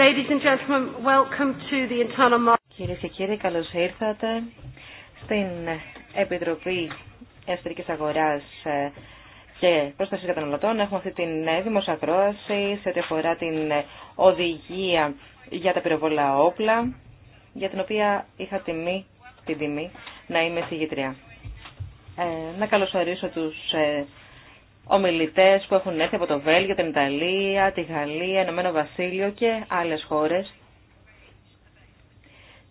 Κυρίε Κυρίες και κύριοι, καλώ ήρθατε στην Επιτροπή Ευστρική Αγορά ε, και Προστασία Καταναλωτών. Έχουμε αυτή την ε, δημοσιοκρόαση σε ό,τι αφορά την ε, οδηγία για τα πυροβολά όπλα, για την οποία είχα τιμή, την τιμή να είμαι συγγητρία. να καλωσορίσω τους Ομιλητέ που έχουν έρθει από το Βέλγιο, την Ιταλία, τη Γαλλία, Ενωμένο Βασίλειο και άλλες χώρες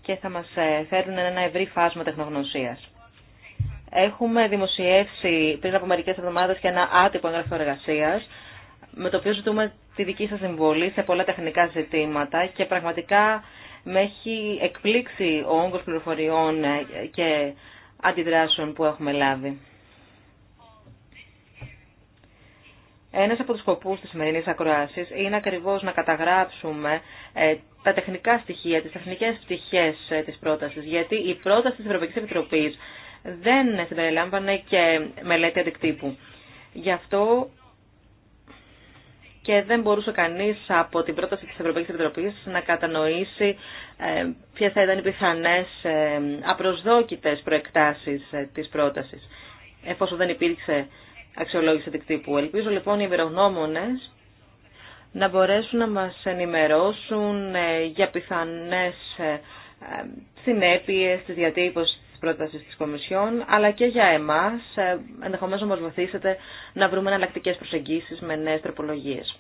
και θα μας ε, φέρουν ένα ευρύ φάσμα τεχνογνωσίας. Έχουμε δημοσιεύσει πριν από μερικέ εβδομάδε και ένα άτυπο έγγραφο εργασία με το οποίο ζητούμε τη δική σα συμβολή σε πολλά τεχνικά ζητήματα και πραγματικά με έχει εκπλήξει ο όγκος πληροφοριών ε, και αντιδράσεων που έχουμε λάβει. Ένας από του σκοπού της σημερινή ακροαση είναι ακριβώς να καταγράψουμε ε, τα τεχνικά στοιχεία, τις τεχνικές πτυχές ε, της πρότασης, γιατί η πρόταση τη Ευρωπαϊκή Επιτροπή δεν συμπεριλάμβανε και μελέτη αντικτύπου. Γι' αυτό και δεν μπορούσε κανείς από την πρόταση της Ευρωπαϊκή Επιτροπή να κατανοήσει ε, ποιε θα ήταν οι πιθανές απροσδόκητες προεκτάσεις τη πρόταση, εφόσον δεν υπήρξε αξιολόγηση δικτύπου. Ελπίζω λοιπόν οι εμπειρογνώμονες να μπορέσουν να μας ενημερώσουν ε, για πιθανές ε, ε, συνέπειες της διατύπωσης της πρότασης της Κομισιόν, αλλά και για εμάς, ενδεχομένως να βοηθήσετε να βρούμε εναλλακτικέ προσεγγίσεις με νέες τροπολογίες.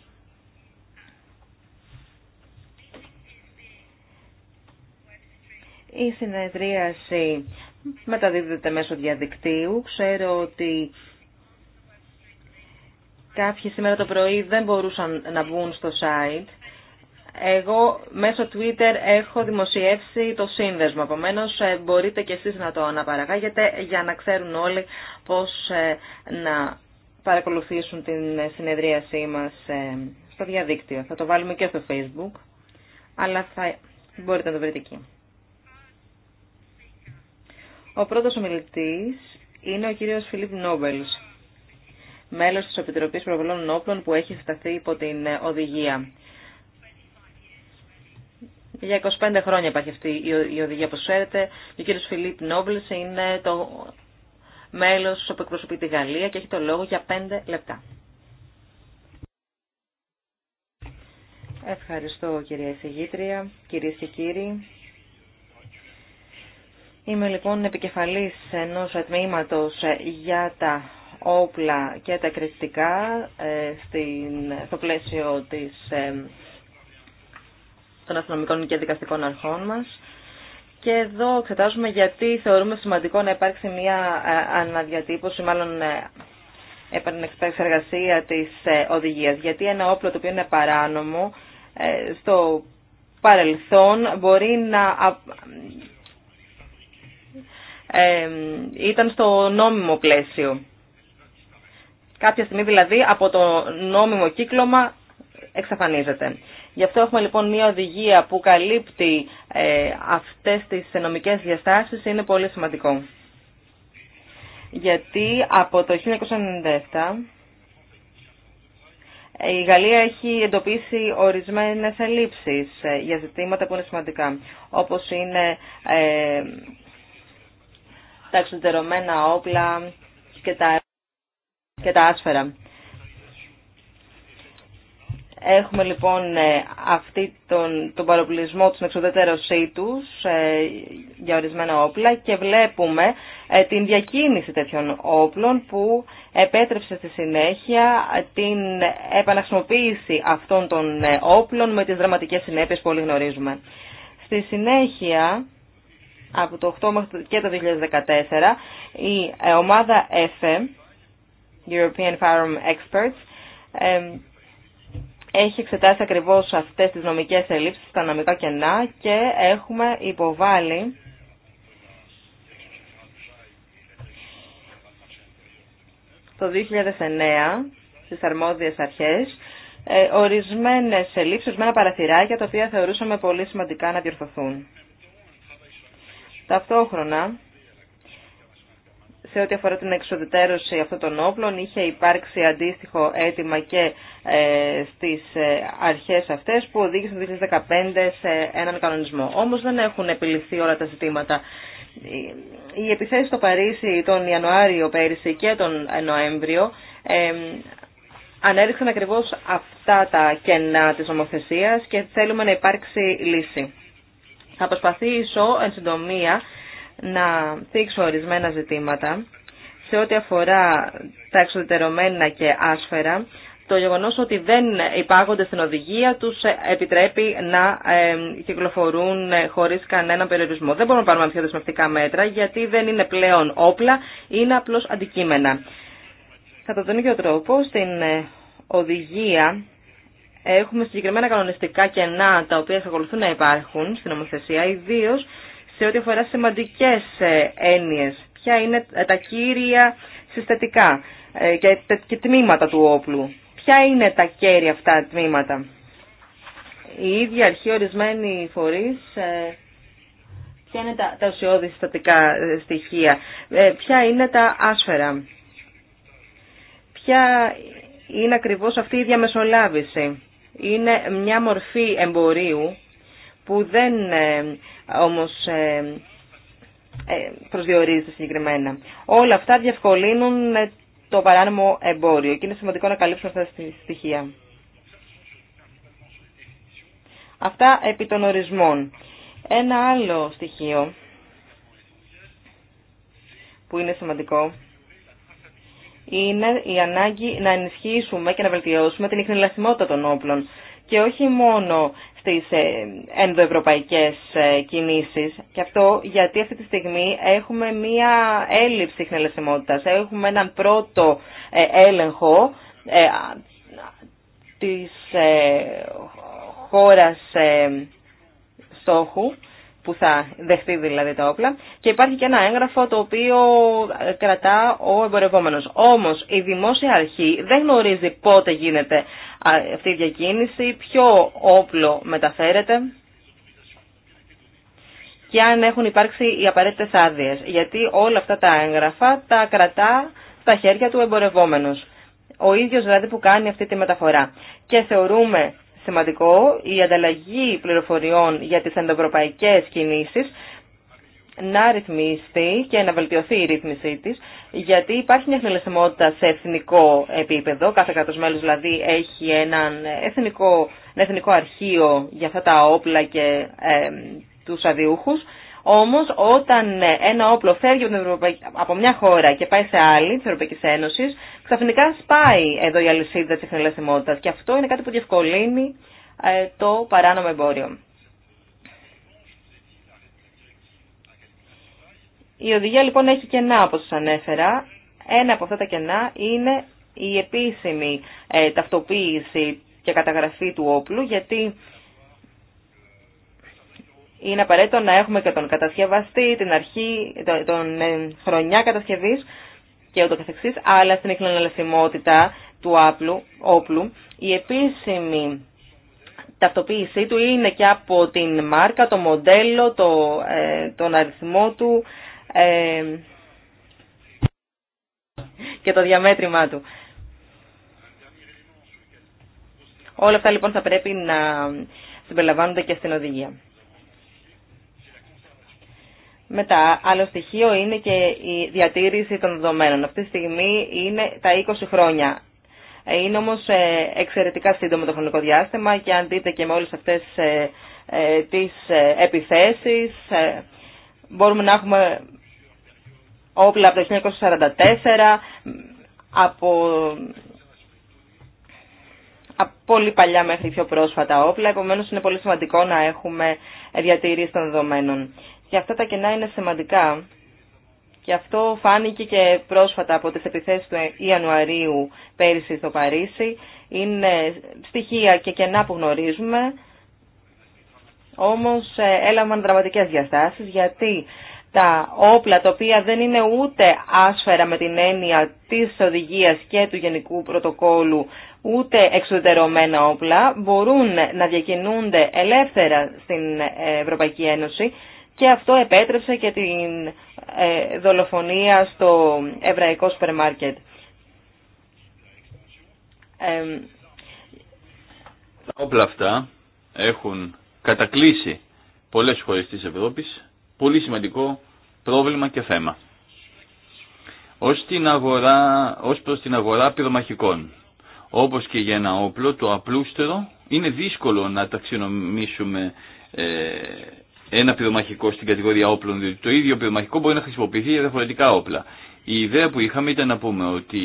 Η συνεδρίαση μεταδίδεται μέσω διαδικτύου. Ξέρω ότι Κάποιοι σήμερα το πρωί δεν μπορούσαν να μπουν στο site. Εγώ μέσω Twitter έχω δημοσιεύσει το σύνδεσμο. Επομένω, ε, μπορείτε και εσείς να το αναπαραγάγετε για να ξέρουν όλοι πώς ε, να παρακολουθήσουν την συνεδρίασή μας ε, στο διαδίκτυο. Θα το βάλουμε και στο Facebook, αλλά θα μπορείτε να το βρείτε εκεί. Ο πρώτος ομιλητής είναι ο κύριος Φιλίπ Νόμπελς, μέλος της Επιτροπής Προβολών Όπλων που έχει σταθεί υπό την οδηγία. Για 25 χρόνια υπάρχει αυτή η οδηγία, που ξέρετε. Ο κ. Φιλίπ Νόβλης είναι το μέλος που εκπροσωπεί τη Γαλλία και έχει το λόγο για 5 λεπτά. Ευχαριστώ κυρία εισηγήτρια, κυρίες και κύριοι. Είμαι λοιπόν επικεφαλής ενός τμήματος για τα όπλα και τα κριτικά ε, στην, στο πλαίσιο της, ε, των αστυνομικών και δικαστικών αρχών μας. Και εδώ εξετάζουμε γιατί θεωρούμε σημαντικό να υπάρξει μια ε, αναδιατύπωση, μάλλον επανεξεργασία της οδηγίας. Γιατί ένα όπλο το οποίο είναι παράνομο στο παρελθόν μπορεί να ήταν στο νόμιμο πλαίσιο. Κάποια στιγμή δηλαδή από το νόμιμο κύκλωμα εξαφανίζεται. Γι' αυτό έχουμε λοιπόν μια οδηγία που καλύπτει ε, αυτές τις νομικές διαστάσεις, είναι πολύ σημαντικό. Γιατί από το 1997 η Γαλλία έχει εντοπίσει ορισμένες ελλείψεις ε, για ζητήματα που είναι σημαντικά, όπως είναι ε, τα εξωτερωμένα όπλα και τα και τα άσφαιρα. Έχουμε λοιπόν ε, αυτή τον, τον παροπλισμό, του εξοδετερωσή τους ε, για ορισμένα όπλα και βλέπουμε ε, την διακίνηση τέτοιων όπλων που επέτρεψε στη συνέχεια την επαναχρησιμοποίηση αυτών των ε, όπλων με τις δραματικές συνέπειες που όλοι γνωρίζουμε. Στη συνέχεια, από το 8 μέχρι και το 2014, η ομάδα ΕΦΕ European Farm Experts, έχει εξετάσει ακριβώς αυτές τις νομικές ελλείψεις, τα νομικά κενά και έχουμε υποβάλει το 2009 στις αρμόδιες αρχές ε, ορισμένες ελλείψεις, ορισμένα παραθυράκια τα οποία θεωρούσαμε πολύ σημαντικά να διορθωθούν. Ταυτόχρονα σε ό,τι αφορά την εξοδετέρωση αυτών των όπλων είχε υπάρξει αντίστοιχο αίτημα και ε, στις ε, αρχές αυτές που οδήγησαν το 2015 σε έναν κανονισμό. Όμως δεν έχουν επιληφθεί όλα τα ζητήματα. Οι επιθέσεις στο Παρίσι τον Ιανουάριο πέρυσι και τον Νοέμβριο ανέδειξαν ακριβώς αυτά τα κενά της νομοθεσίας και θέλουμε να υπάρξει λύση. Θα προσπαθήσω εν συντομία να θίξω ορισμένα ζητήματα σε ό,τι αφορά τα εξωτερωμένα και άσφαιρα. Το γεγονός ότι δεν υπάγονται στην οδηγία τους επιτρέπει να ε, κυκλοφορούν χωρίς κανέναν περιορισμό. Δεν μπορούμε να πάρουμε πιο δεσμευτικά μέτρα γιατί δεν είναι πλέον όπλα, είναι απλώς αντικείμενα. Κατά τον ίδιο τρόπο, στην ε, οδηγία έχουμε συγκεκριμένα κανονιστικά κενά τα οποία θα ακολουθούν να υπάρχουν στην νομοθεσία, ιδίω σε ό,τι αφορά σημαντικές ε, έννοιες. Ποια είναι τα κύρια συστατικά ε, και τμήματα του όπλου. Ποια είναι τα κέρια αυτά τμήματα. Η ίδια αρχή ορισμένοι φορείς ε, ποια είναι τα, τα ουσιώδη συστατικά στοιχεία, ποια είναι τα άσφαιρα, ποια είναι ακριβώς αυτή η διαμεσολάβηση. Είναι μια μορφή εμπορίου που δεν ε, όμως ε, ε, προσδιορίζεται συγκεκριμένα. Όλα αυτά διευκολύνουν το παράνομο εμπόριο και είναι σημαντικό να καλύψουμε αυτά τα στοιχεία. Αυτά επί των ορισμών. Ένα άλλο στοιχείο που είναι σημαντικό είναι η ανάγκη να ενισχύσουμε και να βελτιώσουμε την ιχνηλασιμότητα των όπλων και όχι μόνο στις ε, ενδοευρωπαϊκές ε, κινήσεις. Και αυτό γιατί αυτή τη στιγμή έχουμε μία έλλειψη χνελεσιμότητας. Έχουμε έναν πρώτο ε, έλεγχο της χώρας στόχου που θα δεχτεί δηλαδή τα όπλα και υπάρχει και ένα έγγραφο το οποίο ε, κρατά ο εμπορευόμενος. Όμως η δημόσια αρχή δεν γνωρίζει πότε γίνεται αυτή η διακίνηση, ποιο όπλο μεταφέρεται και αν έχουν υπάρξει οι απαραίτητες άδειε. γιατί όλα αυτά τα έγγραφα τα κρατά στα χέρια του εμπορευόμενος. Ο ίδιος δηλαδή που κάνει αυτή τη μεταφορά. Και θεωρούμε σημαντικό η ανταλλαγή πληροφοριών για τις ενδοευρωπαϊκές κινήσεις να ρυθμιστεί και να βελτιωθεί η ρύθμιση της, γιατί υπάρχει μια σε εθνικό επίπεδο. Κάθε κράτος μέλος δηλαδή έχει έναν εθνικό, ένα εθνικό αρχείο για αυτά τα όπλα και τους αδιούχους όμως όταν ε, ένα όπλο φεύγει από μια χώρα και πάει σε άλλη της Ευρωπαϊκής Ένωσης, ξαφνικά σπάει εδώ η αλυσίδα της ειχνηλασιμότητας και αυτό είναι κάτι που διευκολύνει ε, το παράνομο εμπόριο. Η οδηγία λοιπόν έχει κενά όπως σας ανέφερα. Ένα από αυτά τα κενά είναι η επίσημη ε, ταυτοποίηση και καταγραφή του όπλου γιατί είναι απαραίτητο να έχουμε και τον κατασκευαστή, την αρχή, τον ε, χρονιά κατασκευή και ούτω καθεξής, αλλά στην εκκλονελασιμότητα του άπλου, όπλου, η επίσημη ταυτοποίησή του είναι και από την μάρκα, το μοντέλο, το, ε, τον αριθμό του ε, και το διαμέτρημά του. Όλα αυτά λοιπόν θα πρέπει να συμπεριλαμβάνονται και στην οδηγία. Μετά, άλλο στοιχείο είναι και η διατήρηση των δεδομένων. Αυτή τη στιγμή είναι τα 20 χρόνια. Είναι όμως ε, εξαιρετικά σύντομο το χρονικό διάστημα και αν δείτε και με όλες αυτές ε, ε, τις επιθέσεις μπορούμε να έχουμε όπλα από το 1944, από, από πολύ παλιά μέχρι πιο πρόσφατα όπλα, επομένως είναι πολύ σημαντικό να έχουμε διατήρηση των δεδομένων και αυτά τα κενά είναι σημαντικά. Και αυτό φάνηκε και πρόσφατα από τις επιθέσεις του Ιανουαρίου πέρυσι στο Παρίσι. Είναι στοιχεία και κενά που γνωρίζουμε, όμως ε, έλαβαν δραματικές διαστάσεις γιατί τα όπλα τα οποία δεν είναι ούτε άσφαιρα με την έννοια της οδηγίας και του γενικού πρωτοκόλου ούτε εξωτερωμένα όπλα μπορούν να διακινούνται ελεύθερα στην Ευρωπαϊκή Ένωση και αυτό επέτρεψε και την ε, δολοφονία στο εβραϊκό σούπερ μάρκετ. Τα όπλα αυτά έχουν κατακλείσει πολλές χώρες της Ευρώπης, πολύ σημαντικό πρόβλημα και θέμα. Ως, την αγορά, προς την αγορά πυρομαχικών, όπως και για ένα όπλο, το απλούστερο είναι δύσκολο να ταξινομήσουμε ε, ένα πυρομαχικό στην κατηγορία όπλων, διότι το ίδιο πυρομαχικό μπορεί να χρησιμοποιηθεί για διαφορετικά όπλα. Η ιδέα που είχαμε ήταν να πούμε ότι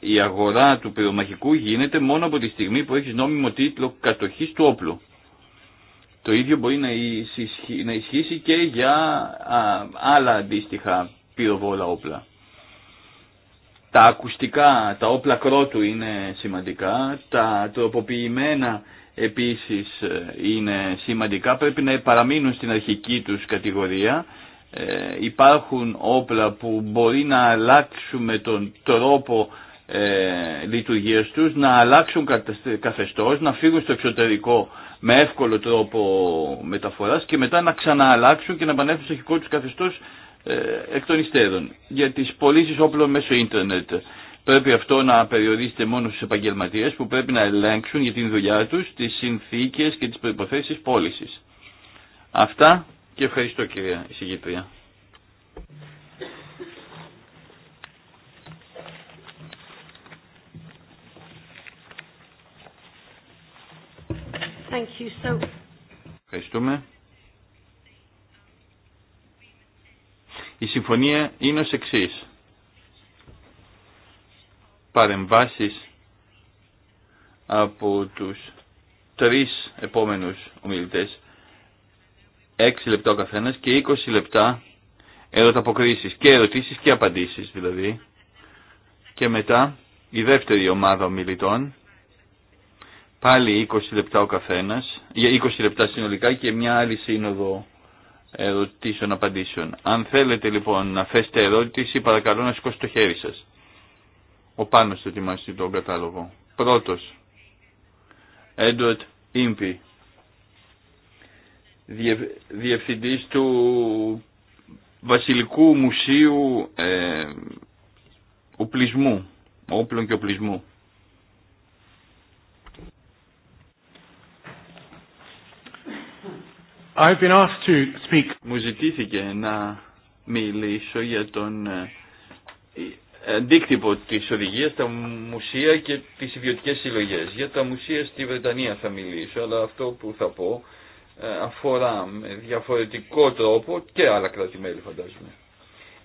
η αγορά του πυρομαχικού γίνεται μόνο από τη στιγμή που έχει νόμιμο τίτλο κατοχής του όπλου. Το ίδιο μπορεί να ισχύσει και για άλλα αντίστοιχα πυροβόλα όπλα. Τα ακουστικά, τα όπλα κρότου είναι σημαντικά, τα τροποποιημένα επίσης ε, είναι σημαντικά, πρέπει να παραμείνουν στην αρχική τους κατηγορία. Ε, υπάρχουν όπλα που μπορεί να αλλάξουμε τον τρόπο ε, λειτουργίας τους, να αλλάξουν καθεστώς, να φύγουν στο εξωτερικό με εύκολο τρόπο μεταφοράς και μετά να ξανααλλάξουν και να επανέλθουν στο αρχικό τους καθεστώς ε, εκ των υστέρων. Για τις πωλήσει όπλων μέσω ίντερνετ Πρέπει αυτό να περιορίζεται μόνο στους επαγγελματίες που πρέπει να ελέγξουν για την δουλειά τους τις συνθήκες και τις προϋποθέσεις πώληση. Αυτά και ευχαριστώ κυρία εισηγητρία. Ευχαριστούμε. Η συμφωνία είναι ως εξής παρεμβάσεις από τους τρεις επόμενους ομιλητές, 6 λεπτά ο καθένας και 20 λεπτά ερωταποκρίσεις και ερωτήσεις και απαντήσεις δηλαδή. Και μετά η δεύτερη ομάδα ομιλητών, πάλι 20 λεπτά ο καθένας, για 20 λεπτά συνολικά και μια άλλη σύνοδο ερωτήσεων απαντήσεων. Αν θέλετε λοιπόν να θέσετε ερώτηση παρακαλώ να σηκώσετε το χέρι σας. Ο Πάνος θα τον κατάλογο. Πρώτος, Έντουαρτ Ήμπι, διευθυντής του Βασιλικού Μουσείου ε, Οπλισμού, Όπλων και Οπλισμού. I've been asked to speak. Μου ζητήθηκε να μιλήσω για τον ε, αντίκτυπο της οδηγία τα μουσεία και τι ιδιωτικέ συλλογέ. Για τα μουσεία στη Βρετανία θα μιλήσω, αλλά αυτό που θα πω ε, αφορά με διαφορετικό τρόπο και άλλα κράτη-μέλη φαντάζομαι.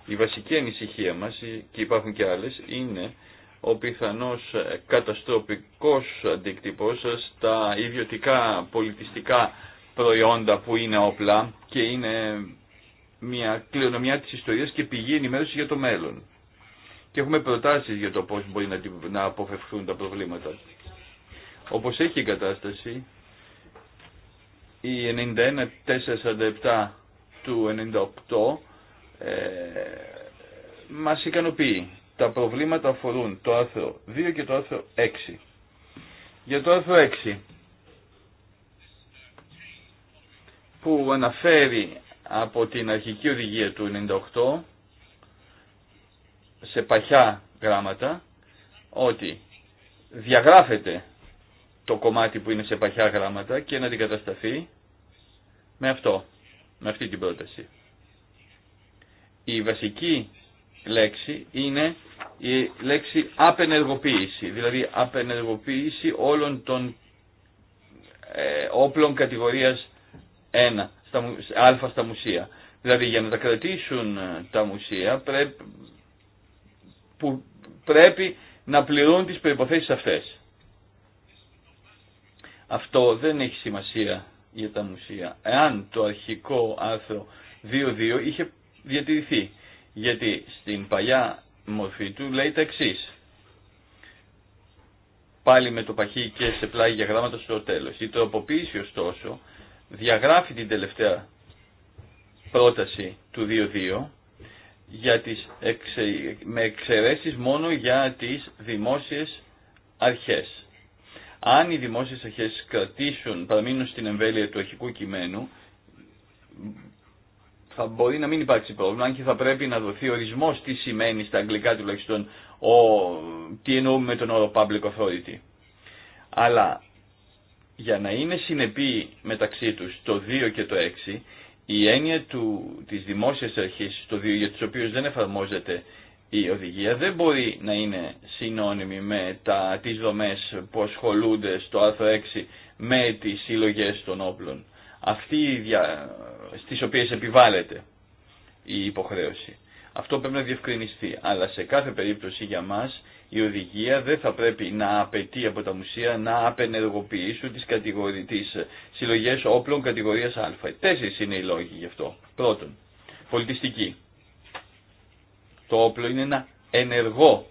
Η βασική ανησυχία μας, ε, και υπάρχουν και άλλες, είναι ο πιθανός ε, καταστροφικός αντίκτυπο στα ιδιωτικά πολιτιστικά προϊόντα που είναι όπλα και είναι μια κληρονομιά της ιστορίας και πηγή ενημέρωση για το μέλλον και έχουμε προτάσεις για το πώς μπορεί να, αποφευχθούν τα προβλήματα. Όπως έχει η κατάσταση, η 91 του 98 ε, μας ικανοποιεί. Τα προβλήματα αφορούν το άρθρο 2 και το άρθρο 6. Για το άρθρο 6 που αναφέρει από την αρχική οδηγία του 98 σε παχιά γράμματα ότι διαγράφεται το κομμάτι που είναι σε παχιά γράμματα και να αντικατασταθεί με αυτό, με αυτή την πρόταση. Η βασική λέξη είναι η λέξη απενεργοποίηση, δηλαδή απενεργοποίηση όλων των ε, όπλων κατηγορίας 1, στα, α στα μουσεία. Δηλαδή για να τα κρατήσουν ε, τα μουσεία πρέπει, που πρέπει να πληρούν τις προϋποθέσεις αυτές. Αυτό δεν έχει σημασία για τα μουσεία. Εάν το αρχικό άρθρο 2.2 είχε διατηρηθεί. Γιατί στην παλιά μορφή του λέει τα εξή. Πάλι με το παχύ και σε πλάγι γράμματα στο τέλος. Η τροποποίηση ωστόσο διαγράφει την τελευταία πρόταση του 2.2 για τις με εξαιρέσεις μόνο για τις δημόσιες αρχές. Αν οι δημόσιες αρχές κρατήσουν, παραμείνουν στην εμβέλεια του αρχικού κειμένου, θα μπορεί να μην υπάρξει πρόβλημα, αν και θα πρέπει να δοθεί ορισμός τι σημαίνει στα αγγλικά τουλάχιστον, ο, τι εννοούμε με τον όρο public authority. Αλλά για να είναι συνεπή μεταξύ τους το 2 και το 6, η έννοια του, της δημόσιας αρχής, το, για τους οποίους δεν εφαρμόζεται η οδηγία, δεν μπορεί να είναι συνώνυμη με τα, τις δομές που ασχολούνται στο άρθρο 6 με τις συλλογέ των όπλων, αυτή, στις οποίες επιβάλλεται η υποχρέωση. Αυτό πρέπει να διευκρινιστεί, αλλά σε κάθε περίπτωση για μας η οδηγία δεν θα πρέπει να απαιτεί από τα μουσεία να απενεργοποιήσουν τις, κατηγορι... τις συλλογές όπλων κατηγορίας Α. Τέσσερις είναι οι λόγοι γι' αυτό. Πρώτον, πολιτιστική. Το όπλο είναι ένα ενεργό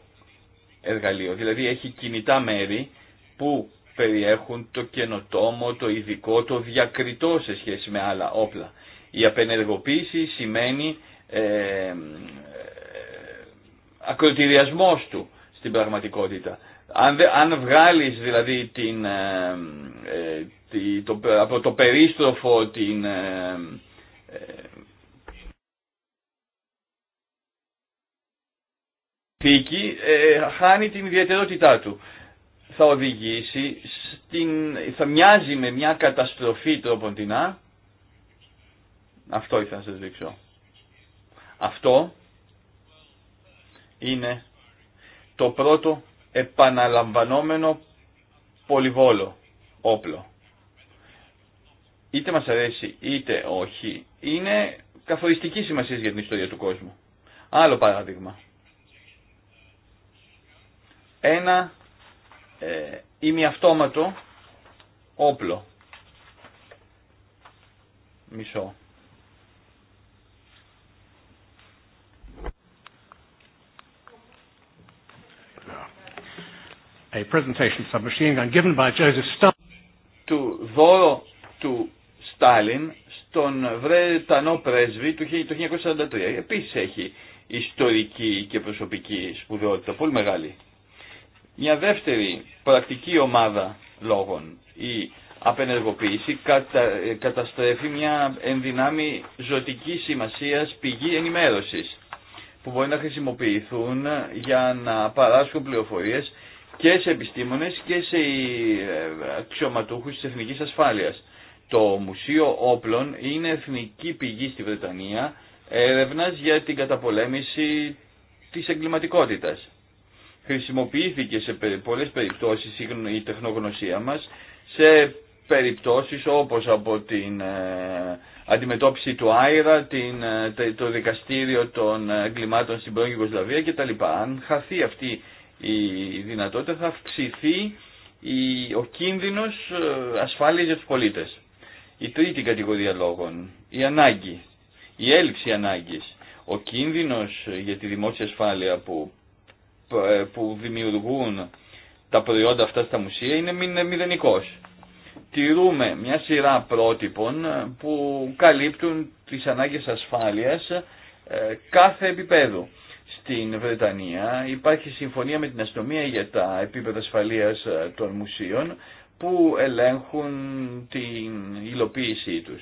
εργαλείο, δηλαδή έχει κινητά μέρη που περιέχουν το καινοτόμο, το ειδικό, το διακριτό σε σχέση με άλλα όπλα. Η απενεργοποίηση σημαίνει ε, ε ακροτηριασμός του στην πραγματικότητα. Αν, αν βγάλεις δηλαδή την, ε, ε, το, από το περίστροφο την, ε, ε θήκη, χάνει την ιδιαιτερότητά του. Θα οδηγήσει, στην, θα μοιάζει με μια καταστροφή τροποντινά. Αυτό ήθελα να σας δείξω. Αυτό είναι το πρώτο επαναλαμβανόμενο πολυβόλο όπλο. Είτε μας αρέσει είτε όχι, είναι καθοριστική σημασία για την ιστορία του κόσμου. Άλλο παράδειγμα. Ένα ε, ημιαυτόματο όπλο. Μισό. a Του δώρο του Στάλιν στον Βρετανό πρέσβη του 1943. Επίσης έχει ιστορική και προσωπική σπουδαιότητα, πολύ μεγάλη. Μια δεύτερη πρακτική ομάδα λόγων, η απενεργοποίηση, κατα, καταστρέφει μια ενδυνάμει ζωτική σημασίας πηγή ενημέρωσης που μπορεί να χρησιμοποιηθούν για να παράσχουν πληροφορίες και σε επιστήμονες και σε ε, αξιωματούχους της εθνικής ασφάλειας. Το Μουσείο Όπλων είναι εθνική πηγή στη Βρετανία έρευνας για την καταπολέμηση της εγκληματικότητας. Χρησιμοποιήθηκε σε πολλές περιπτώσεις η τεχνογνωσία μας σε περιπτώσεις όπως από την ε, αντιμετώπιση του Άιρα, την, ε, το δικαστήριο των εγκλημάτων στην πρώην Ιγκοσλαβία κτλ. Αν χαθεί αυτή η δυνατότητα θα αυξηθεί η, ο κίνδυνος ε, ασφάλειας για τους πολίτες. Η τρίτη κατηγορία λόγων, η ανάγκη, η έλλειψη ανάγκης, ο κίνδυνος ε, για τη δημόσια ασφάλεια που, ε, που δημιουργούν τα προϊόντα αυτά στα μουσεία είναι μηδενικός. Τηρούμε μια σειρά πρότυπων που καλύπτουν τις ανάγκες ασφάλειας κάθε επίπεδου στην Βρετανία υπάρχει συμφωνία με την αστυνομία για τα επίπεδα ασφαλείας ε, των μουσείων που ελέγχουν την υλοποίησή τους.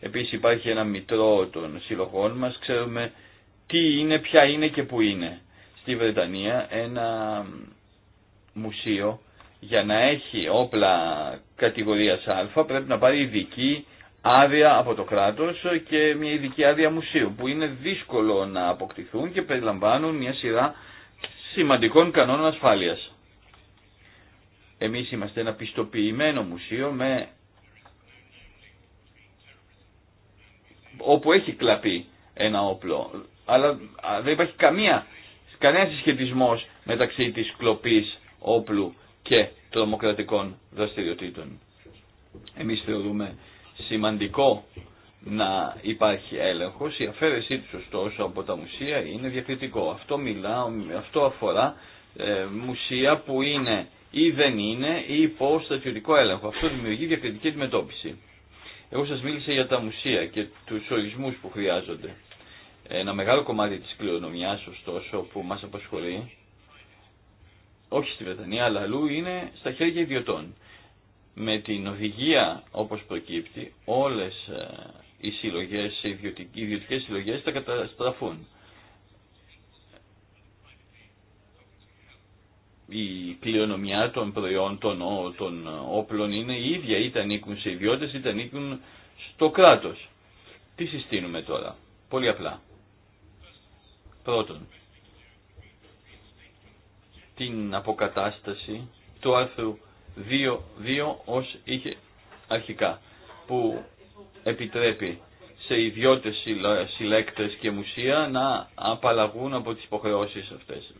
Επίσης υπάρχει ένα μητρό των συλλογών μας, ξέρουμε τι είναι, ποια είναι και που είναι. Στη Βρετανία ένα μουσείο για να έχει όπλα κατηγορίας Α πρέπει να πάρει ειδική άδεια από το κράτος και μια ειδική άδεια μουσείου που είναι δύσκολο να αποκτηθούν και περιλαμβάνουν μια σειρά σημαντικών κανόνων ασφάλειας. Εμείς είμαστε ένα πιστοποιημένο μουσείο με... όπου έχει κλαπεί ένα όπλο, αλλά δεν υπάρχει καμία, κανένα συσχετισμό μεταξύ της κλοπής όπλου και δημοκρατικών δραστηριοτήτων. Εμείς θεωρούμε σημαντικό να υπάρχει έλεγχος. Η αφαίρεσή του, ωστόσο από τα μουσεία είναι διακριτικό. Αυτό, μιλά, αυτό αφορά ε, μουσεία που είναι ή δεν είναι ή υπό στατιωτικό έλεγχο. Αυτό δημιουργεί διακριτική αντιμετώπιση. Εγώ σας μίλησα για τα μουσεία και τους ορισμούς που χρειάζονται. Ένα μεγάλο κομμάτι της κληρονομιάς ωστόσο που μας απασχολεί, όχι στη Βρετανία αλλά αλλού, είναι στα χέρια ιδιωτών με την οδηγία όπως προκύπτει όλες ε, οι συλλογές, οι ιδιωτικές συλλογές θα καταστραφούν. Η πλειονομιά των προϊόντων, των όπλων είναι η ίδια, είτε ανήκουν σε ιδιώτες είτε ανήκουν στο κράτος. Τι συστήνουμε τώρα, πολύ απλά. Πρώτον, την αποκατάσταση του άρθρου Δύο 2 ως είχε αρχικά που επιτρέπει σε ιδιώτες συλλέκτες και μουσεία να απαλλαγούν από τις υποχρεώσεις αυτές.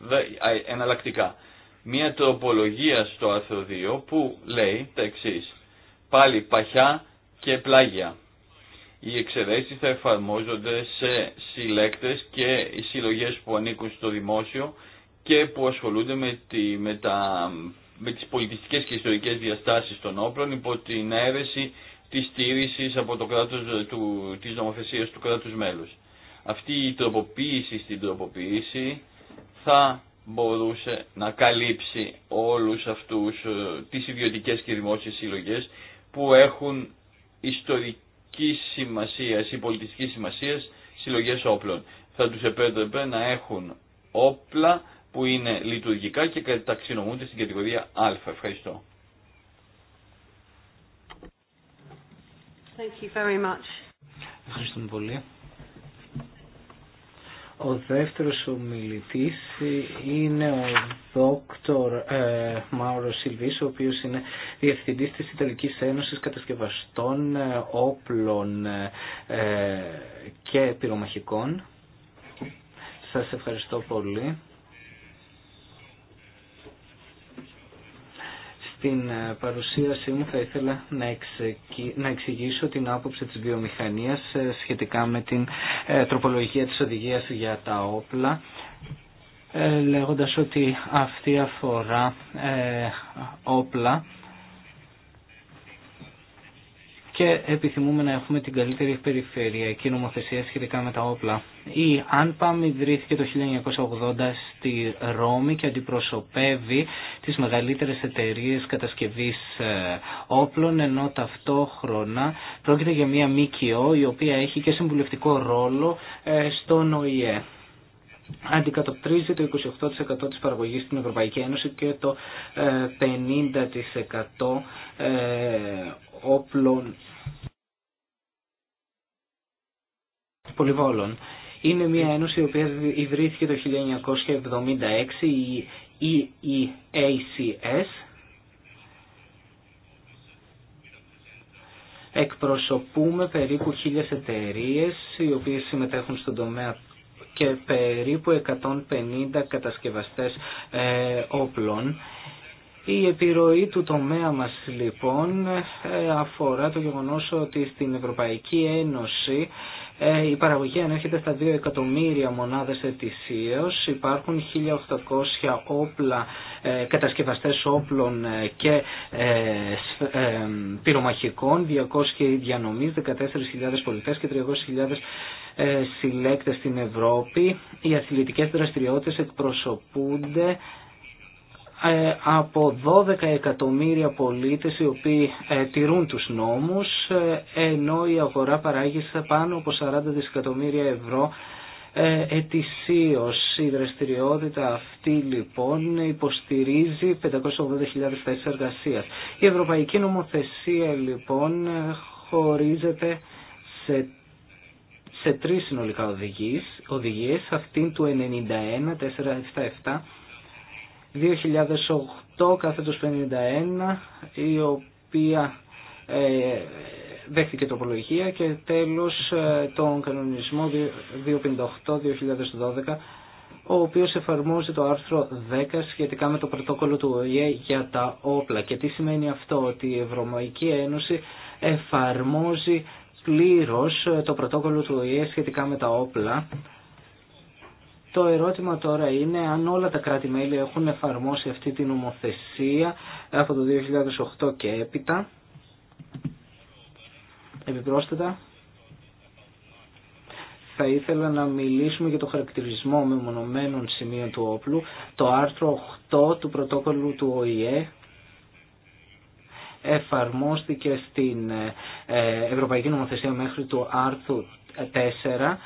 Εναλλακτικά, μία τροπολογία στο άρθρο 2 που λέει τα εξή. πάλι παχιά και πλάγια. Οι εξαιρέσεις θα εφαρμόζονται σε συλλέκτες και οι συλλογές που ανήκουν στο δημόσιο και που ασχολούνται με, τη, με τα με τις πολιτιστικές και ιστορικές διαστάσεις των όπλων υπό την αίρεση της στήριξης από το κράτος, του, της νομοθεσίας του κράτους μέλους. Αυτή η τροποποίηση στην τροποποίηση θα μπορούσε να καλύψει όλους αυτούς ε, τις ιδιωτικές και δημόσιες συλλογές που έχουν ιστορική σημασία ή πολιτιστική σημασία συλλογές όπλων. Θα τους επέτρεπε να έχουν όπλα που είναι λειτουργικά και ταξινομούνται στην κατηγορία Α. Ευχαριστώ. Thank you very much. Ευχαριστούμε πολύ. Ο δεύτερος ομιλητής είναι ο δόκτωρ ε, Μάουρο Σιλβής, ο οποίος είναι διευθυντής της Ιταλικής Ένωσης Κατασκευαστών ε, Όπλων ε, ε, και Πυρομαχικών. Σας ευχαριστώ πολύ. Στην ε, παρουσίασή μου θα ήθελα να εξηγήσω την άποψη της βιομηχανίας ε, σχετικά με την ε, τροπολογία της οδηγίας για τα όπλα λέγοντας ότι αυτή αφορά όπλα και επιθυμούμε να έχουμε την καλύτερη και νομοθεσία σχετικά με τα όπλα. Η ΑΝΠΑΜ ιδρύθηκε το 1980 στη Ρώμη και αντιπροσωπεύει τις μεγαλύτερες εταιρείες κατασκευής ε, όπλων, ενώ ταυτόχρονα πρόκειται για μια ΜΚΟ η οποία έχει και συμβουλευτικό ρόλο ε, στον ΟΗΕ αντικατοπτρίζει το 28% της παραγωγής στην Ευρωπαϊκή Ένωση και το 50% ε, ε, όπλων πολυβόλων. Είναι μια ένωση η οποία ιδρύθηκε το 1976, η EEACS, Εκπροσωπούμε περίπου χίλιες εταιρείες οι οποίες συμμετέχουν στον τομέα και περίπου 150 κατασκευαστές ε, όπλων. Η επιρροή του τομέα μας λοιπόν ε, αφορά το γεγονός ότι στην Ευρωπαϊκή Ένωση ε, η παραγωγή ανέρχεται στα 2 εκατομμύρια μονάδες ετησίως. Υπάρχουν 1.800 όπλα, ε, κατασκευαστές όπλων ε, και πυρομαχικών, 200 διανομής, 14.000 πολιτές και 300.000 συλλέκτες στην Ευρώπη. Οι αθλητικές δραστηριότητες εκπροσωπούνται ε, από 12 εκατομμύρια πολίτες οι οποίοι ε, τηρούν τους νόμους ε, ενώ η αγορά παράγει σε πάνω από 40 δισεκατομμύρια ευρώ ετησίως. Η δραστηριότητα αυτή λοιπόν υποστηρίζει 580.000 θέσεις εργασίας. Η ευρωπαϊκή νομοθεσία λοιπόν χωρίζεται σε σε τρεις συνολικά οδηγίες, οδηγίες αυτήν του 91, 477 2008 κάθετος 51 η οποία ε, δέχτηκε τοπολογία και τέλος ε, τον κανονισμό 258-2012 ο οποίος εφαρμόζει το άρθρο 10 σχετικά με το πρωτόκολλο του ΟΗΕ για τα όπλα. Και τι σημαίνει αυτό, ότι η Ευρωμαϊκή Ένωση εφαρμόζει πλήρως ε, το πρωτόκολλο του ΟΗΕ σχετικά με τα όπλα το ερώτημα τώρα είναι αν όλα τα κράτη-μέλη έχουν εφαρμόσει αυτή την νομοθεσία από το 2008 και έπειτα. Επιπρόσθετα, θα ήθελα να μιλήσουμε για το χαρακτηρισμό μεμονωμένων σημείων του όπλου, το άρθρο 8 του πρωτόκολλου του ΟΗΕ, εφαρμόστηκε στην ε, Ευρωπαϊκή Νομοθεσία μέχρι το άρθρο 4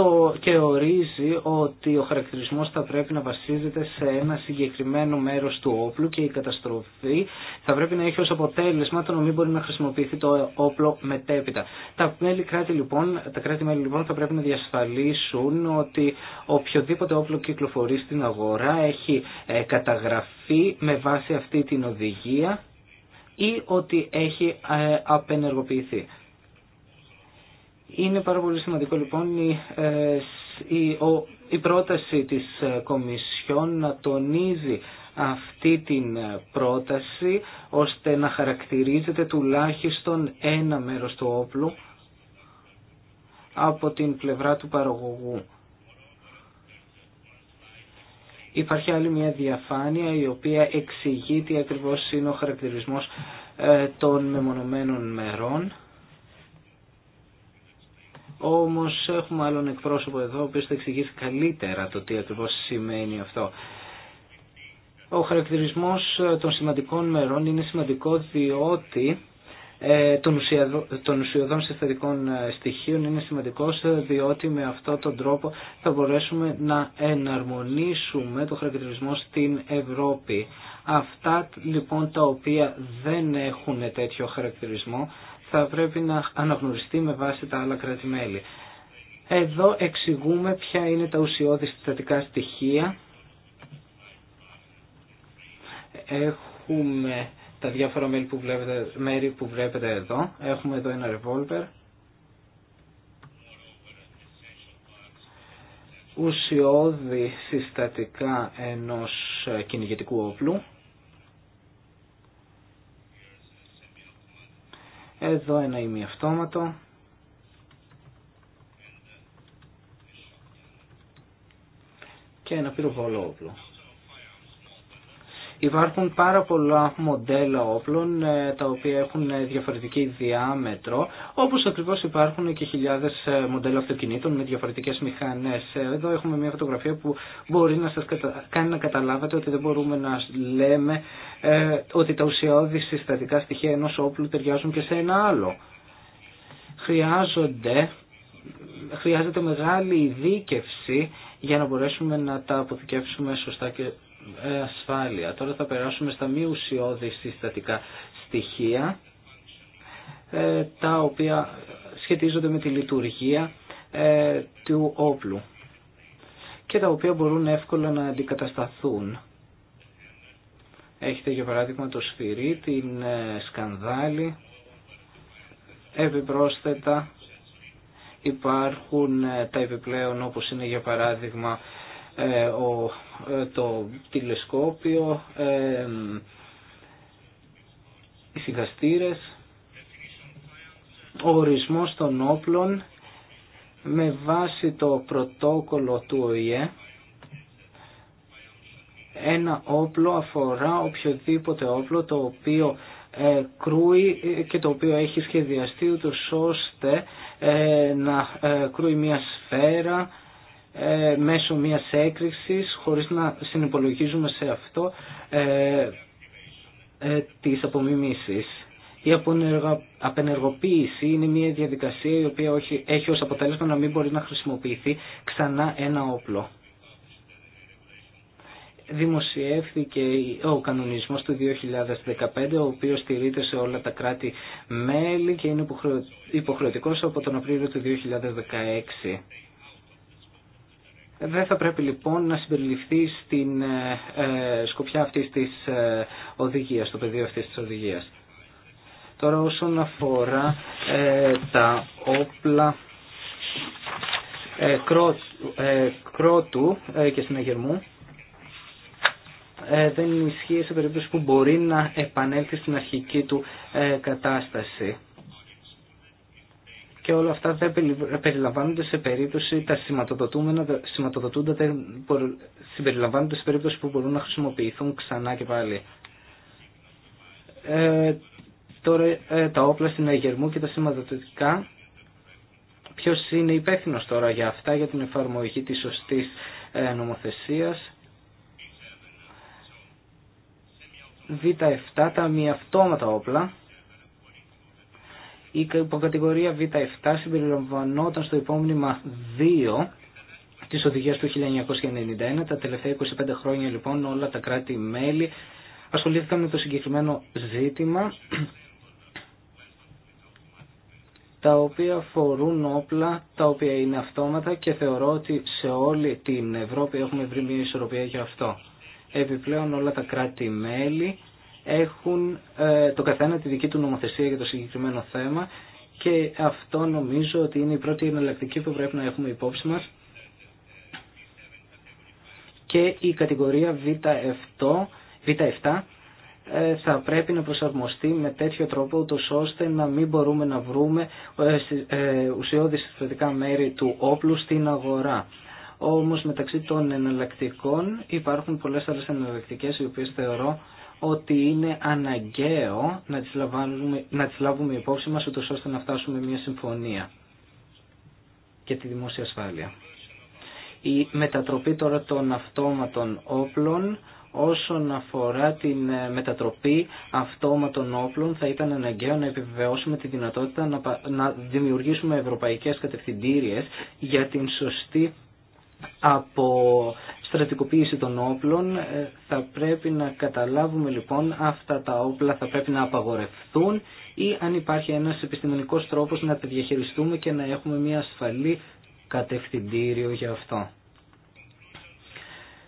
το και ορίζει ότι ο χαρακτηρισμός θα πρέπει να βασίζεται σε ένα συγκεκριμένο μέρος του όπλου και η καταστροφή θα πρέπει να έχει ως αποτέλεσμα το να μην μπορεί να χρησιμοποιηθεί το όπλο μετέπειτα. Τα μέλη κράτη λοιπόν, τα κράτη μέλη λοιπόν θα πρέπει να διασφαλίσουν ότι οποιοδήποτε όπλο κυκλοφορεί στην αγορά έχει ε, καταγραφεί με βάση αυτή την οδηγία ή ότι έχει ε, απενεργοποιηθεί. Είναι πάρα πολύ σημαντικό λοιπόν η, ε, η, η πρόταση της ε, Κομισιόν να τονίζει αυτή την ε, πρόταση ώστε να χαρακτηρίζεται τουλάχιστον ένα μέρος του όπλου από την πλευρά του παραγωγού. Υπάρχει άλλη μια διαφάνεια η οποία εξηγεί τι ακριβώς είναι ο χαρακτηρισμός των μεμονωμένων μερών όμως έχουμε άλλον εκπρόσωπο εδώ, ο οποίος θα εξηγήσει καλύτερα το τι ακριβώς σημαίνει αυτό. Ο χαρακτηρισμός των σημαντικών μερών είναι σημαντικό διότι ε, των ουσιαδών συστατικών ε, στοιχείων είναι σημαντικός διότι με αυτόν τον τρόπο θα μπορέσουμε να εναρμονίσουμε το χαρακτηρισμό στην Ευρώπη. Αυτά λοιπόν τα οποία δεν έχουν τέτοιο χαρακτηρισμό θα πρέπει να αναγνωριστεί με βάση τα άλλα κράτη-μέλη. Εδώ εξηγούμε ποια είναι τα ουσιώδη συστατικά στοιχεία. Έχουμε τα διάφορα μέρη που βλέπετε, μέρη που βλέπετε εδώ. Έχουμε εδώ ένα revolver, Ουσιώδη συστατικά ενός κυνηγητικού όπλου. Εδώ ένα ημιαυτόματο. Και ένα πυροβολό όπλο. Υπάρχουν πάρα πολλά μοντέλα όπλων ε, τα οποία έχουν διαφορετική διάμετρο, όπως ακριβώς υπάρχουν και χιλιάδες ε, μοντέλα αυτοκινήτων με διαφορετικές μηχανές. Ε, εδώ έχουμε μια φωτογραφία που μπορεί να σας κάνει να καταλάβετε ότι δεν μπορούμε να λέμε ότι τα ουσιώδη συστατικά στοιχεία ενός όπλου ταιριάζουν και σε ένα άλλο. Χρειάζονται, χρειάζεται μεγάλη ειδίκευση για να μπορέσουμε να τα αποθηκεύσουμε σωστά και ε, ασφάλεια. Τώρα θα περάσουμε στα μη ουσιώδη συστατικά στοιχεία ε, τα οποία σχετίζονται με τη λειτουργία ε, του όπλου και τα οποία μπορούν εύκολα να αντικατασταθούν. Έχετε για παράδειγμα το σφυρί, την σκανδάλη, επιπρόσθετα υπάρχουν τα επιπλέον όπως είναι για παράδειγμα ε, ο, ε, το τηλεσκόπιο, ε, οι ο ορισμός των όπλων με βάση το πρωτόκολλο του ΟΗΕ ένα όπλο αφορά οποιοδήποτε όπλο το οποίο κρούει και το οποίο έχει σχεδιαστεί ούτως ώστε να κρούει μια σφαίρα ε, μέσω μιας έκρηξης χωρίς να συνυπολογίζουμε σε αυτό ε, ε, τις απομιμήσεις. Η απενεργοποίηση είναι μια διαδικασία η οποία όχι, έχει ως αποτέλεσμα να μην μπορεί να χρησιμοποιηθεί ξανά ένα όπλο. Δημοσιεύθηκε ο κανονισμός του 2015, ο οποίος στηρείται σε όλα τα κράτη-μέλη και είναι υποχρεωτικός από τον Απρίλιο του 2016 δεν θα πρέπει λοιπόν να συμπεριληφθεί στην ε, ε, σκοπιά αυτής της ε, οδηγίας, στο πεδίο αυτή τη οδηγία. Τώρα όσον αφορά τα όπλα κρότου και συναγερμού, δεν ισχύει σε περίπτωση που μπορεί να επανέλθει στην αρχική του κατάσταση και όλα αυτά δεν περιλαμβάνονται σε περίπτωση τα σηματοδοτούμενα, σηματοδοτούντα δεν συμπεριλαμβάνονται σε περίπτωση που μπορούν να χρησιμοποιηθούν ξανά και πάλι. Ε, τώρα ε, τα όπλα στην Αγερμού και τα σηματοδοτικά Ποιο είναι υπεύθυνο τώρα για αυτά, για την εφαρμογή της σωστής ε, νομοθεσίας. Β7, τα μη αυτόματα όπλα. Η υποκατηγορία Β7 συμπεριλαμβανόταν στο υπόμνημα 2 της οδηγίας του 1991. Τα τελευταία 25 χρόνια λοιπόν όλα τα κράτη-μέλη ασχολήθηκαν με το συγκεκριμένο ζήτημα τα οποία φορούν όπλα, τα οποία είναι αυτόματα και θεωρώ ότι σε όλη την Ευρώπη έχουμε βρει μια ισορροπία για αυτό. Επιπλέον όλα τα κράτη-μέλη έχουν ε, το καθένα τη δική του νομοθεσία για το συγκεκριμένο θέμα και αυτό νομίζω ότι είναι η πρώτη εναλλακτική που πρέπει να έχουμε υπόψη μας και η κατηγορία Β7, Β7 ε, θα πρέπει να προσαρμοστεί με τέτοιο τρόπο ώστε να μην μπορούμε να βρούμε ε, ουσιώδη συστατικά μέρη του όπλου στην αγορά. Όμως μεταξύ των εναλλακτικών υπάρχουν πολλές άλλες εναλλακτικές οι οποίες θεωρώ ότι είναι αναγκαίο να τις, να τις λάβουμε υπόψη μας ώστε να φτάσουμε μια συμφωνία και τη δημόσια ασφάλεια. Η μετατροπή τώρα των αυτόματων όπλων όσον αφορά την ε, μετατροπή αυτόματων όπλων θα ήταν αναγκαίο να επιβεβαιώσουμε τη δυνατότητα να δημιουργήσουμε ευρωπαϊκές κατευθυντήριες για την σωστή από στρατικοποίηση των όπλων. Ε, θα πρέπει να καταλάβουμε λοιπόν αυτά τα όπλα θα πρέπει να απαγορευτούν ή αν υπάρχει ένας επιστημονικός τρόπος να τα διαχειριστούμε και να έχουμε μια ασφαλή κατευθυντήριο για αυτό.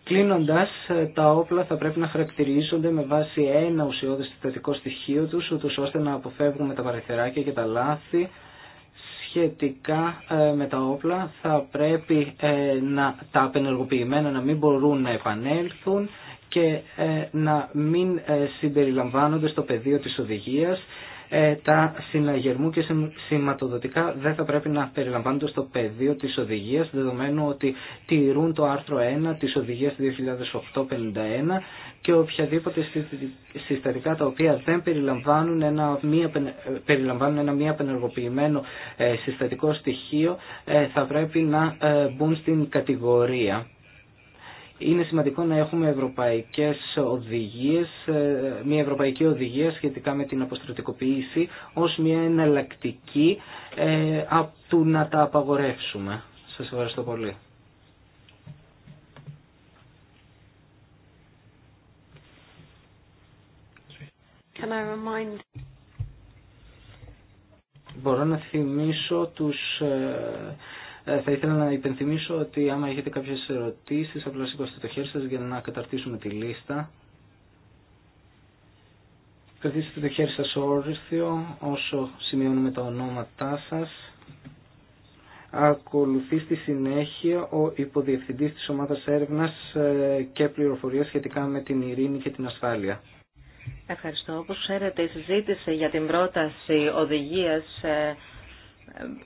Κλείνοντας, ε, τα όπλα θα πρέπει να χαρακτηρίζονται με βάση ένα ουσιώδες θετικό στοιχείο τους, ώστε να αποφεύγουμε τα παραθυράκια και τα λάθη, σχετικά ε, με τα όπλα θα πρέπει ε, να τα απενεργοποιημένα να μην μπορούν να επανέλθουν και ε, να μην συμπεριλαμβάνονται στο πεδίο της οδηγίας τα συναγερμού και σηματοδοτικά δεν θα πρέπει να περιλαμβάνονται στο πεδίο της οδηγίας δεδομένου ότι τηρούν το άρθρο 1 της οδηγίας 2008-51 και οποιαδήποτε συστατικά τα οποία δεν περιλαμβάνουν ένα μία, περιλαμβάνουν ένα μία απενεργοποιημένο ε, συστατικό στοιχείο ε, θα πρέπει να ε, μπουν στην κατηγορία. Είναι σημαντικό να έχουμε ευρωπαϊκές οδηγίες, μια ευρωπαϊκή οδηγία σχετικά με την αποστρατικοποίηση ως μια εναλλακτική από του να τα απαγορεύσουμε. Σας ευχαριστώ πολύ. Μπορώ να θυμίσω τους... Ε, ε, θα ήθελα να υπενθυμίσω ότι άμα έχετε κάποιες ερωτήσεις, απλά σηκώστε το χέρι σας για να καταρτήσουμε τη λίστα. Κρατήστε το χέρι σας όρθιο όσο σημειώνουμε τα ονόματά σας. Ακολουθεί στη συνέχεια ο υποδιευθυντής της ομάδας έρευνας ε, και πληροφορία σχετικά με την ειρήνη και την ασφάλεια. Ευχαριστώ. Όπως ξέρετε, η συζήτηση για την πρόταση οδηγίας ε,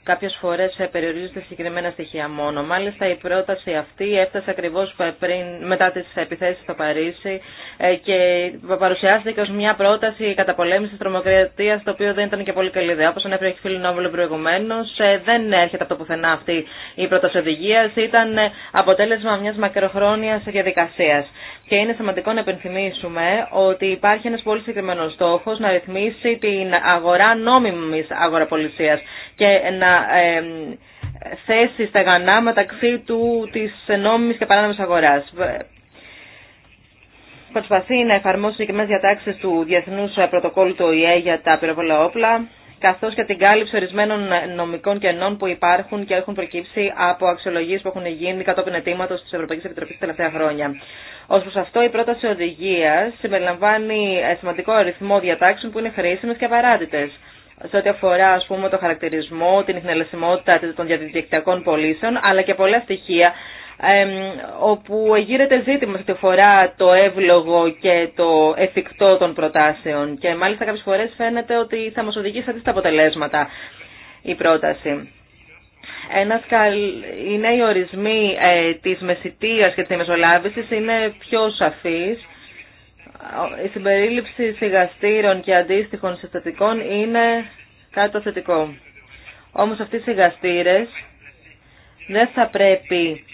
Κάποιε φορές περιορίζονται συγκεκριμένα στοιχεία μόνο. Μάλιστα η πρόταση αυτή έφτασε ακριβώ πριν, μετά τι επιθέσει στο Παρίσι ε, και παρουσιάστηκε ω μια πρόταση κατά καταπολέμησης τρομοκρατία, το οποίο δεν ήταν και πολύ καλή ιδέα. Όπω ανέφερε η Φίλη Νόβουλο προηγουμένω. Ε, δεν έρχεται από το πουθενά αυτή η πρόταση οδηγία. ήταν αποτέλεσμα μια μακροχρόνια διαδικασία. Και είναι σημαντικό να επενθυμίσουμε ότι υπάρχει ένα πολύ συγκεκριμένο στόχο να ρυθμίσει την αγορά νόμιμη αγοραπολισία. Και να θέσει στεγανά μεταξύ του της νόμιμης και παράνομης αγοράς. Προσπαθεί να εφαρμόσει μέσα διατάξεις του Διεθνούς Πρωτοκόλλου του ΟΗΕ για τα πυροβολα όπλα, καθώ και την κάλυψη ορισμένων νομικών κενών που υπάρχουν και έχουν προκύψει από αξιολογίες που έχουν γίνει κατόπιν αιτήματο τη Ευρωπαϊκή Επιτροπής τελευταία χρόνια. Ω προς αυτό, η πρόταση οδηγίας συμπεριλαμβάνει σημαντικό αριθμό διατάξεων που είναι χρήσιμε και απαράδεκτε σε ό,τι αφορά ας πούμε, το χαρακτηρισμό, την ειχνελεσιμότητα των διαδικτυακών πωλήσεων, αλλά και πολλά στοιχεία όπου γύρεται ζήτημα σε φορά το εύλογο και το εφικτό των προτάσεων και μάλιστα κάποιες φορές φαίνεται ότι θα μας οδηγήσει αυτές τα αποτελέσματα η πρόταση. Ένας καλ... Οι νέοι ορισμοί ε, της μεσητείας και της μεσολάβησης είναι πιο σαφείς η συμπερίληψη σιγαστήρων και αντίστοιχων συστατικών είναι κάτι το θετικό. Όμως αυτοί οι σιγαστήρες δεν θα πρέπει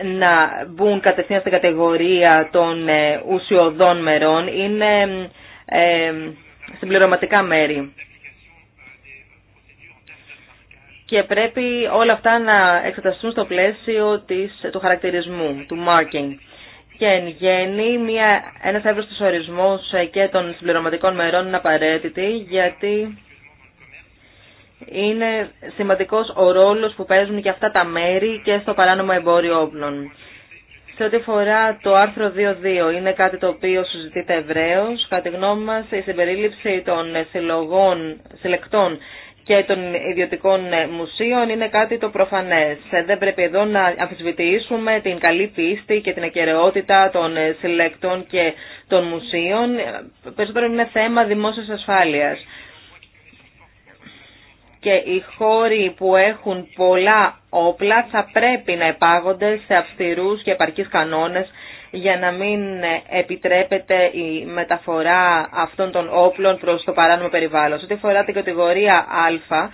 ε, να μπουν κατευθείαν στην κατηγορία των ε, ουσιοδών μερών. Είναι ε, συμπληρωματικά μέρη. Και πρέπει όλα αυτά να εξεταστούν στο πλαίσιο της, του χαρακτηρισμού, του marking και εν γέννη μια, ένας εύρωστος ορισμός ε, και των συμπληρωματικών μερών είναι απαραίτητη γιατί είναι σημαντικός ο ρόλος που παίζουν και αυτά τα μέρη και στο παράνομο εμπόριο όπλων. Σε ό,τι φορά το άρθρο 2.2 είναι κάτι το οποίο συζητείται ευρέω. Κατά τη γνώμη μας η συμπερίληψη των συλλογών, συλλεκτών και των ιδιωτικών ε, μουσείων είναι κάτι το προφανές. Ε, δεν πρέπει εδώ να αμφισβητήσουμε την καλή πίστη και την ακαιρεότητα των ε, συλλεκτών και των μουσείων. Περισσότερο είναι θέμα δημόσιας ασφάλειας. Και οι χώροι που έχουν πολλά όπλα θα πρέπει να επάγονται σε αυστηρούς και επαρκείς κανόνες για να μην επιτρέπεται η μεταφορά αυτών των όπλων προς το παράνομο περιβάλλον. Σε ό,τι αφορά την κατηγορία Α,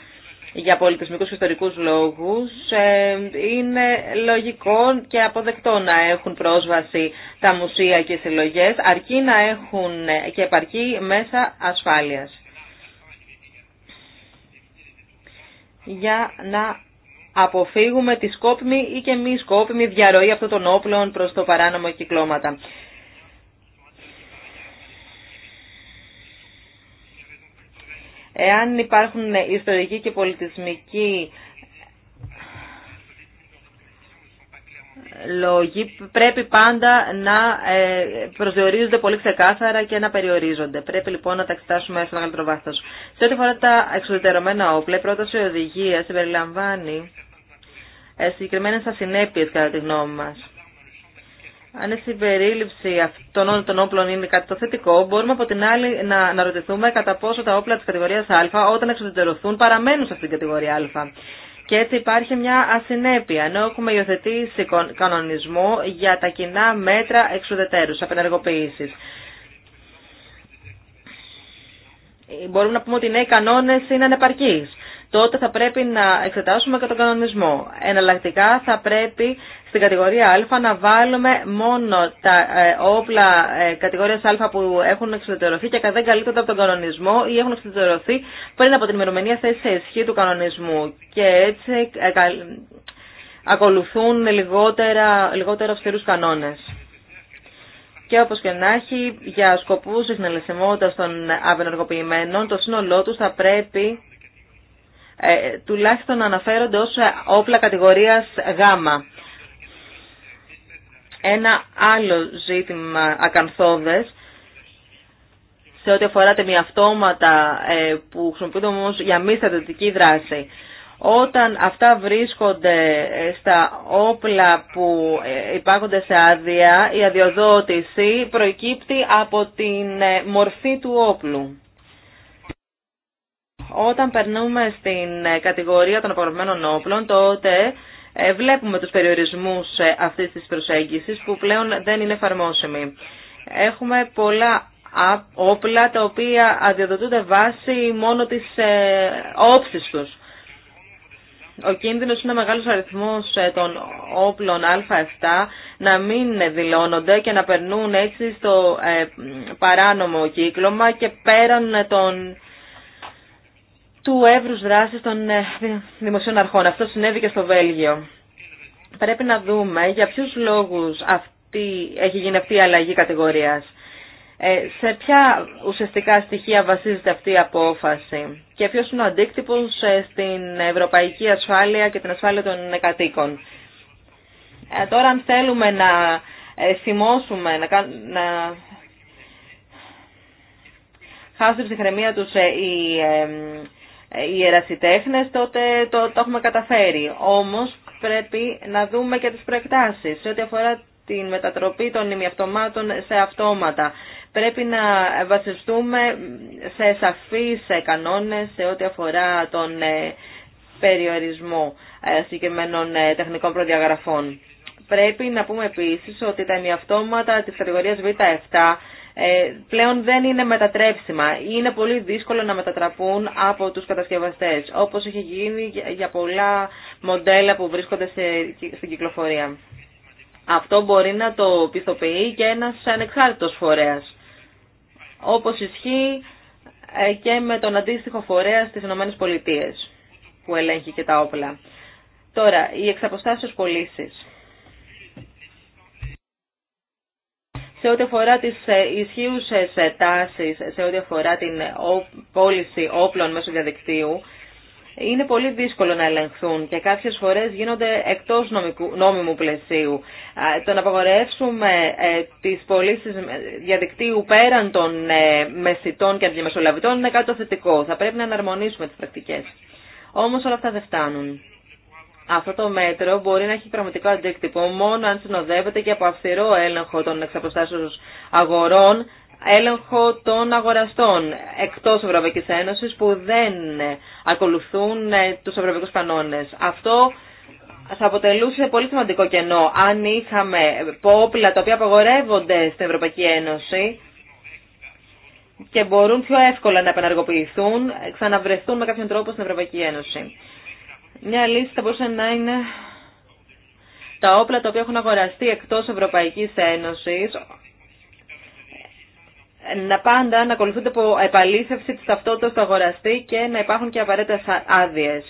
για πολιτισμικούς και ιστορικούς λόγους, ε, είναι λογικό και αποδεκτό να έχουν πρόσβαση τα μουσεία και οι συλλογές, αρκεί να έχουν και επαρκή μέσα ασφάλειας. για να αποφύγουμε τη σκόπιμη ή και μη σκόπιμη διαρροή αυτών των όπλων προς το παράνομο κυκλώματα. Εάν υπάρχουν ιστορικοί και πολιτισμικοί λόγοι, πρέπει πάντα να ε, προσδιορίζονται πολύ ξεκάθαρα και να περιορίζονται. Πρέπει λοιπόν να τα εξετάσουμε σε μεγαλύτερο βάθο. Σε ό,τι αφορά τα εξουδετερωμένα όπλα, η πρόταση οδηγία συμπεριλαμβάνει ε, Συγκεκριμένε ασυνέπειε κατά τη γνώμη μα. Αν η συμπερίληψη αυτών των όπλων είναι κάτι το θετικό, μπορούμε από την άλλη να, να ρωτηθούμε κατά πόσο τα όπλα τη κατηγορία Α όταν εξωτερωθούν παραμένουν σε αυτήν την κατηγορία Α. Και έτσι υπάρχει μια ασυνέπεια, ενώ έχουμε υιοθετήσει κανονισμό για τα κοινά μέτρα εξουδετέρου απενεργοποίηση. Μπορούμε να πούμε ότι οι νέοι κανόνες είναι ανεπαρκείς τότε θα πρέπει να εξετάσουμε και τον κανονισμό. Εναλλακτικά θα πρέπει στην κατηγορία Α να βάλουμε μόνο τα ε, όπλα ε, κατηγορίας Α που έχουν εξωτερωθεί και δεν καλύπτονται από τον κανονισμό ή έχουν εξωτερωθεί πριν από την ημερομηνία θέση σε ισχύ του κανονισμού. Και έτσι ε, ακολουθούν λιγότερα, λιγότερα αυστηρούς κανόνες. Και όπως και να έχει, για σκοπούς συχνελεσιμότητας των απενεργοποιημένων, το σύνολό τους θα πρέπει ε, τουλάχιστον αναφέρονται ως ε, όπλα κατηγορίας Γ. Ένα άλλο ζήτημα ακανθόδες σε ό,τι αφορά τα μη αυτόματα ε, που χρησιμοποιούνται όμω για μη στρατιωτική δράση. Όταν αυτά βρίσκονται στα όπλα που υπάρχονται σε άδεια, η αδειοδότηση προκύπτει από την μορφή του όπλου. Όταν περνούμε στην ε, κατηγορία των απαγορευμένων όπλων, τότε ε, βλέπουμε τους περιορισμούς ε, αυτής της προσέγγισης που πλέον δεν είναι εφαρμόσιμοι. Έχουμε πολλά όπλα τα οποία αδειοδοτούνται βάσει μόνο της όψης τους. Ο κίνδυνος είναι μεγάλος αριθμός των όπλων α7 να μην δηλώνονται και να περνούν έτσι στο παράνομο κύκλωμα και πέραν των του εύρους δράσης των ε, δημοσίων αρχών. Αυτό συνέβη και στο Βέλγιο. Πρέπει να δούμε για ποιους λόγους αυτή, έχει γίνει αυτή η αλλαγή κατηγορίας. Ε, σε ποια ουσιαστικά στοιχεία βασίζεται αυτή η απόφαση και ποιος είναι ο αντίκτυπος ε, στην ευρωπαϊκή ασφάλεια και την ασφάλεια των κατοίκων. τώρα αν θέλουμε να θυμώσουμε, να, να χάσουν ψυχραιμία τους οι οι ερασιτέχνε, τότε το, το έχουμε καταφέρει. Όμως πρέπει να δούμε και τις προεκτάσεις σε ό,τι αφορά τη μετατροπή των ημιαυτομάτων σε αυτόματα. Πρέπει να βασιστούμε σε σε κανόνες σε ό,τι αφορά τον ε, περιορισμό ε, συγκεκριμένων ε, τεχνικών προδιαγραφών. Πρέπει να πούμε επίσης ότι τα ημιαυτόματα της κατηγορίας Β7 ε, πλέον δεν είναι μετατρέψιμα. Είναι πολύ δύσκολο να μετατραπούν από τους κατασκευαστές, όπως έχει γίνει για πολλά μοντέλα που βρίσκονται στην κυκλοφορία. Αυτό μπορεί να το πιστοποιεί και ένας ανεξάρτητος φορέας, όπως ισχύει ε, και με τον αντίστοιχο φορέα στις ΗΠΑ που ελέγχει και τα όπλα. Τώρα, οι εξαποστάσεις πωλήσει. σε ό,τι αφορά τις ε, ισχύουσες ε, τάσεις, σε ό,τι αφορά την ε, πώληση όπλων μέσω διαδικτύου, είναι πολύ δύσκολο να ελεγχθούν και κάποιες φορές γίνονται εκτός νόμιμου πλαισίου. Το να απαγορεύσουμε τις πωλήσει διαδικτύου πέραν των μεσητών και αντιμεσολαβητών είναι κάτι το θετικό. Θα πρέπει να αναρμονίσουμε τις πρακτικές. Όμως όλα αυτά δεν φτάνουν αυτό το μέτρο μπορεί να έχει πραγματικό αντίκτυπο μόνο αν συνοδεύεται και από αυστηρό έλεγχο των εξαποστάσεων αγορών, έλεγχο των αγοραστών εκτός Ευρωπαϊκής Ένωσης που δεν ακολουθούν ε, τους ευρωπαϊκούς κανόνες. Αυτό θα αποτελούσε πολύ σημαντικό κενό αν είχαμε πόπλα τα οποία απαγορεύονται στην Ευρωπαϊκή Ένωση και μπορούν πιο εύκολα να επαναργοποιηθούν, ξαναβρεθούν με κάποιον τρόπο στην Ευρωπαϊκή Ένωση. Μια λύση θα μπορούσε να είναι τα όπλα τα οποία έχουν αγοραστεί εκτός Ευρωπαϊκής Ένωσης να πάντα να ακολουθούνται από επαλήθευση της ταυτότητας του αγοραστή και να υπάρχουν και απαραίτητες άδειε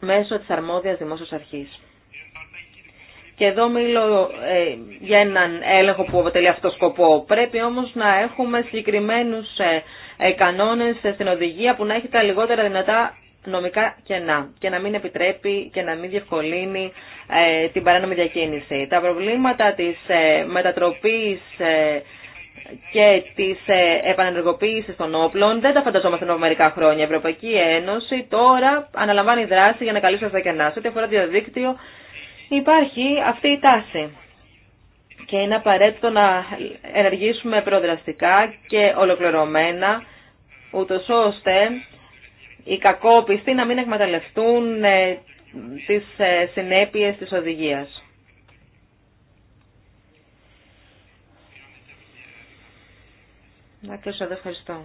μέσω της αρμόδιας δημόσιας αρχής. Και εδώ μιλώ ε, για έναν έλεγχο που αποτελεί αυτό σκοπό. Πρέπει όμως να έχουμε συγκεκριμένους ε, ε κανόνες στην οδηγία που να έχει τα λιγότερα δυνατά νομικά κενά και να μην επιτρέπει και να μην διευκολύνει ε, την παράνομη διακίνηση. Τα προβλήματα της ε, μετατροπής ε, και τη επανενεργοποίησης των όπλων δεν τα φανταζόμαστε από μερικά χρόνια. Η Ευρωπαϊκή Ένωση τώρα αναλαμβάνει δράση για να καλύψει αυτά τα κενά. Σε ό,τι αφορά το διαδίκτυο υπάρχει αυτή η τάση. Και είναι απαραίτητο να ενεργήσουμε προδραστικά και ολοκληρωμένα, ούτω ώστε οι κακόπιστοι να μην εκμεταλλευτούν ε, τις ε, συνέπειες της οδηγίας. Να κλείσω εδώ. Ευχαριστώ.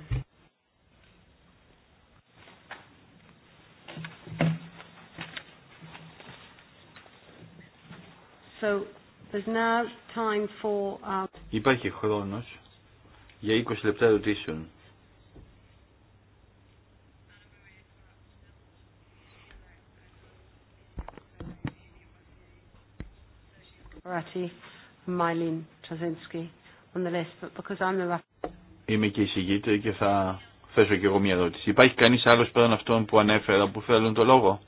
Uh, Υπάρχει χρόνος για 20 λεπτά ερωτήσεων. on the list, but because I'm the Είμαι και εισηγήτρια και θα θέσω και εγώ μια ερώτηση. Υπάρχει κανείς άλλος πέραν αυτών που ανέφερα που θέλουν το λόγο.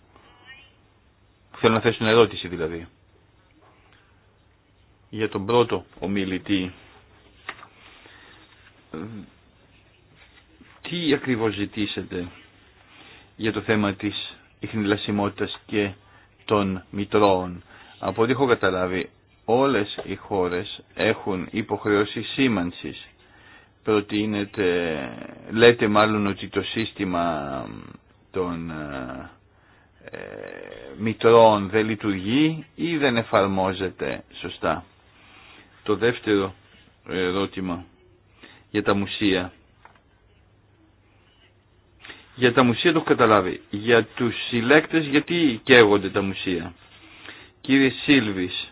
Που θέλουν να θέσουν ερώτηση δηλαδή. Για τον πρώτο ομιλητή. Τι ακριβώς ζητήσετε για το θέμα της ιχνηλασιμότητας και των μητρώων. Από ό,τι έχω καταλάβει, όλες οι χώρες έχουν υποχρεώσει σήμανσης. Προτείνεται, λέτε μάλλον ότι το σύστημα των ε, ε, μητρών δεν λειτουργεί ή δεν εφαρμόζεται σωστά. Το δεύτερο ερώτημα για τα μουσεία. Για τα μουσεία το καταλάβει. Για τους συλλέκτες γιατί καίγονται τα μουσεία. Κύριε Σίλβης,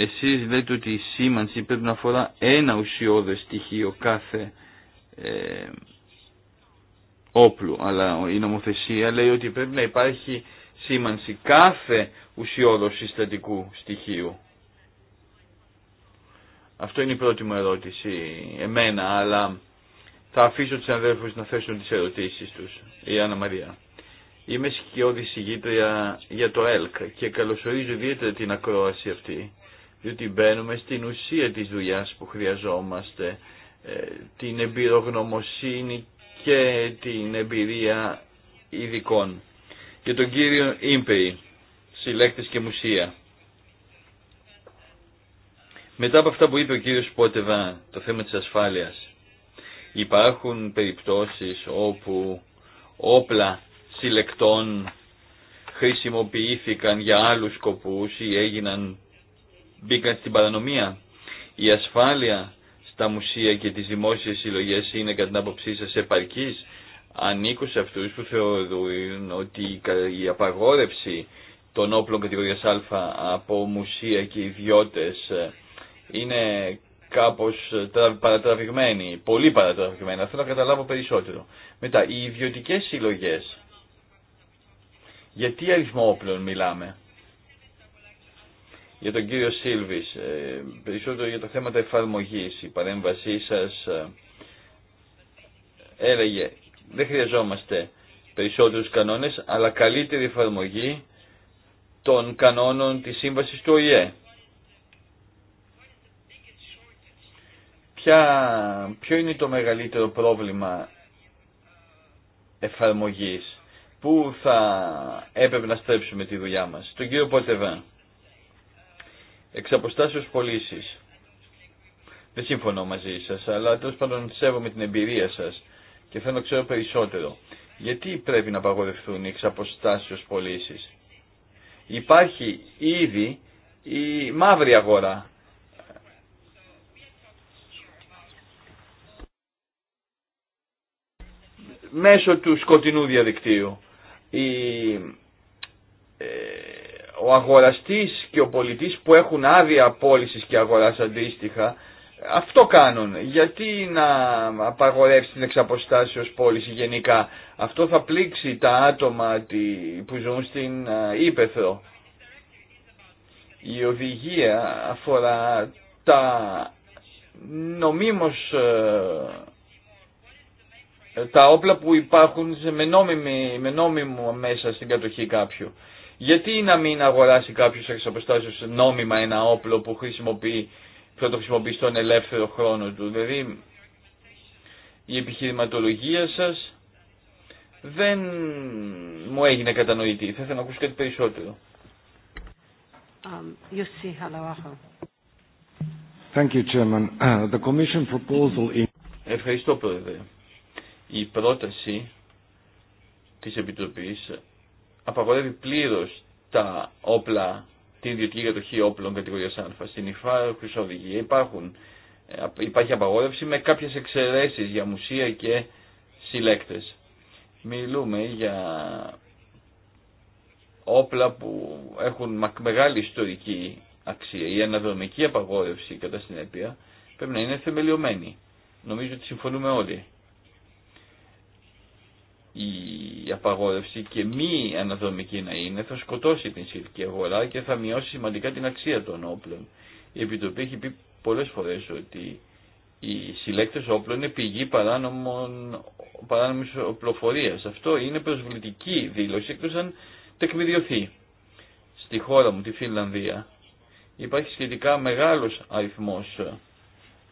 Εσείς λέτε ότι η σήμανση πρέπει να αφορά ένα ουσιώδες στοιχείο κάθε ε, όπλου, αλλά η νομοθεσία λέει ότι πρέπει να υπάρχει σήμανση κάθε ουσιώδος συστατικού στοιχείου. Αυτό είναι η πρώτη μου ερώτηση εμένα, αλλά θα αφήσω τους αδέρφους να θέσουν τις ερωτήσεις τους, η Άννα Μαρία. Είμαι σκιώδη συγγήτρια για το ΕΛΚ και καλωσορίζω ιδιαίτερα την ακρόαση αυτή διότι μπαίνουμε στην ουσία της δουλειάς που χρειαζόμαστε, ε, την εμπειρογνωμοσύνη και την εμπειρία ειδικών. Και τον κύριο Ήμπεϊ, συλλέκτες και μουσεία. Μετά από αυτά που είπε ο κύριος Πότεβα, το θέμα της ασφάλειας, υπάρχουν περιπτώσεις όπου όπλα συλλεκτών χρησιμοποιήθηκαν για άλλους σκοπούς ή έγιναν μπήκαν στην παρανομία. Η ασφάλεια στα μουσεία και τις δημόσιες συλλογές είναι κατά την άποψή σας επαρκής. Ανήκω σε αυτούς που θεωρούν ότι η απαγόρευση των όπλων κατηγορίας Α από μουσεία και ιδιώτες ε, είναι κάπως ε, παρατραβηγμένη, πολύ παρατραβηγμένη. θέλω να καταλάβω περισσότερο. Μετά, οι ιδιωτικές συλλογές. Γιατί αριθμό όπλων μιλάμε. Για τον κύριο Σίλβης, ε, περισσότερο για το θέμα εφαρμογή. εφαρμογής, η παρέμβασή σας ε, έλεγε δεν χρειαζόμαστε περισσότερους κανόνες, αλλά καλύτερη εφαρμογή των κανόνων της σύμβασης του ΟΗΕ. Ποια, ποιο είναι το μεγαλύτερο πρόβλημα εφαρμογής, πού θα έπρεπε να στρέψουμε τη δουλειά μας. Τον κύριο Ποτεβάν. Εξ αποστάσεως πωλήσει. Δεν συμφωνώ μαζί σας, αλλά τέλος πάντων σέβομαι την εμπειρία σας και θέλω να ξέρω περισσότερο. Γιατί πρέπει να απαγορευτούν οι εξ αποστάσεως πωλήσει. Υπάρχει ήδη η μαύρη αγορά. Μέσω του σκοτεινού διαδικτύου. Η, ε, ο αγοραστής και ο πολιτής που έχουν άδεια πώληση και αγοράς αντίστοιχα αυτό κάνουν. Γιατί να απαγορεύσει την εξαποστάσεω πώληση γενικά. Αυτό θα πλήξει τα άτομα που ζουν στην Ήπεθρο. Η οδηγία αφορά τα νομίμως ε, τα όπλα που υπάρχουν με νόμιμο μέσα στην κατοχή κάποιου. Γιατί να μην αγοράσει κάποιο εξ αποστάσεω νόμιμα ένα όπλο που χρησιμοποιεί, θα το χρησιμοποιεί στον ελεύθερο χρόνο του. Δηλαδή η επιχειρηματολογία σας δεν μου έγινε κατανοητή. Θα ήθελα να ακούσω κάτι περισσότερο. Ευχαριστώ, Πρόεδρε. Η πρόταση της Επιτροπής απαγορεύει πλήρως τα όπλα, την ιδιωτική κατοχή όπλων κατηγορία Α. Στην υφάρχουσα οδηγία υπάρχουν, ε, υπάρχει απαγόρευση με κάποιες εξαιρεσει για μουσεία και συλλέκτες. Μιλούμε για όπλα που έχουν μεγάλη ιστορική αξία. Η αναδρομική απαγόρευση κατά συνέπεια πρέπει να είναι θεμελιωμένη. Νομίζω ότι συμφωνούμε όλοι η απαγόρευση και μη αναδρομική να είναι θα σκοτώσει την σχετική αγορά και θα μειώσει σημαντικά την αξία των όπλων. Η Επιτροπή έχει πει πολλές φορές ότι οι συλλέκτες όπλων είναι πηγή παράνομων, παράνομης Αυτό είναι προσβλητική δήλωση εκτός αν τεκμηριωθεί. Στη χώρα μου, τη Φινλανδία, υπάρχει σχετικά μεγάλος αριθμός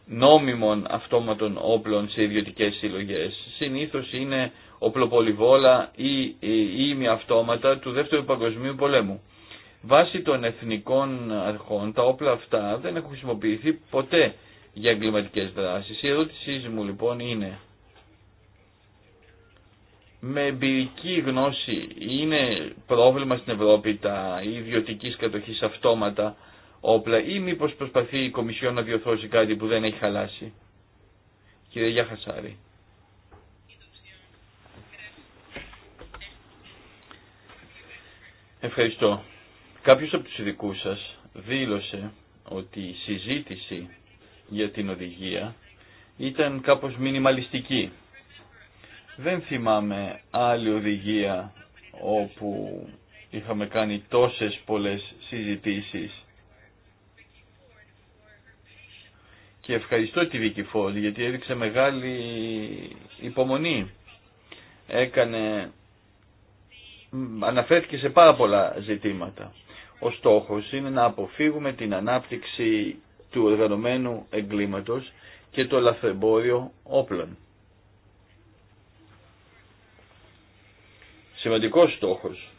νόμιμων αυτόματων όπλων σε ιδιωτικές συλλογές. Συνήθως είναι οπλοπολιβόλα ή, ή, ή μη αυτόματα του Δεύτερου Παγκοσμίου Πολέμου. Βάσει των εθνικών αρχών τα όπλα αυτά δεν έχουν χρησιμοποιηθεί ποτέ για εγκληματικές δράσεις. Η ερώτησή μου λοιπόν είναι με εμπειρική γνώση είναι πρόβλημα στην Ευρώπη τα ιδιωτικής κατοχής αυτόματα όπλα ή μήπως προσπαθεί η αυτοματα του δευτερου παγκοσμιου πολεμου βασει των εθνικων αρχων τα οπλα αυτα δεν εχουν χρησιμοποιηθει ποτε για μήπω προσπαθεί η ερωτηση μου λοιπον ειναι με εμπειρικη γνωση ειναι προβλημα στην ευρωπη τα ιδιωτικη κατοχη αυτοματα οπλα η μηπως προσπαθει η κομισιον να διορθώσει κάτι που δεν έχει χαλάσει. Κύριε Γιάχασάρη. Ευχαριστώ. Κάποιος από τους ειδικού σας δήλωσε ότι η συζήτηση για την οδηγία ήταν κάπως μινιμαλιστική. Δεν θυμάμαι άλλη οδηγία όπου είχαμε κάνει τόσες πολλές συζητήσεις. Και ευχαριστώ τη Βίκη Φόλ γιατί έδειξε μεγάλη υπομονή. Έκανε αναφέρθηκε σε πάρα πολλά ζητήματα. Ο στόχος είναι να αποφύγουμε την ανάπτυξη του οργανωμένου εγκλήματος και το λαθρεμπόριο όπλων. Σημαντικός στόχος.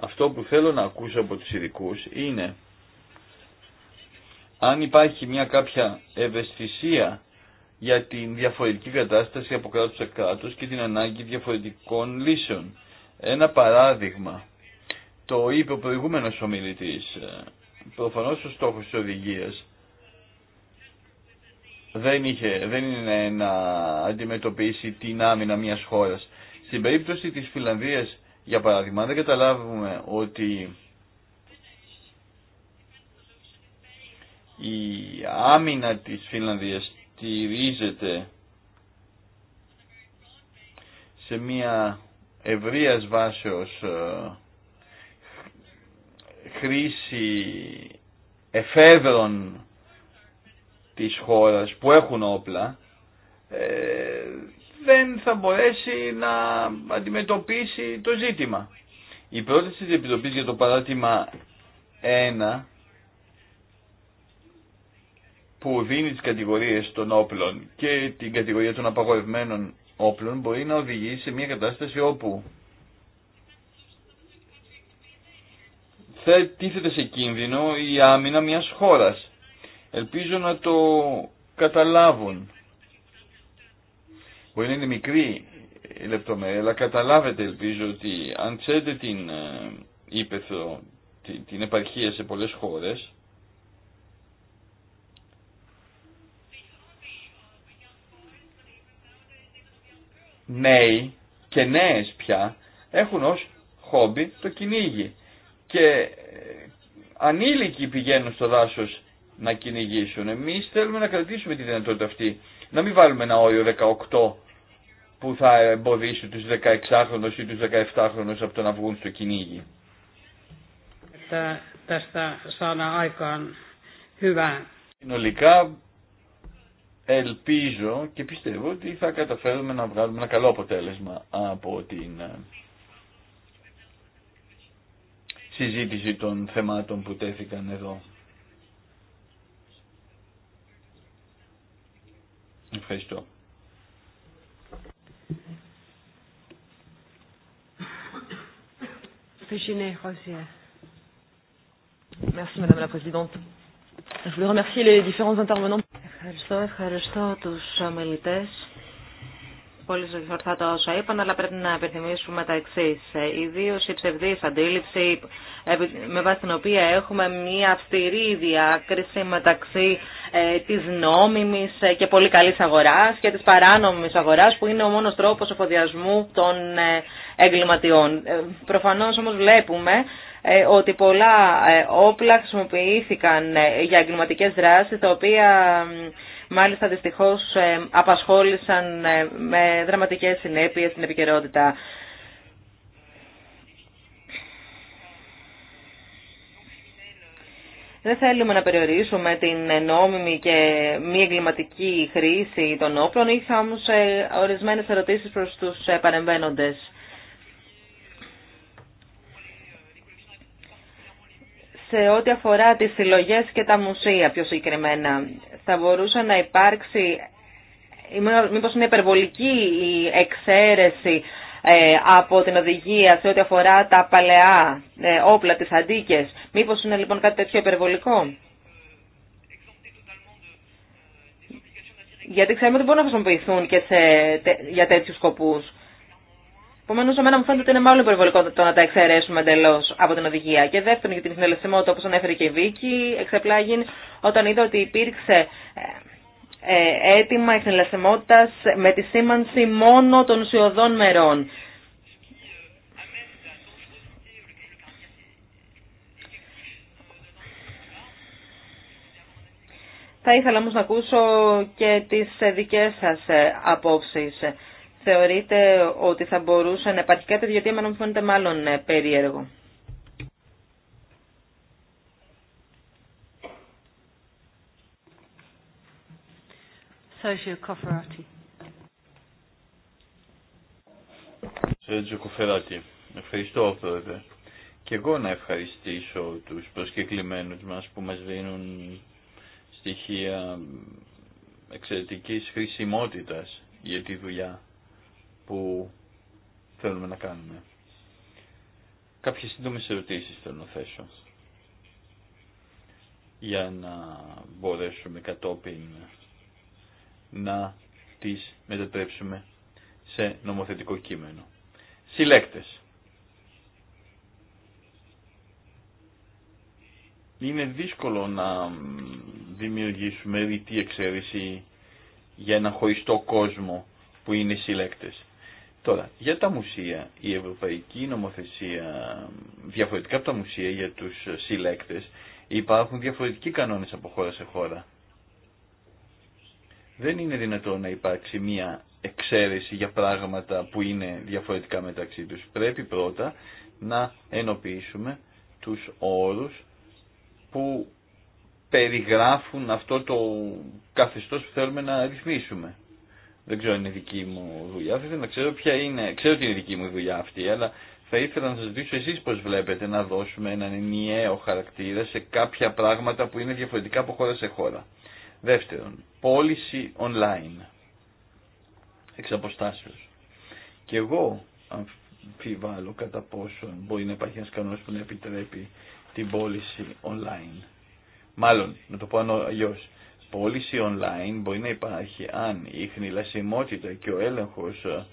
Αυτό που θέλω να ακούσω από τους ειδικού είναι αν υπάρχει μια κάποια ευαισθησία για την διαφορετική κατάσταση από κράτος σε κράτος και την ανάγκη διαφορετικών λύσεων ένα παράδειγμα, το είπε ο προηγούμενο ομιλητή, ε, προφανώς ο στόχο τη οδηγία δεν, δεν είναι να αντιμετωπίσει την άμυνα μια χώρα. Στην περίπτωση της Φιλανδίας, για παράδειγμα, δεν καταλάβουμε ότι η άμυνα της Φιλανδίας στηρίζεται σε μια ευρείας βάσεως ε, χρήση εφέδρων της χώρας που έχουν όπλα ε, δεν θα μπορέσει να αντιμετωπίσει το ζήτημα. Η πρόταση της Επιτροπής για το παράτημα 1 που δίνει τις κατηγορίες των όπλων και την κατηγορία των απαγορευμένων όπλων μπορεί να οδηγήσει σε μια κατάσταση όπου θα τίθεται σε κίνδυνο η άμυνα μιας χώρας. Ελπίζω να το καταλάβουν. Μπορεί να είναι μικρή η λεπτομέρεια, αλλά καταλάβετε ελπίζω ότι αν ξέρετε την ε, ύπεθρο, την επαρχία σε πολλές χώρες, νέοι και νέες πια έχουν ως χόμπι το κυνήγι και ε, ανήλικοι πηγαίνουν στο δάσος να κυνηγήσουν. Εμείς θέλουμε να κρατήσουμε τη δυνατότητα αυτή, να μην βάλουμε ένα όριο 18 που θα εμποδίσει τους 16χρονους ή τους 17χρονους από το να βγουν στο κυνήγι. Tästä Συνολικά ελπίζω και πιστεύω ότι θα καταφέρουμε να βγάλουμε ένα καλό αποτέλεσμα από την ε, συζήτηση των θεμάτων που τέθηκαν εδώ. Ευχαριστώ. Merci Madame la Présidente. Je voulais remercier les différents intervenants. Ευχαριστώ, ευχαριστώ τους ομιλητές. Πολύ σωστά τα όσα είπαν, αλλά πρέπει να επιθυμίσουμε τα εξή. Ε, Ιδίω η ψευδή αντίληψη με βάση την οποία έχουμε μια αυστηρή διάκριση μεταξύ ε, της νόμιμης ε, και πολύ καλής αγοράς και της παράνομης αγοράς που είναι ο μόνος τρόπος εφοδιασμού των εγκληματιών. Προφανώς όμως βλέπουμε ε, ότι πολλά ε, όπλα χρησιμοποιήθηκαν ε, για εγκληματικές δράσεις, τα οποία μάλιστα δυστυχώς απασχόλησαν με δραματικές συνέπειες στην επικαιρότητα. Δεν θέλουμε να περιορίσουμε την νόμιμη και μη εγκληματική χρήση των όπλων. Είχα όμως ορισμένες ερωτήσεις προς τους παρεμβαίνοντες. σε ό,τι αφορά τις συλλογές και τα μουσεία πιο συγκεκριμένα. Θα μπορούσε να υπάρξει, μήπως είναι υπερβολική η εξαίρεση ε, από την οδηγία σε ό,τι αφορά τα παλαιά ε, όπλα, τις αντίκες. Μήπως είναι λοιπόν κάτι τέτοιο υπερβολικό. Γιατί ξέρουμε ότι μπορούν να χρησιμοποιηθούν και σε, για τέτοιους σκοπούς. Επομένω, εμένα μου φαίνεται ότι είναι μάλλον υπερβολικό το να τα εξαιρέσουμε εντελώ από την οδηγία. Και δεύτερον, για την συνελεσιμότητα, όπω ανέφερε και η Βίκη, εξεπλάγει όταν είδα ότι υπήρξε ε, ε αίτημα εξελασιμότητας με τη σήμανση μόνο των ουσιοδών μερών. Θα ήθελα όμως να ακούσω και τις δικές σα ε, απόψεις θεωρείτε ότι θα μπορούσε να υπάρχει κάτι γιατί εμένα μου φαίνεται μάλλον ε, περίεργο. Σέργιο Κοφεράτη, Ευχαριστώ, Πρόεδρε. Και εγώ να ευχαριστήσω τους προσκεκλημένους μας που μας δίνουν στοιχεία εξαιρετικής χρησιμότητας για τη δουλειά που θέλουμε να κάνουμε. Κάποιες σύντομες ερωτήσεις θέλω να θέσω για να μπορέσουμε κατόπιν να τις μετατρέψουμε σε νομοθετικό κείμενο. Συλλέκτες. Είναι δύσκολο να δημιουργήσουμε ρητή εξαίρεση για ένα χωριστό κόσμο που είναι συλλέκτες. Τώρα, για τα μουσεία, η ευρωπαϊκή νομοθεσία, διαφορετικά από τα μουσεία για τους συλλέκτες, υπάρχουν διαφορετικοί κανόνες από χώρα σε χώρα. Δεν είναι δυνατόν να υπάρξει μία εξαίρεση για πράγματα που είναι διαφορετικά μεταξύ τους. Πρέπει πρώτα να ενοποιήσουμε τους όρους που περιγράφουν αυτό το καθεστώς που θέλουμε να ρυθμίσουμε. Δεν ξέρω αν είναι δική μου δουλειά. Θα ήθελα να ξέρω ποια είναι. Ξέρω ότι είναι δική μου δουλειά αυτή, αλλά θα ήθελα να σα δείξω εσεί πώ βλέπετε να δώσουμε έναν ενιαίο χαρακτήρα σε κάποια πράγματα που είναι διαφορετικά από χώρα σε χώρα. Δεύτερον, πώληση online. Εξ αποστάσεως. Και εγώ αμφιβάλλω κατά πόσο μπορεί να υπάρχει ένα κανόνα που να επιτρέπει την πώληση online. Μάλλον, να το πω αλλιώ πώληση online μπορεί να υπάρχει αν η χνηλασιμότητα και ο έλεγχος ε,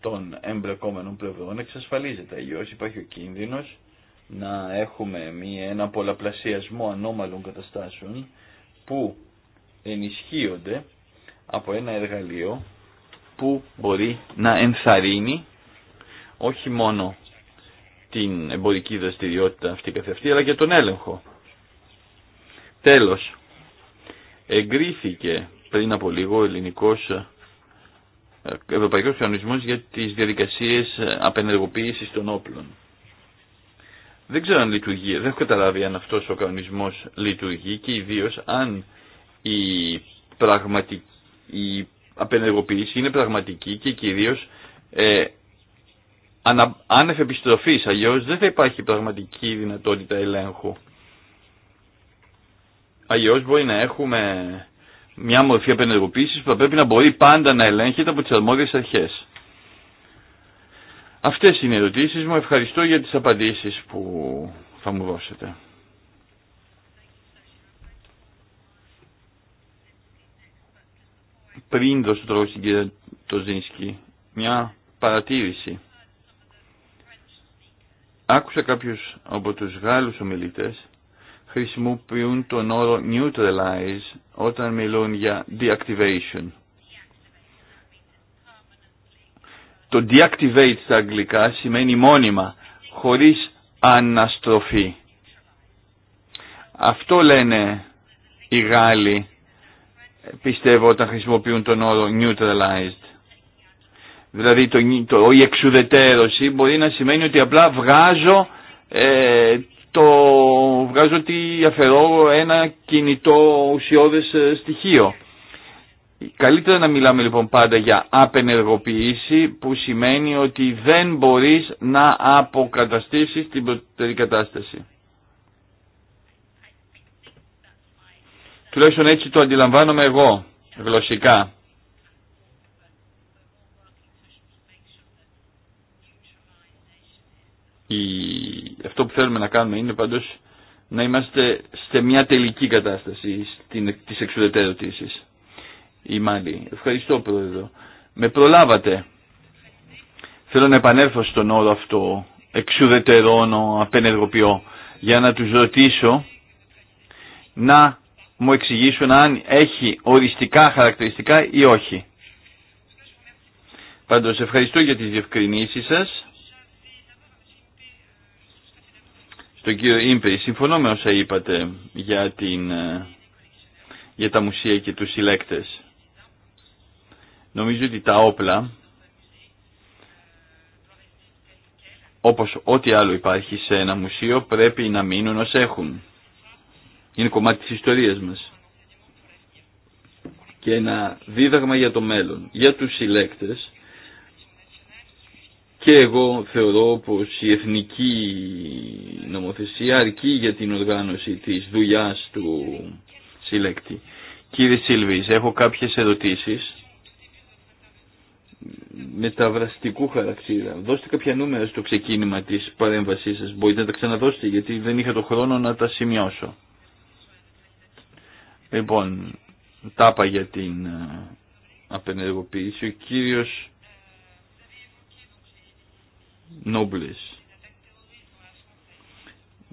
των εμπλεκόμενων πλευρών εξασφαλίζεται. Αλλιώς υπάρχει ο κίνδυνος να έχουμε μία, ένα πολλαπλασιασμό ανώμαλων καταστάσεων που ενισχύονται από ένα εργαλείο που μπορεί να ενθαρρύνει όχι μόνο την εμπορική δραστηριότητα αυτή καθ' αλλά και τον έλεγχο. Τέλος, εγκρίθηκε πριν από λίγο ο ελληνικός ε, ευρωπαϊκός κανονισμός για τις διαδικασίες απενεργοποίησης των όπλων. Δεν ξέρω αν λειτουργεί, δεν έχω καταλάβει αν αυτός ο κανονισμός λειτουργεί και ιδίω αν η, πραγματική, η απενεργοποίηση είναι πραγματική και κυρίω ε, αν άνευ επιστροφής, αλλιώς δεν θα υπάρχει πραγματική δυνατότητα ελέγχου. Αλλιώ μπορεί να έχουμε μια μορφή απενεργοποίηση που θα πρέπει να μπορεί πάντα να ελέγχεται από τις αρμόδιε αρχές. Αυτές είναι οι ερωτήσει μου. Ευχαριστώ για τις απαντήσεις που θα μου δώσετε. Πριν δώσω το λόγο στην κυρία Τοζίνσκι, μια παρατήρηση. Άκουσα κάποιους από τους Γάλλους ομιλητές χρησιμοποιούν τον όρο neutralize όταν μιλούν για deactivation. Το deactivate στα αγγλικά σημαίνει μόνιμα, χωρίς αναστροφή. Αυτό λένε οι Γάλλοι, πιστεύω, όταν χρησιμοποιούν τον όρο neutralized. Δηλαδή το, το, η εξουδετέρωση μπορεί να σημαίνει ότι απλά βγάζω ε, το βγάζω ότι αφαιρώ ένα κινητό ουσιώδες ε, στοιχείο. Καλύτερα να μιλάμε λοιπόν πάντα για απενεργοποίηση που σημαίνει ότι δεν μπορείς να αποκαταστήσεις την προτερή κατάσταση. Τουλάχιστον έτσι το αντιλαμβάνομαι εγώ γλωσσικά. Η αυτό που θέλουμε να κάνουμε είναι πάντως να είμαστε σε μια τελική κατάσταση της εξουδετερωτήσης. Η Μάλη. Ευχαριστώ πρόεδρο. Με προλάβατε. Θέλω να επανέλθω στον όρο αυτό εξουδετερώνω, απενεργοποιώ για να τους ρωτήσω να μου εξηγήσουν αν έχει οριστικά χαρακτηριστικά ή όχι. Πάντως ευχαριστώ για τις διευκρινήσεις σας Στον κύριο Ήμπρη, συμφωνώ με όσα είπατε για, την, ε, για τα μουσεία και τους συλλέκτες. Νομίζω ότι τα όπλα, όπως ό,τι άλλο υπάρχει σε ένα μουσείο, πρέπει να μείνουν ως έχουν. Είναι κομμάτι της ιστορίας μας. Και ένα δίδαγμα για το μέλλον. Για τους συλλέκτες, και εγώ θεωρώ πως η εθνική νομοθεσία αρκεί για την οργάνωση της δουλειά του συλλέκτη. Κύριε Σίλβης, έχω κάποιες ερωτήσεις μεταβραστικού χαρακτήρα. Δώστε κάποια νούμερα στο ξεκίνημα της παρέμβασής σας. Μπορείτε να τα ξαναδώσετε γιατί δεν είχα το χρόνο να τα σημειώσω. Λοιπόν, τάπα για την ε, απενεργοποίηση. Ο κύριος nobles.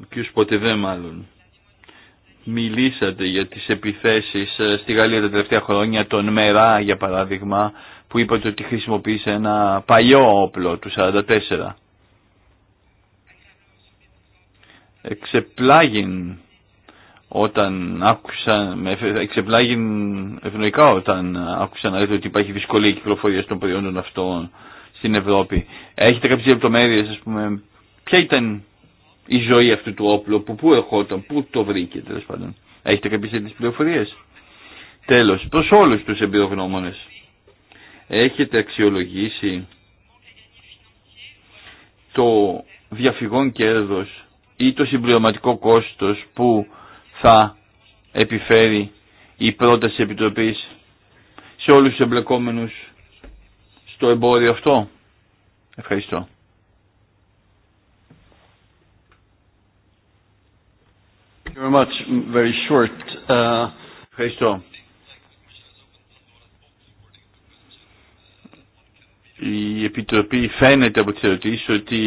Ο ποτέ δεν μάλλον. Μιλήσατε για τις επιθέσεις ε, στη Γαλλία τα τελευταία χρόνια, τον Μερά για παράδειγμα, που είπατε ότι χρησιμοποίησε ένα παλιό όπλο του 1944. Εξεπλάγιν όταν ακούσαν, εξεπλάγιν ευνοϊκά όταν άκουσα να λέτε ότι υπάρχει δυσκολία κυκλοφορία των προϊόντων αυτών στην Ευρώπη. Έχετε κάποιες λεπτομέρειε, ας πούμε, ποια ήταν η ζωή αυτού του όπλου, που πού ερχόταν, πού το βρήκε τέλο πάντων. Έχετε κάποιες τέτοιες πληροφορίες. Τέλος, προς όλους τους εμπειρογνώμονες. Έχετε αξιολογήσει το διαφυγόν κέρδος ή το συμπληρωματικό κόστος που θα επιφέρει η πρόταση επιτροπής σε όλους τους εμπλεκόμενους στο εμπόριο αυτό. Ευχαριστώ. Uh, Ευχαριστώ. η Επιτροπή φαίνεται από τις ερωτήσεις ότι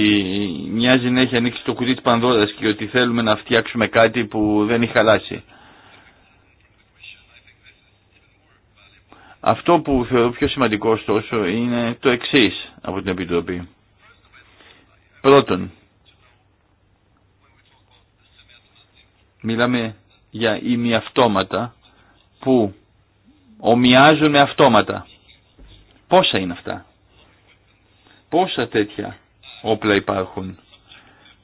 μοιάζει να έχει ανοίξει το κουτί της Πανδώρας και ότι θέλουμε να φτιάξουμε κάτι που δεν έχει χαλάσει. Αυτό που θεωρώ πιο σημαντικό ωστόσο είναι το εξής από την Επιτροπή. Πρώτον, μιλάμε για ημιαυτόματα που ομοιάζουν με αυτόματα. Πόσα είναι αυτά. Πόσα τέτοια όπλα υπάρχουν.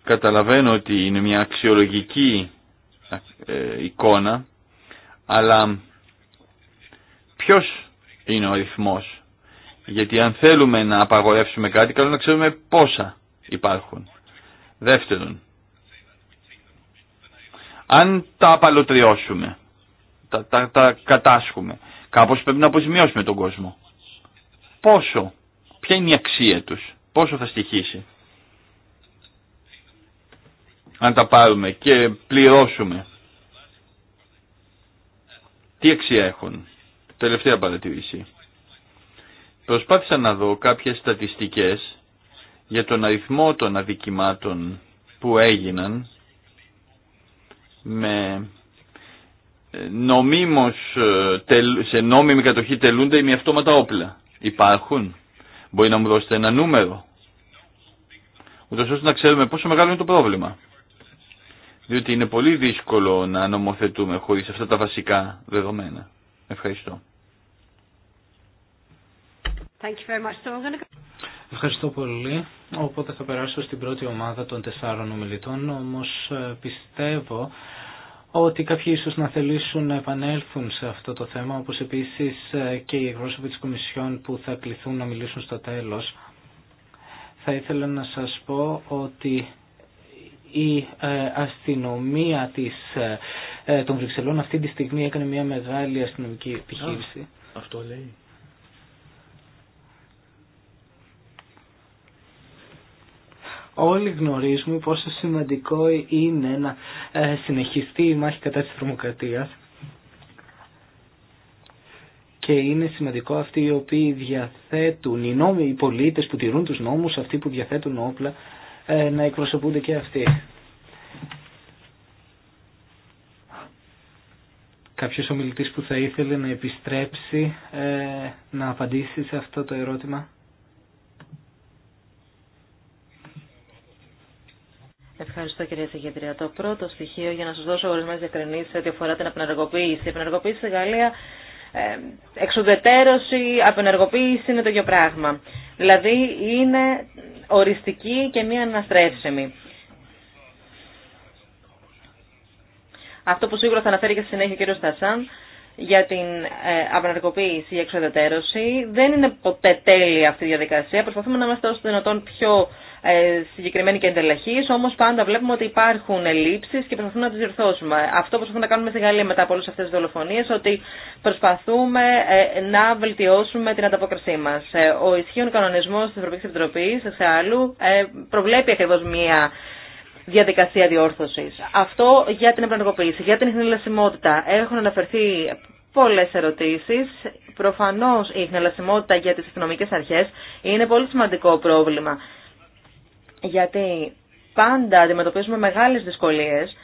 Καταλαβαίνω ότι είναι μια αξιολογική ε, εικόνα, αλλά ποιος είναι ο ρυθμός. Γιατί αν θέλουμε να απαγορεύσουμε κάτι, καλό να ξέρουμε πόσα υπάρχουν. Δεύτερον, αν τα απαλωτριώσουμε, τα, τα, τα κατάσχουμε, κάπως πρέπει να αποζημιώσουμε τον κόσμο. Πόσο, ποια είναι η αξία τους, πόσο θα στοιχήσει. Αν τα πάρουμε και πληρώσουμε, τι αξία έχουν. Τελευταία παρατήρηση. Προσπάθησα να δω κάποιες στατιστικές για τον αριθμό των αδικημάτων που έγιναν με ε, νομίμως, ε, σε νόμιμη κατοχή τελούνται ή με αυτόματα όπλα. Υπάρχουν. Μπορεί να μου δώσετε ένα νούμερο. Ούτως ώστε να ξέρουμε πόσο μεγάλο είναι το πρόβλημα. Διότι είναι πολύ δύσκολο να νομοθετούμε χωρίς αυτά τα βασικά δεδομένα. Ευχαριστώ. Thank you very much. So Ευχαριστώ πολύ. Οπότε θα περάσω στην πρώτη ομάδα των τεσσάρων ομιλητών, όμως ε, πιστεύω ότι κάποιοι ίσως να θελήσουν να επανέλθουν σε αυτό το θέμα, όπως επίσης ε, και οι εκπρόσωποι της Κομισιόν που θα κληθούν να μιλήσουν στο τέλος. Θα ήθελα να σας πω ότι η ε, αστυνομία της ε, των Βρυξελών αυτή τη στιγμή έκανε μια μεγάλη αστυνομική επιχείρηση. αυτό λέει. Όλοι γνωρίζουμε πόσο σημαντικό είναι να ε, συνεχιστεί η μάχη κατά της τρομοκρατίας και είναι σημαντικό αυτοί οι οποίοι διαθέτουν, οι νόμοι, οι πολίτες που τηρούν τους νόμους, αυτοί που διαθέτουν όπλα, ε, να εκπροσωπούνται και αυτοί. κάποιος ομιλητής που θα ήθελε να επιστρέψει ε, να απαντήσει σε αυτό το ερώτημα. Ευχαριστώ κυρία Συγκεντρία. Το πρώτο στοιχείο για να σας δώσω ορισμένες διακρινήσεις ό,τι αφορά την απενεργοποίηση. Η απενεργοποίηση στη Γαλλία, ε, εξουδετέρωση, απενεργοποίηση είναι το ίδιο πράγμα. Δηλαδή είναι οριστική και μη αναστρέψιμη. Αυτό που σίγουρα θα αναφέρει και στη συνέχεια ο κ. Στασάν για την ε, απενεργοποίηση ή εξοδετέρωση. Δεν είναι ποτέ τέλεια αυτή η διαδικασία. Προσπαθούμε να είμαστε όσο δυνατόν πιο ε, συγκεκριμένοι και εντελεχεί, όμω πάντα βλέπουμε ότι υπάρχουν ελλείψει και προσπαθούμε να τι διορθώσουμε. Αυτό προσπαθούμε να κάνουμε στη Γαλλία μετά από όλε αυτέ τι δολοφονίε, ότι προσπαθούμε ε, να βελτιώσουμε την ανταπόκρισή μα. Ο ισχύων κανονισμό τη Ευρωπαϊκή Επιτροπή, εξάλλου, προβλέπει ακριβώ μία διαδικασία διόρθωση. Αυτό για την επανεργοποίηση, για την ειχνηλασιμότητα. Έχουν αναφερθεί πολλέ ερωτήσει. Προφανώ η ειχνηλασιμότητα για τι αστυνομικέ αρχέ είναι πολύ σημαντικό πρόβλημα. Γιατί πάντα αντιμετωπίζουμε μεγάλες δυσκολίες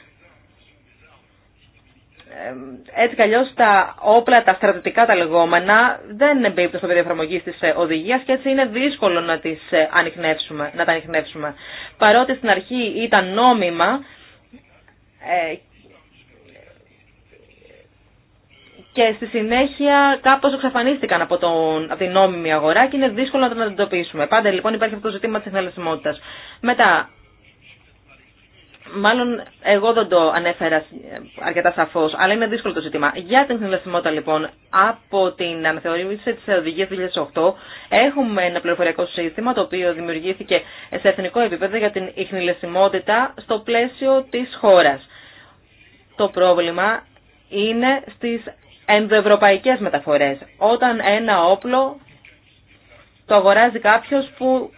έτσι καλώ τα όπλα, τα στρατιωτικά τα λεγόμενα, δεν εμπίπτουν στο πεδίο εφαρμογή τη ε, οδηγία και έτσι είναι δύσκολο να, τις ε, ανοιχνεύσουμε, να τα ανοιχνεύσουμε. Παρότι στην αρχή ήταν νόμιμα ε, και στη συνέχεια κάπως εξαφανίστηκαν από, τον, από την νόμιμη αγορά και είναι δύσκολο να τα αντιμετωπίσουμε. Πάντα λοιπόν υπάρχει αυτό το ζήτημα της εθελεσιμότητας. Μετά, μάλλον εγώ δεν το ανέφερα αρκετά σαφώ, αλλά είναι δύσκολο το ζήτημα. Για την συνδεσιμότητα λοιπόν, από την αναθεωρήση τη οδηγία 2008, έχουμε ένα πληροφοριακό σύστημα το οποίο δημιουργήθηκε σε εθνικό επίπεδο για την χνηλεσιμότητα στο πλαίσιο τη χώρα. Το πρόβλημα είναι στι ενδοευρωπαϊκέ μεταφορέ. Όταν ένα όπλο το αγοράζει κάποιο που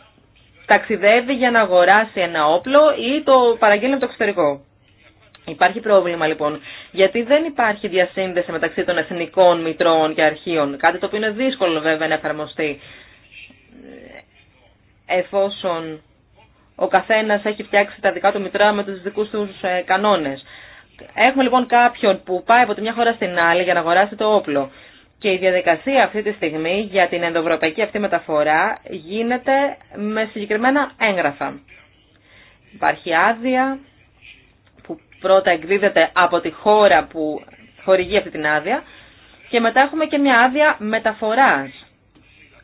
ταξιδεύει για να αγοράσει ένα όπλο ή το παραγγέλνει από το εξωτερικό. Υπάρχει πρόβλημα λοιπόν, γιατί δεν υπάρχει διασύνδεση μεταξύ των εθνικών μητρώων και αρχείων, κάτι το οποίο είναι δύσκολο βέβαια να εφαρμοστεί, εφόσον ο καθένας έχει φτιάξει τα δικά του μητρά με τους δικούς του ε, κανόνες. Έχουμε λοιπόν κάποιον που πάει από τη μια χώρα στην άλλη για να αγοράσει το όπλο. Και η διαδικασία αυτή τη στιγμή για την ενδοευρωπαϊκή αυτή μεταφορά γίνεται με συγκεκριμένα έγγραφα. Υπάρχει άδεια που πρώτα εκδίδεται από τη χώρα που χορηγεί αυτή την άδεια και μετά έχουμε και μια άδεια μεταφοράς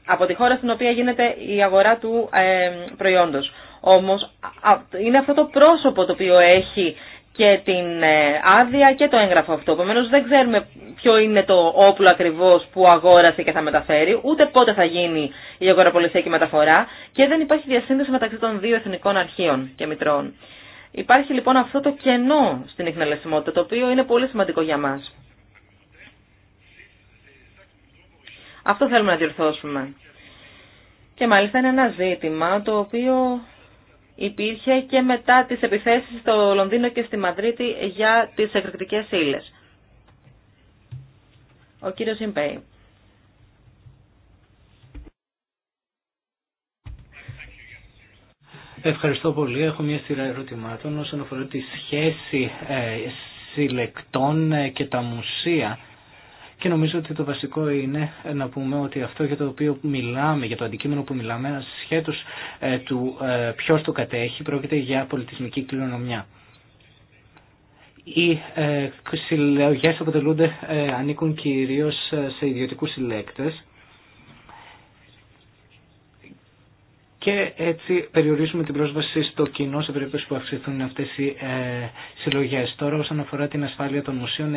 από τη χώρα στην οποία γίνεται η αγορά του ε, προϊόντος. Όμως είναι αυτό το πρόσωπο το οποίο έχει και την ε, άδεια και το έγγραφο αυτό. Επομένω δεν ξέρουμε ποιο είναι το όπλο ακριβώς που αγόρασε και θα μεταφέρει, ούτε πότε θα γίνει η αγοραπολισιακή μεταφορά και δεν υπάρχει διασύνδεση μεταξύ των δύο εθνικών αρχείων και μητρών. Υπάρχει λοιπόν αυτό το κενό στην εκνελεσιμότητα, το οποίο είναι πολύ σημαντικό για μας. Αυτό θέλουμε να διορθώσουμε. Και μάλιστα είναι ένα ζήτημα το οποίο υπήρχε και μετά τις επιθέσεις στο Λονδίνο και στη Μαδρίτη για τις εκρηκτικές ύλες. Ο κύριος Ιμπέη. Ευχαριστώ πολύ. Έχω μια σειρά ερωτημάτων όσον αφορά τη σχέση ε, συλλεκτών ε, και τα μουσεία. Και νομίζω ότι το βασικό είναι ε, να πούμε ότι αυτό για το οποίο μιλάμε, για το αντικείμενο που μιλάμε, ασχέτως του ποιος το κατέχει, πρόκειται για πολιτισμική κληρονομιά. Οι ε, συλλογέ αποτελούνται, ε, ανήκουν κυρίως ε, σε ιδιωτικούς συλλέκτες και έτσι περιορίζουμε την πρόσβαση στο κοινό σε περίπτωση που αυξηθούν αυτές οι ε, συλλογές. Τώρα όσον αφορά την ασφάλεια των μουσείων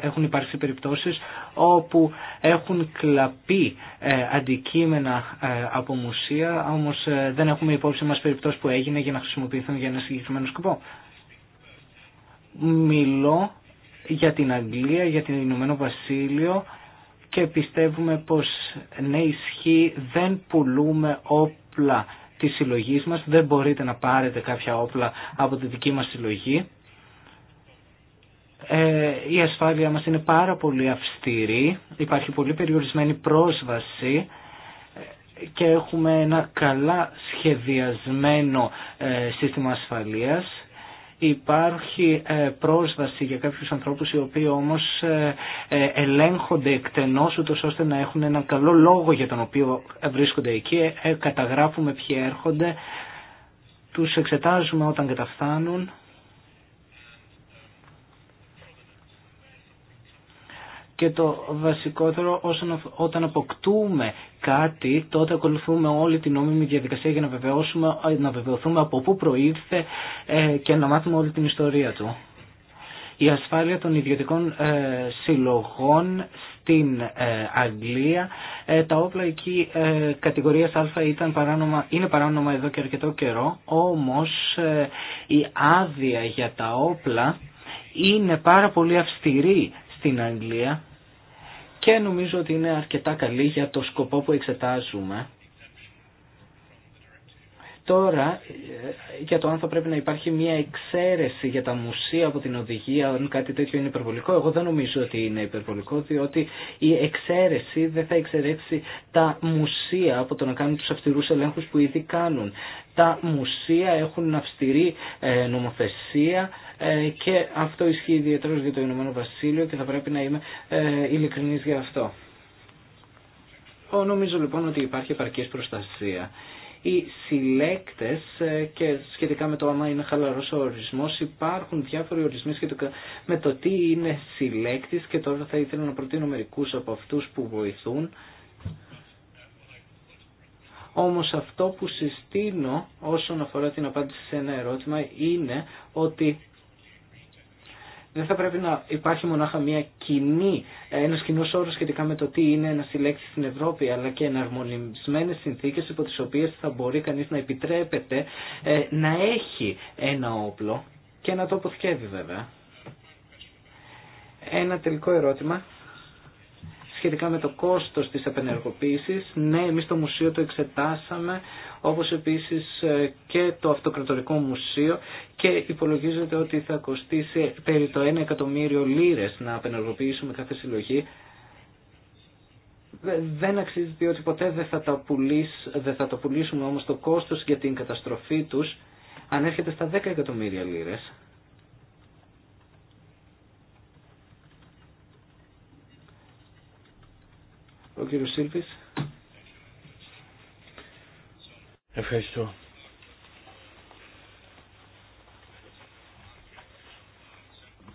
έχουν υπάρξει περιπτώσεις όπου έχουν κλαπεί ε, αντικείμενα από μουσεία όμως δεν έχουμε υπόψη μα περιπτώσεις που έγινε για να χρησιμοποιηθούν για ένα συγκεκριμένο σκοπό. Μιλώ για την Αγγλία, για την Ηνωμένο Βασίλειο και πιστεύουμε πως ναι ισχύει δεν πουλούμε όπλα της συλλογή μας, δεν μπορείτε να πάρετε κάποια όπλα από τη δική μας συλλογή. Ε, η ασφάλεια μας είναι πάρα πολύ αυστηρή, υπάρχει πολύ περιορισμένη πρόσβαση και έχουμε ένα καλά σχεδιασμένο ε, σύστημα ασφαλείας Υπάρχει ε, πρόσβαση για κάποιους ανθρώπους οι οποίοι όμως ε, ε, ελέγχονται εκτενώς ούτως ώστε να έχουν έναν καλό λόγο για τον οποίο βρίσκονται εκεί. Καταγράφουμε ποιοι έρχονται, τους εξετάζουμε όταν καταφθάνουν Και το βασικότερο, όταν αποκτούμε κάτι, τότε ακολουθούμε όλη την νόμιμη διαδικασία για να, να βεβαιωθούμε από πού προήλθε ε, και να μάθουμε όλη την ιστορία του. Η ασφάλεια των ιδιωτικών ε, συλλογών στην ε, Αγγλία. Τα όπλα εκεί κατηγορίας Α ήταν παράνομα, είναι παράνομα εδώ και αρκετό καιρό, όμως η άδεια για τα όπλα είναι πάρα πολύ αυστηρή στην Αγγλία και νομίζω ότι είναι αρκετά καλή για το σκοπό που εξετάζουμε. Τώρα, ε, για το αν θα πρέπει να υπάρχει μια εξαίρεση για τα μουσεία από την οδηγία, αν κάτι τέτοιο είναι υπερβολικό, εγώ δεν νομίζω ότι είναι υπερβολικό, διότι η εξαίρεση δεν θα εξαιρέσει τα μουσεία από το να κάνουν τους αυτηρούς ελέγχους που ήδη κάνουν τα μουσεία έχουν αυστηρή ε, νομοθεσία ε, και αυτό ισχύει ιδιαίτερως για το Ηνωμένο Βασίλειο και θα πρέπει να είμαι ε, ειλικρινής για αυτό. Νομίζω λοιπόν ότι υπάρχει επαρκής προστασία. Οι συλλέκτες και σχετικά με το άμα είναι χαλαρός ο ορισμός υπάρχουν διάφοροι ορισμοί σχετικά με το τι είναι συλλέκτης και τώρα θα ήθελα να προτείνω μερικούς από αυτούς που βοηθούν όμως αυτό που συστήνω όσον αφορά την απάντηση σε ένα ερώτημα είναι ότι δεν θα πρέπει να υπάρχει μονάχα μια κοινή, ένα κοινό όρο σχετικά με το τι είναι ένα συλλέξη στην Ευρώπη, αλλά και εναρμονισμένες συνθήκες υπό τις οποίες θα μπορεί κανείς να επιτρέπεται ε, να έχει ένα όπλο και να το αποθηκεύει βέβαια. Ένα τελικό ερώτημα σχετικά με το κόστος της επενεργοποίησης. Ναι, εμείς το μουσείο το εξετάσαμε, όπως επίσης ε, και το Αυτοκρατορικό Μουσείο και υπολογίζεται ότι θα κοστίσει περί το 1 εκατομμύριο λίρες να απενεργοποιήσουμε κάθε συλλογή. Δεν αξίζει διότι ποτέ δεν θα, τα δεν θα το πουλήσουμε όμως το κόστος για την καταστροφή τους ανέρχεται στα 10 εκατομμύρια λίρες. Ο κύριος Ευχαριστώ.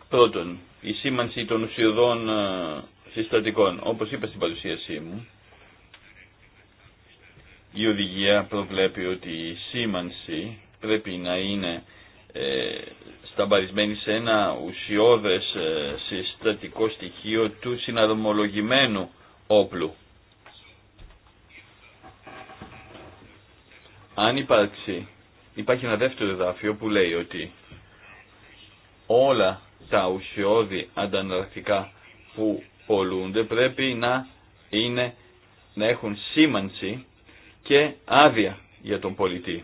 Πρώτον, η σήμανση των ουσιοδών ε, συστατικών. Όπως είπα στην παρουσίασή μου, η οδηγία προβλέπει ότι η σήμανση πρέπει να είναι ε, σταμπαρισμένη σε ένα ουσιώδες ε, συστατικό στοιχείο του συναρμολογημένου όπλου. Αν υπάρξει, υπάρχει ένα δεύτερο εδάφιο που λέει ότι όλα τα ουσιώδη ανταναρκτικά που πολλούνται πρέπει να, είναι, να έχουν σήμανση και άδεια για τον πολιτή.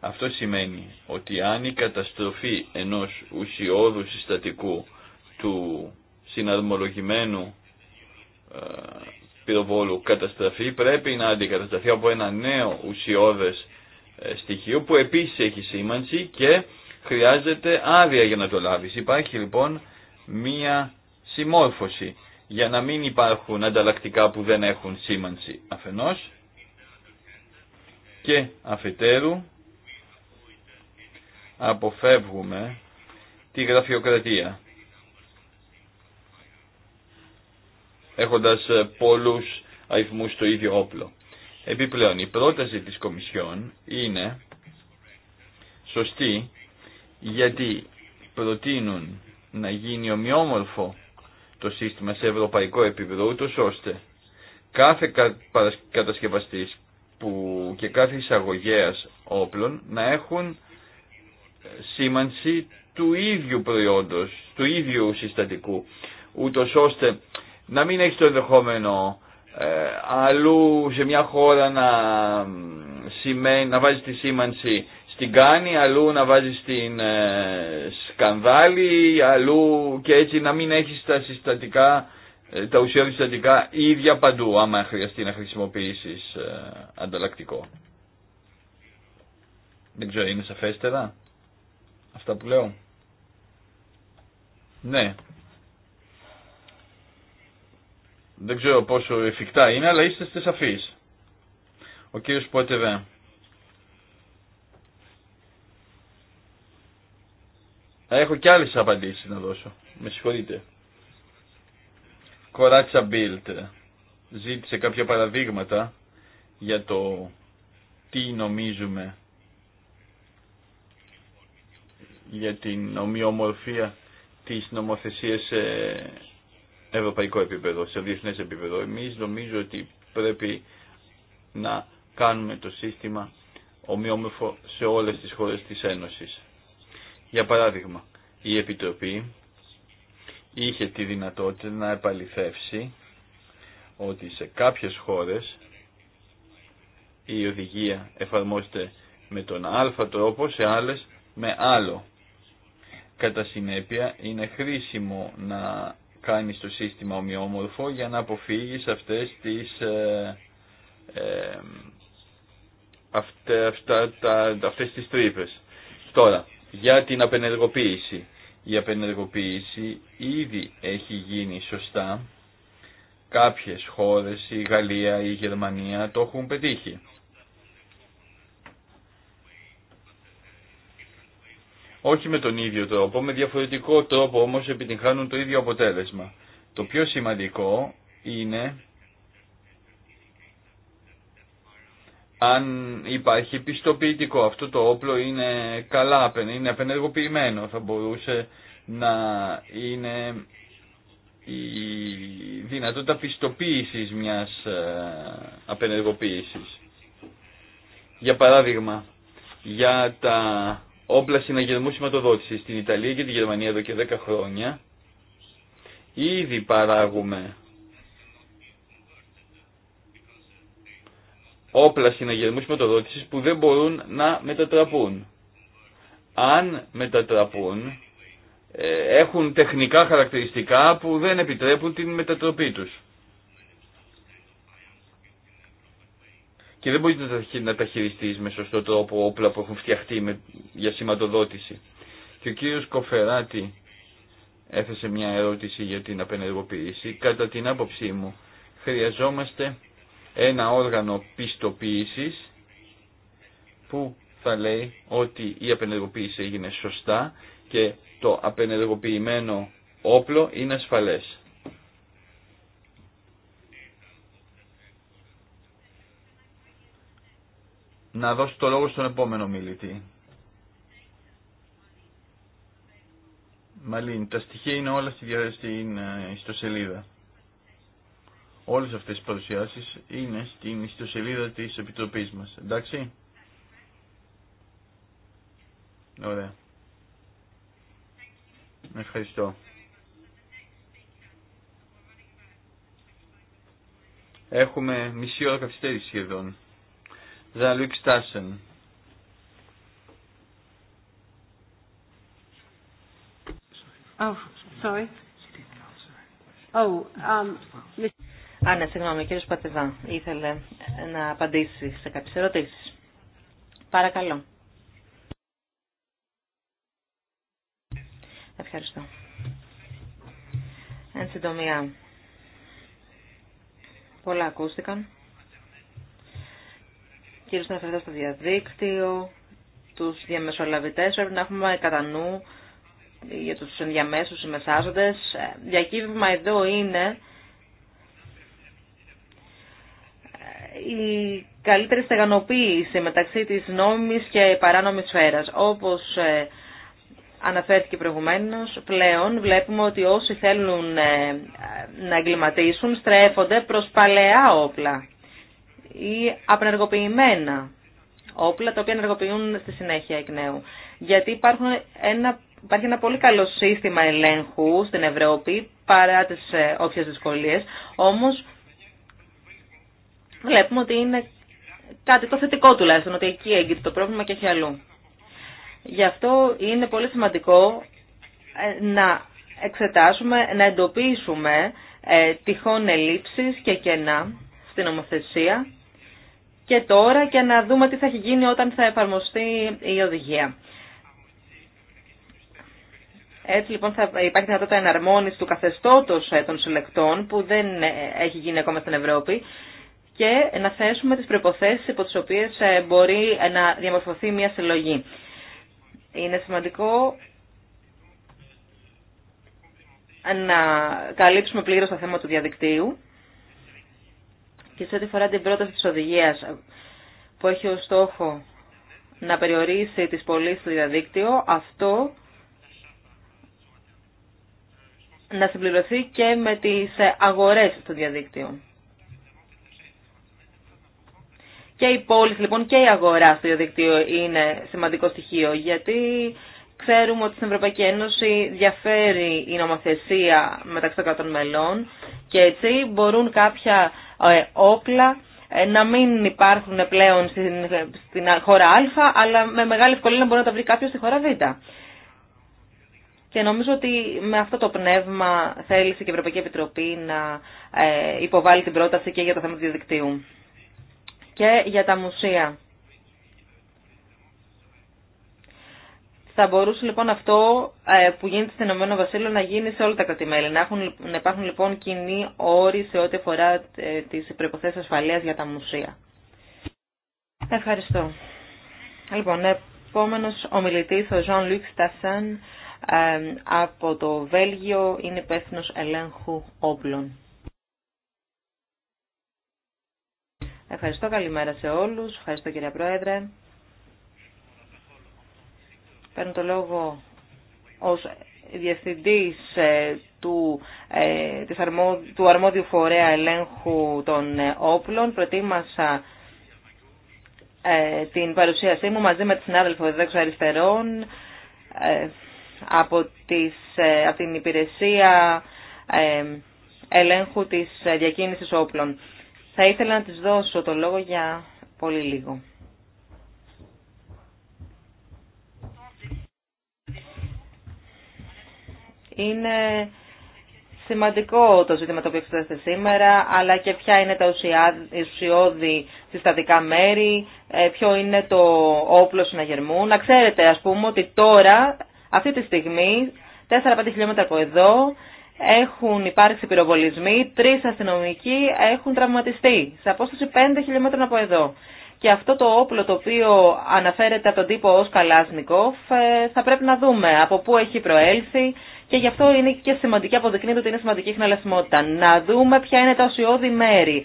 Αυτό σημαίνει ότι αν η καταστροφή ενός ουσιώδου συστατικού του συναρμολογημένου πυροβόλου καταστραφεί πρέπει να αντικατασταθεί από ένα νέο ουσιώδες ε, στοιχείο που επίσης έχει σήμανση και χρειάζεται άδεια για να το λάβεις. Υπάρχει λοιπόν μία συμμόρφωση για να μην υπάρχουν ανταλλακτικά που δεν έχουν σήμανση αφενός και αφετέρου αποφεύγουμε τη γραφειοκρατία έχοντας ε, πολλούς αριθμούς στο ίδιο όπλο. Επιπλέον, η πρόταση της Κομισιόν είναι σωστή γιατί προτείνουν να γίνει ομοιόμορφο το σύστημα σε ευρωπαϊκό επίπεδο, ούτω ώστε κάθε κατασκευαστής που και κάθε εισαγωγέας όπλων να έχουν ε, σήμανση του ίδιου προϊόντος, του ίδιου συστατικού, ούτω ώστε να μην έχει το ενδεχόμενο ε, αλλού σε μια χώρα να, να βάζει τη σήμανση στην Κάνη, αλλού να βάζει στην ε, Σκανδάλη, αλλού και έτσι να μην έχει τα συστατικά, ε, τα ουσιώδη συστατικά ίδια παντού, άμα χρειαστεί να χρησιμοποιήσει ανταλλακτικό. Δεν ξέρω, είναι σαφέστερα αυτά που λέω. Ναι, δεν ξέρω πόσο εφικτά είναι, αλλά είστε σαφείς. Ο κύριος Πότεβε. Έχω κι άλλες απαντήσεις να δώσω. Με συγχωρείτε. Κοράτσα Μπίλτ ζήτησε κάποια παραδείγματα για το τι νομίζουμε για την ομοιομορφία της νομοθεσίας ε, ευρωπαϊκό επίπεδο, σε διεθνές επίπεδο. Εμείς νομίζω ότι πρέπει να κάνουμε το σύστημα ομοιόμορφο σε όλες τις χώρες της Ένωσης. Για παράδειγμα, η Επιτροπή είχε τη δυνατότητα να επαληθεύσει ότι σε κάποιες χώρες η οδηγία εφαρμόζεται με τον α τρόπο, σε άλλες με άλλο. Κατά συνέπεια είναι χρήσιμο να κάνει το σύστημα ομοιόμορφο για να αποφύγεις αυτές τις, ε, ε, αυτέ, αυτά, τα, αυτές τις τρύπες. Τώρα, για την απενεργοποίηση. Η απενεργοποίηση ήδη έχει γίνει σωστά. Κάποιες χώρες, η Γαλλία, η Γερμανία το έχουν πετύχει. όχι με τον ίδιο τρόπο, με διαφορετικό τρόπο όμως επιτυγχάνουν το ίδιο αποτέλεσμα. Το πιο σημαντικό είναι αν υπάρχει πιστοποιητικό. Αυτό το όπλο είναι καλά, είναι απενεργοποιημένο, θα μπορούσε να είναι η δυνατότητα πιστοποίησης μιας ε, απενεργοποίησης. Για παράδειγμα, για τα όπλα συναγερμού σηματοδότηση στην Ιταλία και τη Γερμανία εδώ και 10 χρόνια. Ήδη παράγουμε όπλα συναγερμού σηματοδότηση που δεν μπορούν να μετατραπούν. Αν μετατραπούν, ε, έχουν τεχνικά χαρακτηριστικά που δεν επιτρέπουν την μετατροπή τους. και δεν μπορεί να τα χειριστείς με σωστό τρόπο όπλα που έχουν φτιαχτεί για σηματοδότηση. Και ο κύριος Κοφεράτη έθεσε μια ερώτηση για την απενεργοποίηση. Κατά την άποψή μου χρειαζόμαστε ένα όργανο πιστοποίησης που θα λέει ότι η απενεργοποίηση έγινε σωστά και το απενεργοποιημένο όπλο είναι ασφαλές. να δώσω το λόγο στον επόμενο μιλητή. Μαλίν, τα στοιχεία είναι όλα στη στην ε, ιστοσελίδα. Όλες αυτές οι παρουσιάσεις είναι στην ιστοσελίδα της Επιτροπής μας. Εντάξει. Ωραία. Ευχαριστώ. Έχουμε μισή ώρα καθυστέρηση σχεδόν. Ζαλουίκ Στάσεν. Oh, oh um, Α, ναι, συγγνώμη, ο κύριος Πατεβά ήθελε να απαντήσει σε κάποιες ερωτήσεις. Παρακαλώ. Ευχαριστώ. Εν συντομία, πολλά ακούστηκαν κυρίως να στο διαδίκτυο, τους διαμεσολαβητές, πρέπει να έχουμε κατά νου για τους ενδιαμέσους συμμεσάζοντες. Ε, Διακύβημα εδώ είναι ε, η καλύτερη στεγανοποίηση μεταξύ της νόμιμης και παράνομης σφαίρας. Όπως ε, αναφέρθηκε προηγουμένως, πλέον βλέπουμε ότι όσοι θέλουν να εγκληματίσουν στρέφονται προς παλαιά όπλα ή απενεργοποιημένα όπλα, τα οποία ενεργοποιούν στη συνέχεια εκ νέου. Γιατί υπάρχουν ένα, υπάρχει ένα πολύ καλό σύστημα ελέγχου στην Ευρώπη, παρά τις ε, όποιες δυσκολίες, όμως βλέπουμε ότι είναι κάτι το θετικό τουλάχιστον, ότι εκεί έγκυται το πρόβλημα και έχει αλλού. Γι' αυτό είναι πολύ σημαντικό ε, να εξετάσουμε, να εντοπίσουμε ε, τυχόν ελλείψεις και κενά στην ομοθεσία και τώρα και να δούμε τι θα έχει γίνει όταν θα εφαρμοστεί η οδηγία. Έτσι λοιπόν θα υπάρχει δυνατότητα εναρμόνιση του καθεστώτος των συλλεκτών που δεν έχει γίνει ακόμα στην Ευρώπη και να θέσουμε τις προϋποθέσεις υπό τις οποίες ε, μπορεί να διαμορφωθεί μια συλλογή. Είναι σημαντικό να καλύψουμε πλήρως το θέμα του διαδικτύου και σε ό,τι φορά την πρόταση της οδηγίας που έχει ως στόχο να περιορίσει τις πωλήσει στο διαδίκτυο, αυτό να συμπληρωθεί και με τις αγορές στο διαδίκτυο. Και η πόλη, λοιπόν και η αγορά στο διαδίκτυο είναι σημαντικό στοιχείο γιατί ξέρουμε ότι στην Ευρωπαϊκή Ένωση διαφέρει η νομοθεσία μεταξύ των κρατών μελών και έτσι μπορούν κάποια ε, όπλα, ε, να μην υπάρχουν πλέον στην, χώρα Α, αλλά με μεγάλη ευκολία να μπορεί να τα βρει κάποιο στη χώρα Β. Και νομίζω ότι με αυτό το πνεύμα θέλησε και η Ευρωπαϊκή Επιτροπή να ε, υποβάλει την πρόταση και για το θέμα του διαδικτύου. Και για τα μουσεία. Θα μπορούσε λοιπόν αυτό ε, που γίνεται στην Ηνωμένο Βασίλειο να γίνει σε όλα τα κρατημέλη. Να, υπάρχουν λοιπόν κοινοί όροι σε ό,τι αφορά ε, τις προϋποθέσεις ασφαλείας για τα μουσεία. Ευχαριστώ. Λοιπόν, επόμενος ομιλητής, ο Ζων Λουίξ Τασάν από το Βέλγιο, είναι υπεύθυνο ελέγχου όπλων. Ευχαριστώ, καλημέρα σε όλους. Ευχαριστώ κυρία Πρόεδρε. Παίρνω το λόγο ως διευθυντής ε, του, ε, της του αρμόδιου φορέα ελέγχου των ε, όπλων. Προτίμασα την παρουσίασή μου μαζί με τη συνάδελφο Δέξου Αριστερών από, τις, από την υπηρεσία ελέγχου της διακίνησης όπλων. Θα ήθελα να της δώσω το λόγο για πολύ λίγο. Είναι σημαντικό το ζήτημα το οποίο εξετάζεται σήμερα, αλλά και ποια είναι τα ουσιώδη συστατικά μέρη, ε, ποιο είναι το όπλο συναγερμού. Να ξέρετε, ας πούμε, ότι τώρα, αυτή τη στιγμή, 4-5 χιλιόμετρα από εδώ, έχουν υπάρξει πυροβολισμοί, τρεις αστυνομικοί έχουν τραυματιστεί, σε απόσταση 5 χιλιόμετρων τρει αστυνομικοι εχουν τραυματιστει σε εδώ. Και αυτό το όπλο το οποίο αναφέρεται από τον τύπο ως Καλάσνικοφ ε, θα πρέπει να δούμε από πού έχει προέλθει, και γι' αυτό είναι και σημαντική, αποδεικνύεται ότι είναι σημαντική η Να δούμε ποια είναι τα ουσιώδη μέρη.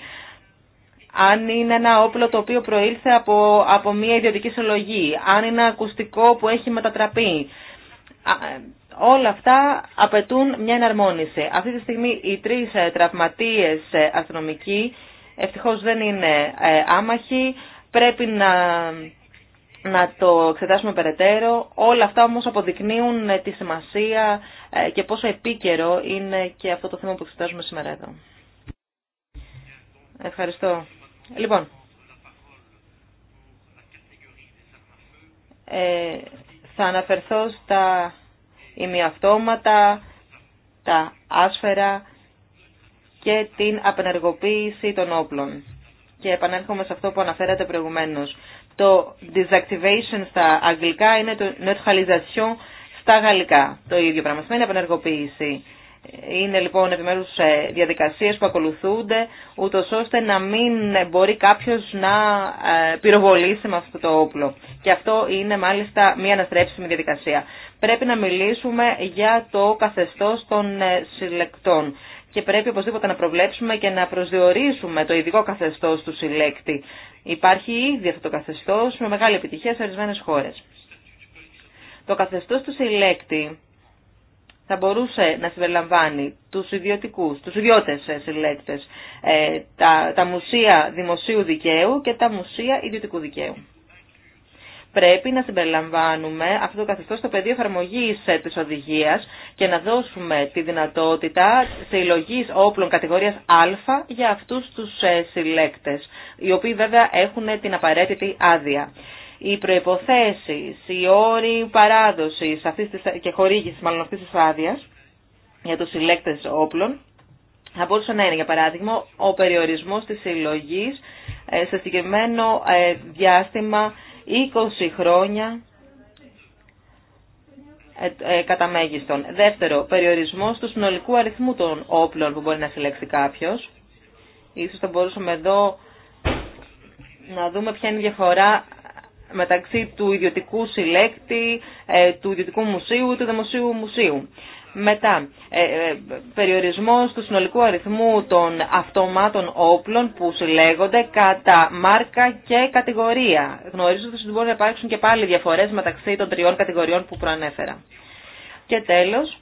Αν είναι ένα όπλο το οποίο προήλθε από, από μια ιδιωτική συλλογή. Αν είναι ακουστικό που έχει μετατραπεί. Όλα αυτά απαιτούν μια εναρμόνιση. Αυτή τη στιγμή οι τρεις ε, τραυματίες ε, αστυνομικοί ευτυχώς δεν είναι ε, άμαχοι. Πρέπει να, να το εξετάσουμε περαιτέρω. Όλα αυτά όμως αποδεικνύουν τη σημασία ε, και πόσο επίκαιρο είναι και αυτό το θέμα που εξετάζουμε σήμερα εδώ. Ευχαριστώ. Λοιπόν, ε, θα αναφερθώ στα ημιαυτόματα, τα άσφαιρα και την απενεργοποίηση των όπλων. Και επανέρχομαι σε αυτό που αναφέρατε προηγουμένως. Το disactivation στα αγγλικά είναι το neutralisation στα γαλλικά. Το ίδιο πράγμα σημαίνει απενεργοποίηση. Είναι λοιπόν επιμέρους ε, διαδικασίες που ακολουθούνται, ούτω ώστε να μην μπορεί κάποιος να ε, πυροβολήσει με αυτό το όπλο. Και αυτό είναι μάλιστα μια αναστρέψιμη διαδικασία. Πρέπει να μιλήσουμε για το καθεστώς των ε, συλλεκτών και πρέπει οπωσδήποτε να προβλέψουμε και να προσδιορίσουμε το ειδικό καθεστώς του συλλέκτη. Υπάρχει ήδη αυτό το καθεστώς με μεγάλη επιτυχία σε ορισμένε χώρες το καθεστώς του συλλέκτη θα μπορούσε να συμπεριλαμβάνει τους ιδιωτικούς, τους ιδιώτες ε, συλλέκτες, ε, τα, τα μουσεία δημοσίου δικαίου και τα μουσεία ιδιωτικού δικαίου. Πρέπει να συμπεριλαμβάνουμε αυτό το καθεστώς στο πεδίο εφαρμογή ε, της οδηγίας και να δώσουμε τη δυνατότητα συλλογή όπλων κατηγορίας Α για αυτούς τους συλλέκτες, οι οποίοι βέβαια έχουν την απαραίτητη άδεια οι προποθέσει, οι όροι παράδοση και χορήγηση μάλλον αυτή τη άδεια για του συλλέκτε όπλων θα μπορούσε να είναι για παράδειγμα ο περιορισμό τη συλλογή ε, σε συγκεκριμένο ε, διάστημα 20 χρόνια ε, κατά μέγιστον. Δεύτερο, περιορισμός του συνολικού αριθμού των όπλων που μπορεί να συλλέξει κάποιος. Ίσως θα μπορούσαμε εδώ να δούμε ποια είναι η διαφορά μεταξύ του ιδιωτικού συλλέκτη, ε, του ιδιωτικού μουσείου ή του δημοσίου μουσείου. Μετά, ε, ε, περιορισμός του συνολικού αριθμού των αυτομάτων όπλων που συλλέγονται κατά μάρκα και κατηγορία. Γνωρίζω ότι μπορεί να υπάρξουν και πάλι διαφορές μεταξύ των τριών κατηγοριών που προανέφερα. Και τέλος,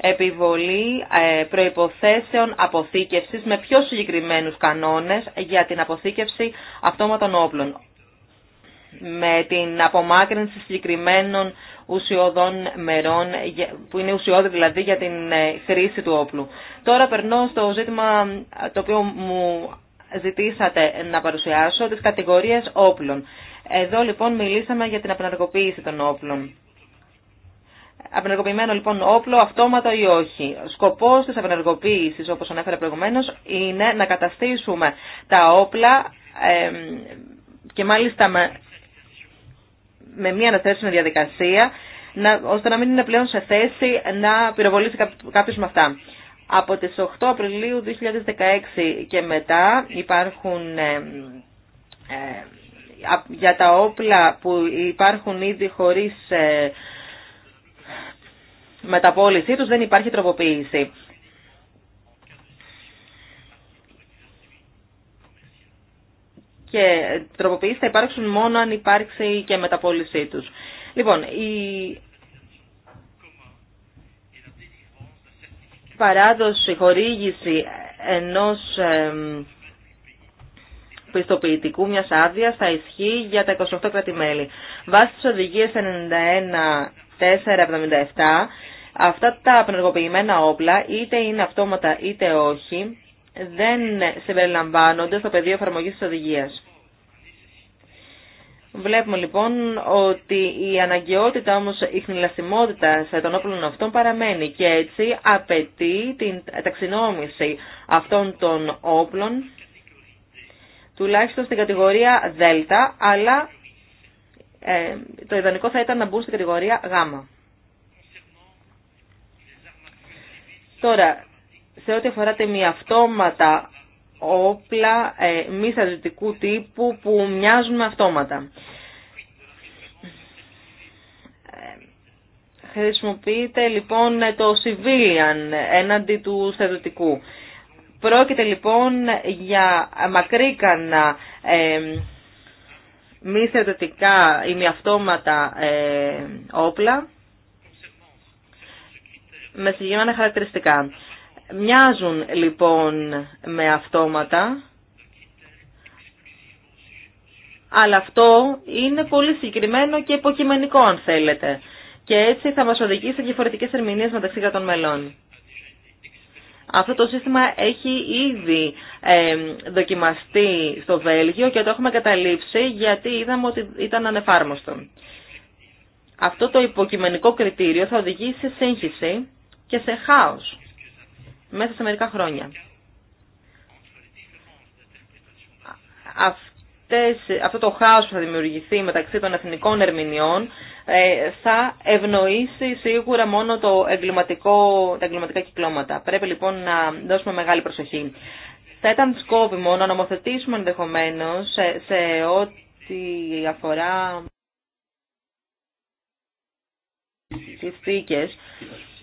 επιβολή ε, προϋποθέσεων αποθήκευσης με πιο συγκεκριμένους κανόνες για την αποθήκευση αυτόματων όπλων με την απομάκρυνση συγκεκριμένων ουσιώδων μερών, που είναι ουσιώδη δηλαδή για την ε, χρήση του όπλου. Τώρα περνώ στο ζήτημα ε, το οποίο μου ζητήσατε να παρουσιάσω, τις κατηγορίες όπλων. Εδώ λοιπόν μιλήσαμε για την απενεργοποίηση των όπλων. Απενεργοποιημένο λοιπόν όπλο, αυτόματα ή όχι. Σκοπός της απενεργοποίησης, όπως ανέφερα προηγουμένως, είναι να καταστήσουμε τα όπλα και μάλιστα με, με μια αναθέσιμη διαδικασία, να, ώστε να μην είναι πλέον σε θέση να πυροβολήσει κάποιο με αυτά. Από τις 8 Απριλίου 2016 και μετά υπάρχουν ε, για τα όπλα που υπάρχουν ήδη χωρίς ε, μεταπόλησή τους δεν υπάρχει τροποποίηση. Και τροποποίηση θα υπάρξουν μόνο αν υπάρξει και μεταπόλησή τους. Λοιπόν, η παράδοση, χορήγηση ενός πιστοποιητικού μιας άδεια θα ισχύει για τα 28 κρατη Βάσει τις οδηγίες 91 477 Αυτά τα απενεργοποιημένα όπλα, είτε είναι αυτόματα είτε όχι, δεν συμπεριλαμβάνονται στο πεδίο εφαρμογή της οδηγίας. Βλέπουμε λοιπόν ότι η αναγκαιότητα όμως η χνηλαστιμότητα των όπλων αυτών παραμένει και έτσι απαιτεί την ταξινόμηση αυτών των όπλων τουλάχιστον στην κατηγορία Δ, αλλά ε, το ιδανικό θα ήταν να μπουν στην κατηγορία Γ. Τώρα, σε ό,τι αφορά τα μη αυτόματα όπλα ε, μη στρατιωτικού τύπου που μοιάζουν με αυτόματα. Ε, χρησιμοποιείται λοιπόν το civilian έναντι του στρατιωτικού. Πρόκειται λοιπόν για μακρύκανα ε, μη στρατιωτικά ή μη αυτόματα ε, όπλα με συγκεκριμένα χαρακτηριστικά. Μοιάζουν λοιπόν με αυτόματα, αλλά αυτό είναι πολύ συγκεκριμένο και υποκειμενικό αν θέλετε. Και έτσι θα μας οδηγήσει σε διαφορετικές ερμηνείες μεταξύ των μελών. Αυτό το σύστημα έχει ήδη δοκιμαστεί στο Βέλγιο και το έχουμε καταλήψει γιατί είδαμε ότι ήταν ανεφάρμοστο. Αυτό το υποκειμενικό κριτήριο θα οδηγήσει σε σύγχυση και σε χάος μέσα σε μερικά χρόνια. αυτό το χάος που θα δημιουργηθεί μεταξύ των εθνικών ερμηνειών ε, θα ευνοήσει σίγουρα μόνο το εγκληματικό, τα εγκληματικά κυκλώματα. Πρέπει λοιπόν να δώσουμε μεγάλη προσοχή. Θα ήταν σκόπιμο να νομοθετήσουμε ενδεχομένω σε, ό,τι αφορά τις θήκες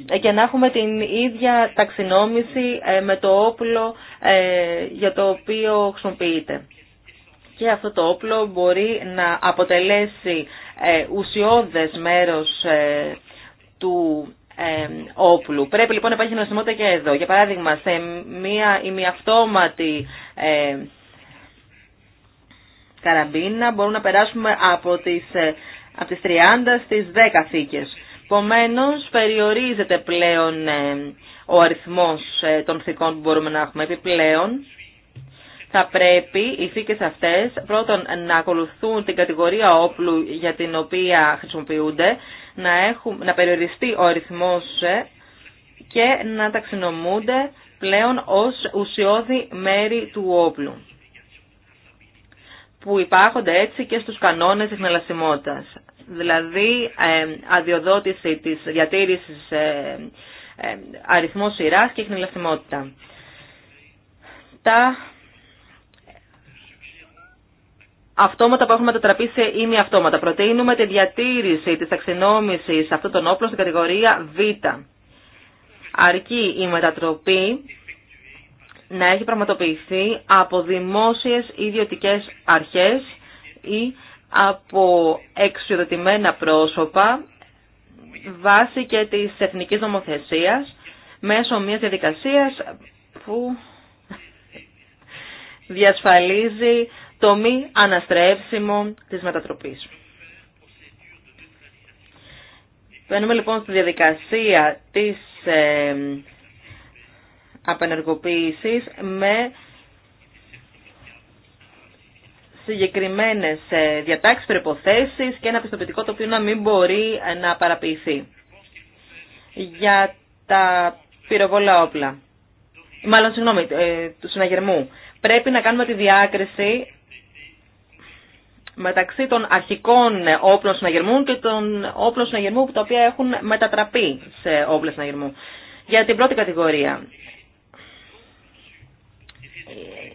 ε, και να έχουμε την ίδια ταξινόμηση ε, με το όπλο ε, για το οποίο χρησιμοποιείται. Και αυτό το όπλο μπορεί να αποτελέσει ουσιώδες μέρος του όπλου. Πρέπει λοιπόν να υπάρχει νοσημότητα και εδώ. Για παράδειγμα, σε μία ημιαυτόματη καραμπίνα μπορούμε να περάσουμε από τις, από τις 30 στις 10 θήκες. Επομένως, περιορίζεται πλέον ε, ο αριθμός ε, των θήκων που μπορούμε να έχουμε. Επιπλέον, θα πρέπει οι θήκες αυτές πρώτον να ακολουθούν την κατηγορία όπλου για την οποία χρησιμοποιούνται, να, έχουν, να περιοριστεί ο αριθμός ε, και να ταξινομούνται πλέον ως ουσιώδη μέρη του όπλου που υπάρχονται έτσι και στους κανόνες της μελασιμότητας δηλαδή ε, αδειοδότηση της διατήρησης ε, ε, αριθμού σειράς και χνηλασιμότητα. Τα αυτόματα που έχουν μετατραπεί σε αυτόματα. Προτείνουμε τη διατήρηση της αξινόμησης αυτών των όπλων στην κατηγορία Β. Αρκεί η μετατροπή να έχει πραγματοποιηθεί από δημόσιες ιδιωτικές αρχές ή από εξουδετημένα πρόσωπα βάσει και της εθνικής νομοθεσίας μέσω μιας διαδικασίας που διασφαλίζει το μη αναστρέψιμο της μετατροπής. Παίρνουμε λοιπόν στη διαδικασία της ε, απενεργοποίησης με Συγκεκριμένε ε, διατάξεις, προποθέσει και ένα πιστοποιητικό το οποίο να μην μπορεί ε, να παραποιηθεί. Για τα πυροβόλα όπλα, μάλλον συγγνώμη, ε, του συναγερμού, πρέπει να κάνουμε τη διάκριση μεταξύ των αρχικών όπλων συναγερμού και των όπλων συναγερμού που τα οποία έχουν μετατραπεί σε όπλα συναγερμού. Για την πρώτη κατηγορία,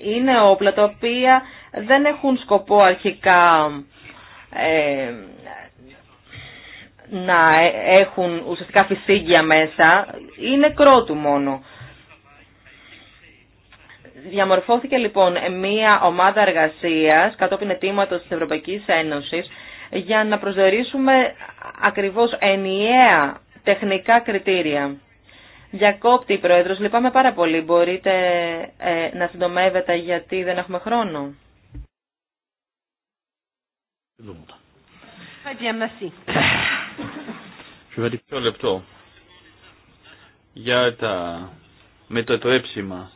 είναι όπλα τα οποία δεν έχουν σκοπό αρχικά ε, να έχουν ουσιαστικά φυσίγγια μέσα. Είναι κρότου μόνο. Διαμορφώθηκε λοιπόν μία ομάδα εργασίας κατόπιν ετήματος της Ευρωπαϊκής Ένωσης για να προσδιορίσουμε ακριβώς ενιαία τεχνικά κριτήρια. Διακόπτη Πρόεδρος, λυπάμαι πάρα πολύ. Μπορείτε ε, να συντομεύετε γιατί δεν έχουμε χρόνο. Μισό λεπτό. Για τα μετατρέψιμα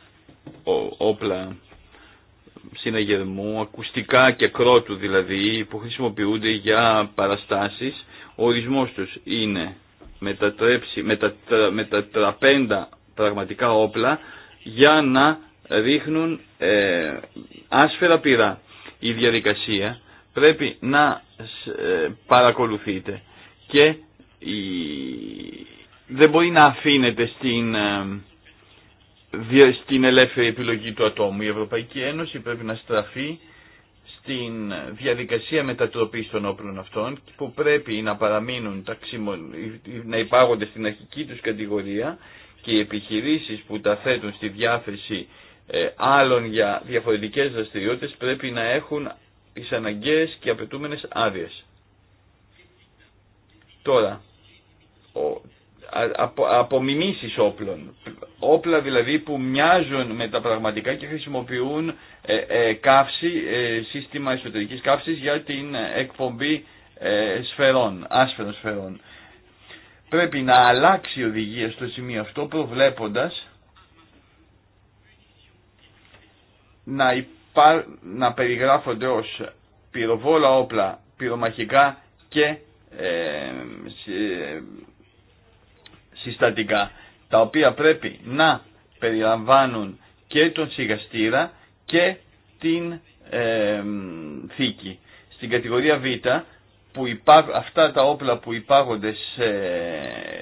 όπλα συναγερμού, ακουστικά και κρότου δηλαδή, που χρησιμοποιούνται για παραστάσεις, ο ορισμός τους είναι με τα μετατραπέντα πραγματικά όπλα για να ρίχνουν ε, άσφαιρα πυρά. Η διαδικασία πρέπει να ε, παρακολουθείτε και δεν μπορεί να αφήνεται στην, ε, στην ελεύθερη επιλογή του ατόμου. Η Ευρωπαϊκή Ένωση πρέπει να στραφεί στην διαδικασία μετατροπής των όπλων αυτών που πρέπει να παραμείνουν να υπάγονται στην αρχική τους κατηγορία και οι επιχειρήσεις που τα θέτουν στη διάθεση ε, άλλων για διαφορετικές δραστηριότητες πρέπει να έχουν τις αναγκαίες και απαιτούμενες άδειες. Τώρα, ο, απο, απομιμήσεις όπλων, όπλα δηλαδή που μοιάζουν με τα πραγματικά και χρησιμοποιούν ε, ε, καύση, ε, σύστημα εσωτερικής καύσης για την εκπομπή ε, σφαιρών, άσφαιρων σφαιρών. Πρέπει να αλλάξει η οδηγία στο σημείο αυτό προβλέποντας να υπάρχει να περιγράφονται ως πυροβόλα όπλα, πυρομαχικά και ε, ε, συστατικά, τα οποία πρέπει να περιλαμβάνουν και τον σιγαστήρα και την ε, θήκη. Στην κατηγορία Β, που αυτά τα όπλα που υπάγονται σε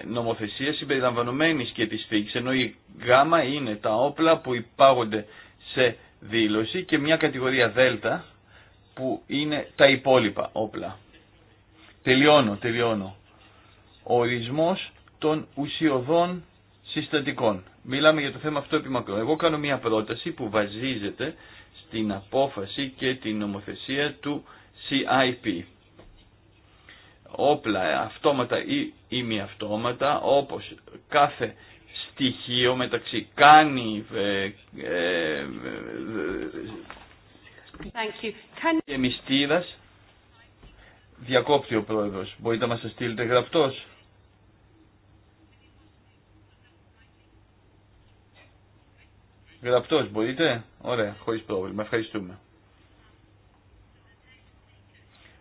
νομοθεσία συμπεριλαμβανομένης και της θήκης, ενώ η Γ είναι τα όπλα που υπάγονται σε δήλωση και μια κατηγορία δέλτα που είναι τα υπόλοιπα όπλα. Τελειώνω, τελειώνω. Ο ορισμός των ουσιοδών συστατικών. Μιλάμε για το θέμα αυτό επιμακρό. Εγώ κάνω μια πρόταση που βασίζεται στην απόφαση και την νομοθεσία του CIP. Όπλα αυτόματα ή μη αυτόματα, όπως κάθε στοιχείο μεταξύ κάνει ε, ε, και μυστήρας διακόπτει ο πρόεδρος. Μπορείτε να μας στείλετε γραπτός. Γραπτός μπορείτε. Ωραία, χωρίς πρόβλημα. Ευχαριστούμε.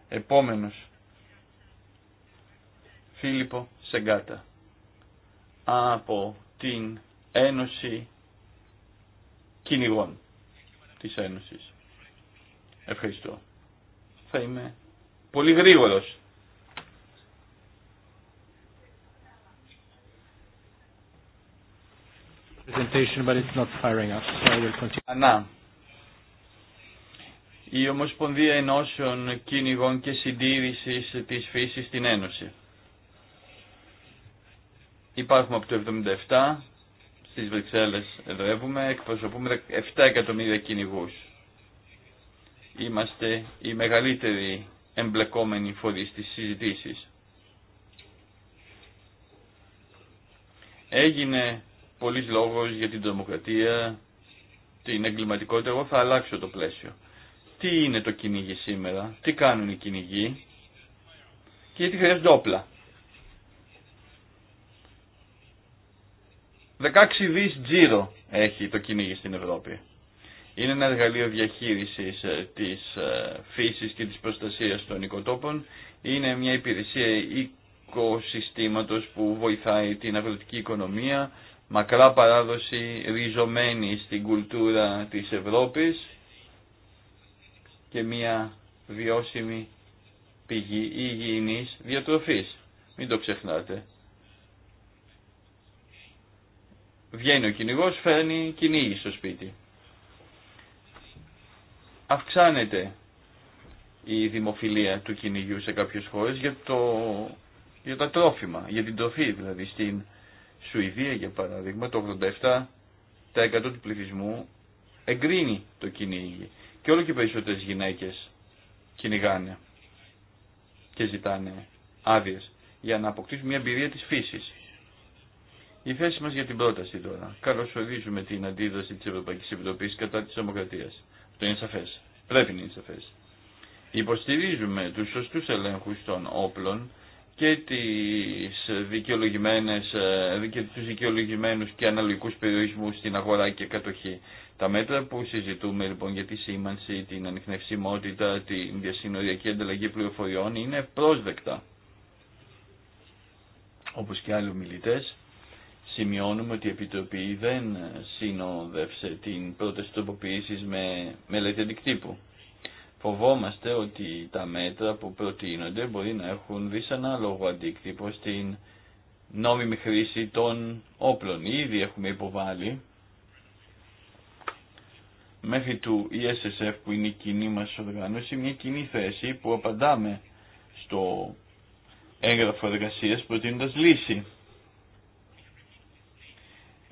Επόμενος. Φίλιππο Σεγκάτα. Από την Ένωση Κυνηγών της Ένωσης. Ευχαριστώ. Θα είμαι πολύ γρήγορος. Ανά. Η Ομοσπονδία Ενώσεων Κυνηγών και Συντήρησης της Φύσης στην Ένωση. Υπάρχουμε από το 1977, στις Βρυξέλλες εδρεύουμε, εκπροσωπούμε 7 εκατομμύρια κυνηγούς. Είμαστε οι μεγαλύτεροι εμπλεκόμενοι φορείς στις συζητήσεις. Έγινε πολλής λόγος για την τρομοκρατία, την εγκληματικότητα, εγώ θα αλλάξω το πλαίσιο. Τι είναι το κυνήγι σήμερα, τι κάνουν οι κυνηγοί και γιατί χρειάζονται όπλα. 16 δις τζίρο έχει το κυνήγι στην Ευρώπη. Είναι ένα εργαλείο διαχείρισης ε, της ε, φύσης και της προστασίας των οικοτόπων. Είναι μια υπηρεσία οικοσυστήματος που βοηθάει την αγροτική οικονομία, μακρά παράδοση ριζωμένη στην κουλτούρα της Ευρώπης και μια βιώσιμη πηγή υγιεινής διατροφής. Μην το ξεχνάτε. Βγαίνει ο κυνηγό, φέρνει κυνήγι στο σπίτι. Αυξάνεται η δημοφιλία του κυνηγιού σε κάποιες χώρες για, το, για τα τρόφιμα, για την τροφή δηλαδή. Στην Σουηδία για παράδειγμα το 87% του πληθυσμού εγκρίνει το κυνήγι και όλο και περισσότερες γυναίκες κυνηγάνε και ζητάνε άδειες για να αποκτήσουν μια εμπειρία της φύσης. Η θέση μα για την πρόταση τώρα. Καλωσορίζουμε την αντίδραση τη Ευρωπαϊκή Επιτροπή κατά τη Δημοκρατίας. Αυτό είναι σαφέ. Πρέπει να είναι σαφέ. Υποστηρίζουμε του σωστού ελέγχου των όπλων και τις δικαιολογημένες, ε, και τους δικαιολογημένους και αναλογικούς περιορισμούς στην αγορά και κατοχή. Τα μέτρα που συζητούμε λοιπόν για τη σήμανση, την ανιχνευσιμότητα, την διασυνοριακή ανταλλαγή πληροφοριών είναι πρόσδεκτα. Όπως και άλλοι ομιλητές, σημειώνουμε ότι η Επιτροπή δεν συνόδευσε την πρόταση τροποποίηση με μελέτη αντικτύπου. Φοβόμαστε ότι τα μέτρα που προτείνονται μπορεί να έχουν δυσανάλογο αντίκτυπο στην νόμιμη χρήση των όπλων. Ήδη έχουμε υποβάλει μέχρι του ESSF που είναι η κοινή μας οργάνωση μια κοινή θέση που απαντάμε στο έγγραφο εργασίας προτείνοντας λύση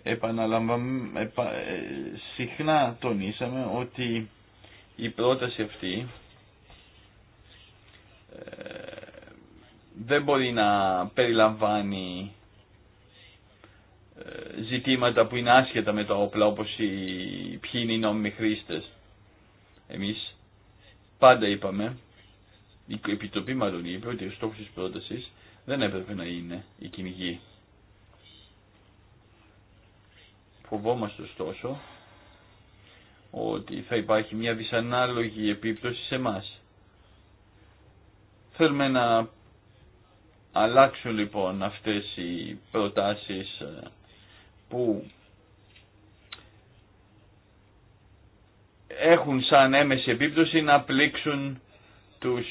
επαναλαμβάνουμε, Συχνά τονίσαμε ότι η πρόταση αυτή ε, δεν μπορεί να περιλαμβάνει ε, ζητήματα που είναι άσχετα με τα όπλα όπως οι, ποιοι είναι οι νόμιμοι χρήστες. Εμείς πάντα είπαμε, η Επιτροπή μάλλον είπε ότι ο στόχος της πρότασης δεν έπρεπε να είναι η κυνηγή. Φοβόμαστε ωστόσο ότι θα υπάρχει μια δυσανάλογη επίπτωση σε εμά. Θέλουμε να αλλάξουν λοιπόν αυτές οι προτάσεις ε, που έχουν σαν έμεση επίπτωση να πλήξουν τους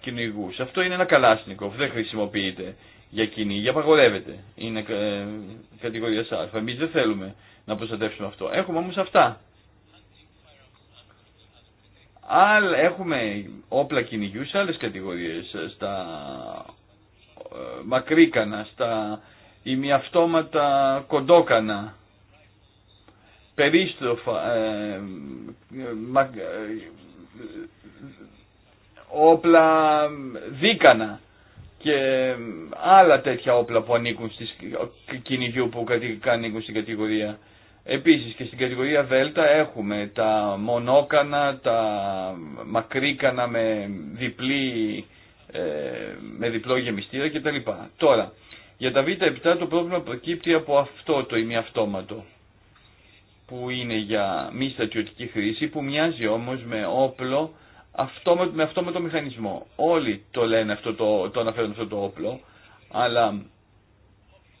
κυνηγούς. Αυτό είναι ένα καλάσνικο, δεν χρησιμοποιείται για για απαγορεύεται. Είναι ε, κατηγορία Α. Εμεί δεν θέλουμε να προστατεύσουμε αυτό. Έχουμε όμω αυτά. Άλλ, έχουμε όπλα κυνηγιού σε άλλε κατηγορίε. Ε, στα ε, μακρύκανα, στα ημιαυτόματα κοντόκανα, περίστροφα, ε, μα, ε, όπλα δίκανα και άλλα τέτοια όπλα που ανήκουν στις κυνηγιού που ανήκουν στην κατηγορία. Επίσης και στην κατηγορία Δέλτα έχουμε τα μονόκανα, τα μακρύκανα με, διπλή, ε, με διπλό γεμιστήρα κτλ. Τώρα, για τα β το πρόβλημα προκύπτει από αυτό το ημιαυτόματο που είναι για μη στρατιωτική χρήση που μοιάζει όμως με όπλο αυτό με, αυτό με το μηχανισμό. Όλοι το λένε αυτό το, το αναφέρουν αυτό το όπλο, αλλά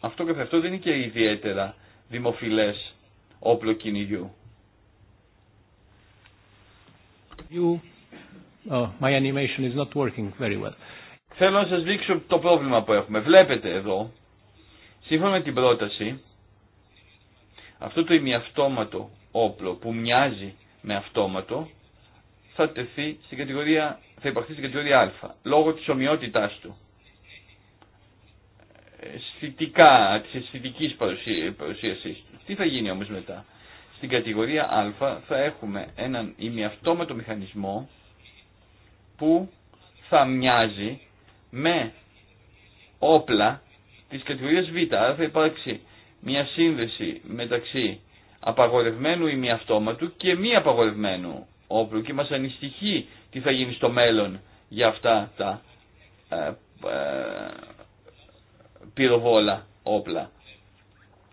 αυτό καθ' αυτό δεν είναι και ιδιαίτερα δημοφιλές όπλο κυνηγιού. You... Oh, not working very well. Θέλω να σας δείξω το πρόβλημα που έχουμε. Βλέπετε εδώ, σύμφωνα με την πρόταση, αυτό το ημιαυτόματο όπλο που μοιάζει με αυτόματο θα τεθεί στην κατηγορία, θα υπαρχθεί στην κατηγορία Α, λόγω της ομοιότητάς του. Αισθητικά, της αισθητικής παρουσίασής του. Τι θα γίνει όμως μετά. Στην κατηγορία Α θα έχουμε έναν ημιαυτόματο μηχανισμό που θα μοιάζει με όπλα της κατηγορίας Β. Άρα θα υπάρξει μια σύνδεση μεταξύ απαγορευμένου ημιαυτόματου και μη απαγορευμένου όπλου και μας ανησυχεί τι θα γίνει στο μέλλον για αυτά τα ε, ε, πυροβόλα όπλα.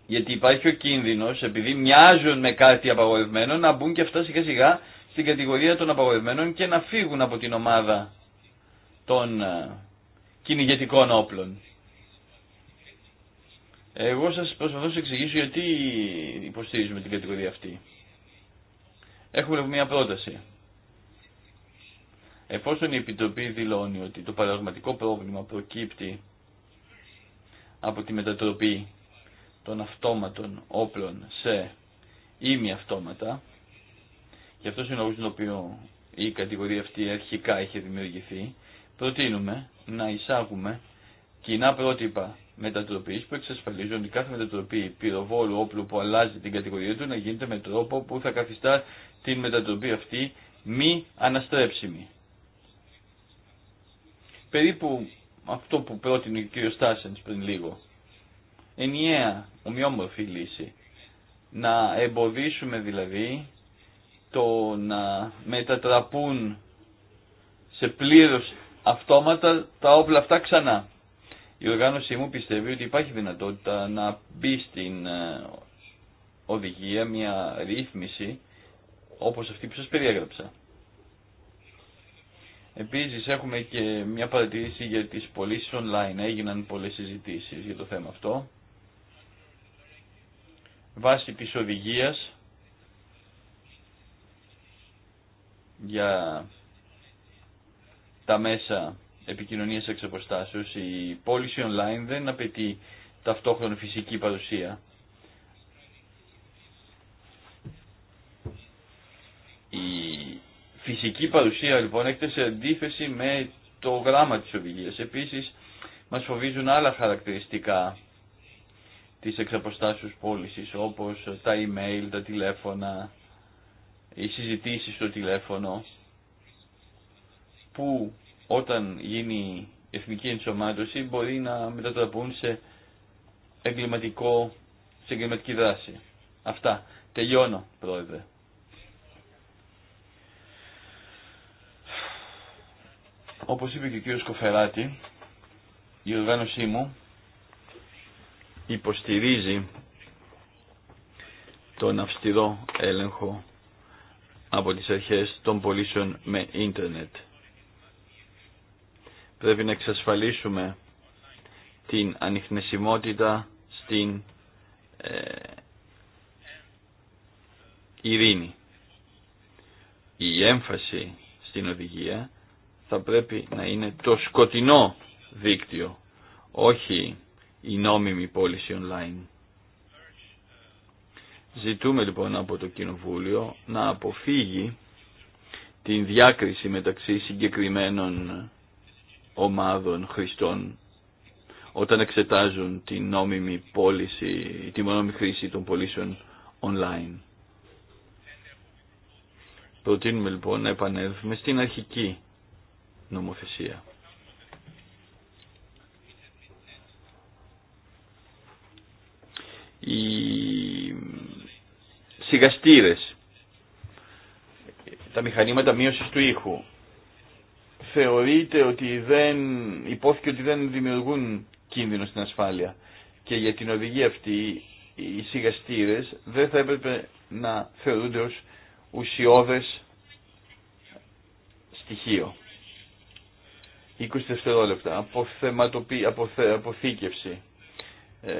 Γιατί υπάρχει ο κίνδυνος, επειδή μοιάζουν με κάτι απαγορευμένο, να μπουν και αυτά σιγά σιγά στην κατηγορία των απαγορευμένων και να φύγουν από την ομάδα των ε, κυνηγετικών όπλων. Εγώ σας προσπαθώ να σας εξηγήσω γιατί υποστηρίζουμε την κατηγορία αυτή. Έχουμε μια πρόταση. Εφόσον η Επιτροπή δηλώνει ότι το παραγματικό πρόβλημα προκύπτει από τη μετατροπή των αυτόματων όπλων σε ήμι αυτόματα, και αυτό είναι ο λόγος τον οποίο η κατηγορία αυτή αρχικά είχε δημιουργηθεί, προτείνουμε να εισάγουμε κοινά πρότυπα μετατροπής που εξασφαλίζουν κάθε μετατροπή πυροβόλου όπλου που αλλάζει την κατηγορία του να γίνεται με τρόπο που θα καθιστά την μετατροπή αυτή μη αναστρέψιμη. Περίπου αυτό που πρότεινε ο κ. Στάσενς πριν λίγο. Ενιαία, ομοιόμορφη λύση. Να εμποδίσουμε δηλαδή το να μετατραπούν σε πλήρως αυτόματα τα όπλα αυτά ξανά. Η οργάνωσή μου πιστεύει ότι υπάρχει δυνατότητα να μπει στην ε, οδηγία μια ρύθμιση όπως αυτή που σας περιέγραψα. Επίσης έχουμε και μια παρατηρήση για τις πωλήσει online. Έγιναν πολλές συζητήσει για το θέμα αυτό. Βάσει της οδηγίας για τα μέσα Επικοινωνία εξ η πώληση online δεν απαιτεί ταυτόχρονη φυσική παρουσία. Η φυσική παρουσία λοιπόν έχετε σε αντίθεση με το γράμμα της οδηγία. Επίσης μας φοβίζουν άλλα χαρακτηριστικά της εξαποστάσεως πώληση, όπως τα email, τα τηλέφωνα, οι συζητήσεις στο τηλέφωνο που όταν γίνει εθνική ενσωμάτωση μπορεί να μετατραπούν σε εγκληματικό, σε εγκληματική δράση. Αυτά. Τελειώνω, πρόεδρε. Όπως είπε και ο κ. Σκοφεράτη, η οργάνωσή μου υποστηρίζει τον αυστηρό έλεγχο από τις αρχές των πωλήσεων με ίντερνετ. Πρέπει να εξασφαλίσουμε την ανιχνεσιμότητα στην ε, ειρήνη. Η έμφαση στην οδηγία θα πρέπει να είναι το σκοτεινό δίκτυο, όχι η νόμιμη πώληση online. Ζητούμε λοιπόν από το Κοινοβούλιο να αποφύγει την διάκριση μεταξύ συγκεκριμένων ομάδων χρηστών όταν εξετάζουν την νόμιμη πώληση, τη νόμιμη χρήση των πωλήσεων online. Προτείνουμε λοιπόν να επανέλθουμε στην αρχική νομοθεσία. Οι σιγαστήρες, τα μηχανήματα μείωσης του ήχου, θεωρείται ότι δεν, υπόθηκε ότι δεν δημιουργούν κίνδυνο στην ασφάλεια. Και για την οδηγία αυτή οι σιγαστήρες δεν θα έπρεπε να θεωρούνται ως ουσιώδες στοιχείο. 20 δευτερόλεπτα. αποθήκευση. Ε,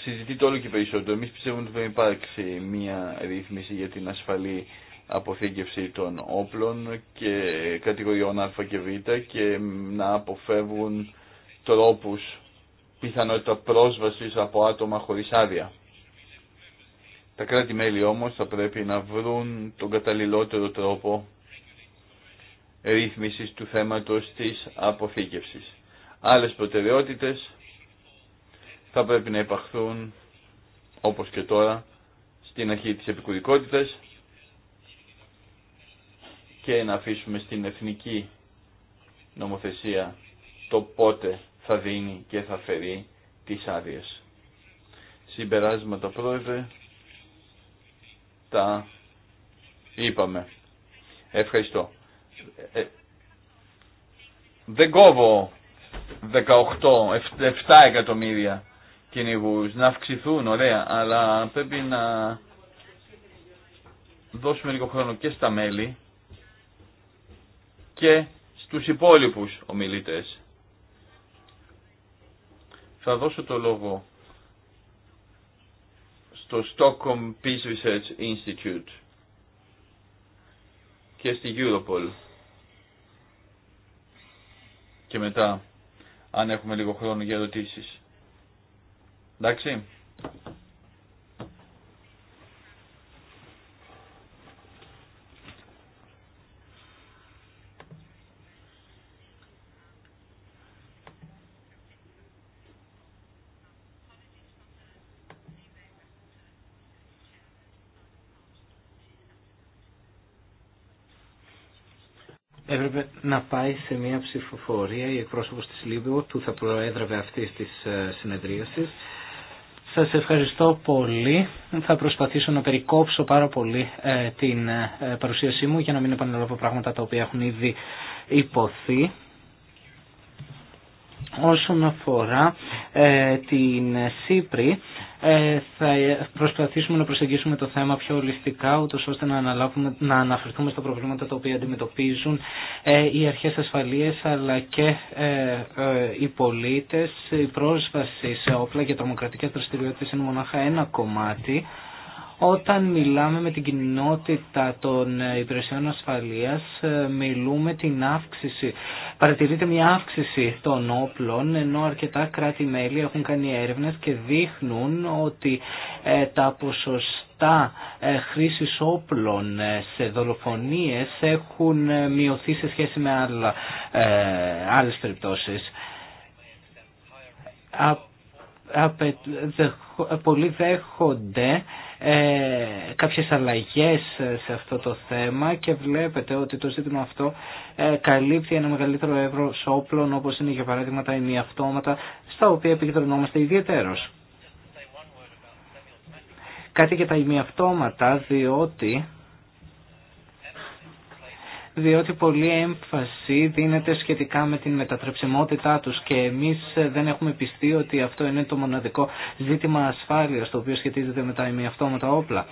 συζητείται όλο και περισσότερο. Εμεί πιστεύουμε ότι δεν υπάρξει μια ρύθμιση για την ασφαλή αποθήκευση των όπλων και κατηγοριών Α και Β και να αποφεύγουν τρόπους πιθανότητα πρόσβασης από άτομα χωρίς άδεια. Τα κράτη-μέλη όμως θα πρέπει να βρουν τον καταλληλότερο τρόπο ρύθμισης του θέματος της αποθήκευσης. Άλλες προτεραιότητες θα πρέπει να υπαχθούν όπως και τώρα στην αρχή της επικουρικότητας και να αφήσουμε στην εθνική νομοθεσία το πότε θα δίνει και θα φερεί τις άδειε. Συμπεράσματα πρόεδρε, τα είπαμε. Ευχαριστώ. Ε, δεν κόβω 18, 7 εκατομμύρια κυνηγούς, να αυξηθούν ωραία, αλλά πρέπει να δώσουμε λίγο χρόνο και στα μέλη και στους υπόλοιπους ομιλητές. Θα δώσω το λόγο στο Stockholm Peace Research Institute και στη Europol. Και μετά, αν έχουμε λίγο χρόνο για ερωτήσεις. Εντάξει. να πάει σε μια ψηφοφορία η εκπρόσωπο της Λίβεο που θα προέδρευε αυτή της ε, συνεδρίασης. Σα ευχαριστώ πολύ. Θα προσπαθήσω να περικόψω πάρα πολύ ε, την ε, παρουσίασή μου για να μην επαναλάβω πράγματα τα οποία έχουν ήδη υποθεί. Όσον αφορά ε, την Σύπρη, ε, θα προσπαθήσουμε να προσεγγίσουμε το θέμα πιο ολιστικά, ούτως ώστε να, αναλάβουμε, να αναφερθούμε στα προβλήματα τα οποία αντιμετωπίζουν ε, οι αρχές ασφαλείας, αλλά και οι πολίτες. Η πρόσβαση σε όπλα και τρομοκρατικές δραστηριότητες είναι μονάχα ένα κομμάτι. Όταν μιλάμε με την κοινότητα των υπηρεσιών ασφαλείας, μιλούμε την αύξηση παρατηρείται μια αύξηση των όπλων ενώ αρκετά κράτη-μέλη έχουν κάνει έρευνες και δείχνουν ότι ε, τα ποσοστά ε, χρήσης όπλων ε, σε δολοφονίες έχουν μειωθεί σε σχέση με άλλα, άλλες περιπτώσεις. Ε, πολλοί δέχονται ε, κάποιες αλλαγές ε, σε αυτό το θέμα και βλέπετε ότι το ζήτημα αυτό ε, καλύπτει ένα μεγαλύτερο εύρο όπλων όπως είναι για παράδειγμα τα ημιαυτώματα στα οποία επικεντρωνόμαστε ιδιαίτερως. Κάτι για τα ημιαυτώματα διότι διότι πολλή έμφαση δίνεται σχετικά με την μετατρεψιμότητά τους και εμείς δεν έχουμε πιστεί ότι αυτό είναι το μοναδικό ζήτημα ασφάλειας το οποίο σχετίζεται με τα ημιαυτόματα όπλα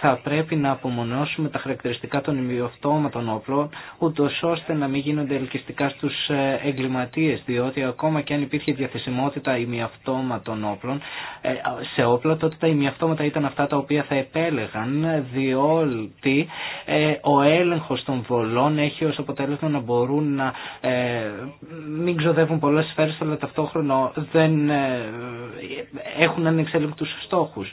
θα πρέπει να απομονώσουμε τα χαρακτηριστικά των ημιοαυτόματων όπλων, ούτω ώστε να μην γίνονται ελκυστικά στου ε, εγκληματίε, διότι ακόμα και αν υπήρχε διαθεσιμότητα ημιοαυτόματων όπλων, ε, σε όπλα τότε τα ημιοαυτόματα ήταν αυτά τα οποία θα επέλεγαν, διότι ε, ο έλεγχο των βολών έχει ω αποτέλεσμα να μπορούν να μην ξοδεύουν πολλέ σφαίρε, αλλά ταυτόχρονα δεν έχουν ανεξέλεγκτου στόχου.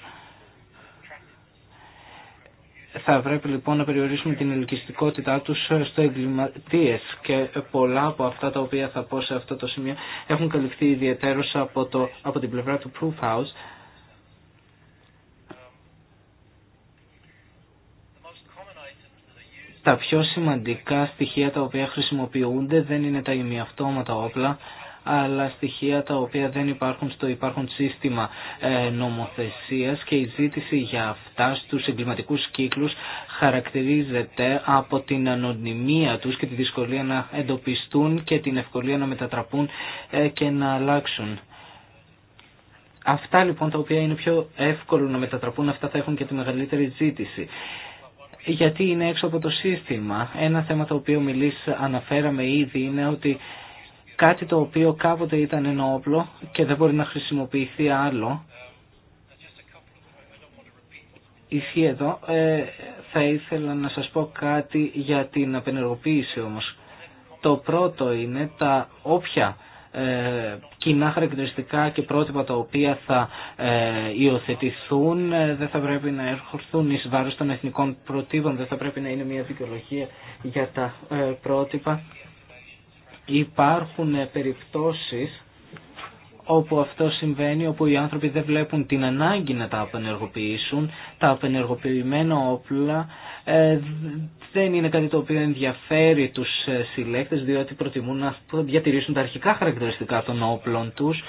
Θα πρέπει λοιπόν να περιορίσουμε την ελκυστικότητά τους στο εγκληματίες και πολλά από αυτά τα οποία θα πω σε αυτό το σημείο έχουν καλυφθεί ιδιαίτερως από, το, από την πλευρά του Proof House. Τα πιο σημαντικά στοιχεία τα οποία χρησιμοποιούνται δεν είναι τα ημιαυτόματα όπλα, αλλά στοιχεία τα οποία δεν υπάρχουν στο υπάρχον σύστημα ε, νομοθεσίας και η ζήτηση για αυτά στους εγκληματικούς κύκλους χαρακτηρίζεται από την ανωνυμία τους και τη δυσκολία να εντοπιστούν και την ευκολία να μετατραπούν ε, και να αλλάξουν. Αυτά λοιπόν τα οποία είναι πιο εύκολο να μετατραπούν, αυτά θα έχουν και τη μεγαλύτερη ζήτηση. Γιατί είναι έξω από το σύστημα. Ένα θέμα το οποίο μιλείς αναφέραμε ήδη είναι ότι κάτι το οποίο κάποτε ήταν ένα όπλο και δεν μπορεί να χρησιμοποιηθεί άλλο. Ισχύει εδώ. Ε, θα ήθελα να σας πω κάτι για την απενεργοποίηση όμως. Το πρώτο είναι τα όποια ε, κοινά χαρακτηριστικά και πρότυπα τα οποία θα ε, υιοθετηθούν ε, δεν θα πρέπει να έρχονται εις βάρος των εθνικών προτύπων, δεν θα πρέπει να είναι μια δικαιολογία για τα ε, πρότυπα υπάρχουν περιπτώσεις όπου αυτό συμβαίνει, όπου οι άνθρωποι δεν βλέπουν την ανάγκη να τα απενεργοποιήσουν, τα απενεργοποιημένα όπλα ε, δεν είναι κάτι το οποίο ενδιαφέρει τους ε, συλλέκτες, διότι προτιμούν να διατηρήσουν τα αρχικά χαρακτηριστικά των όπλων τους.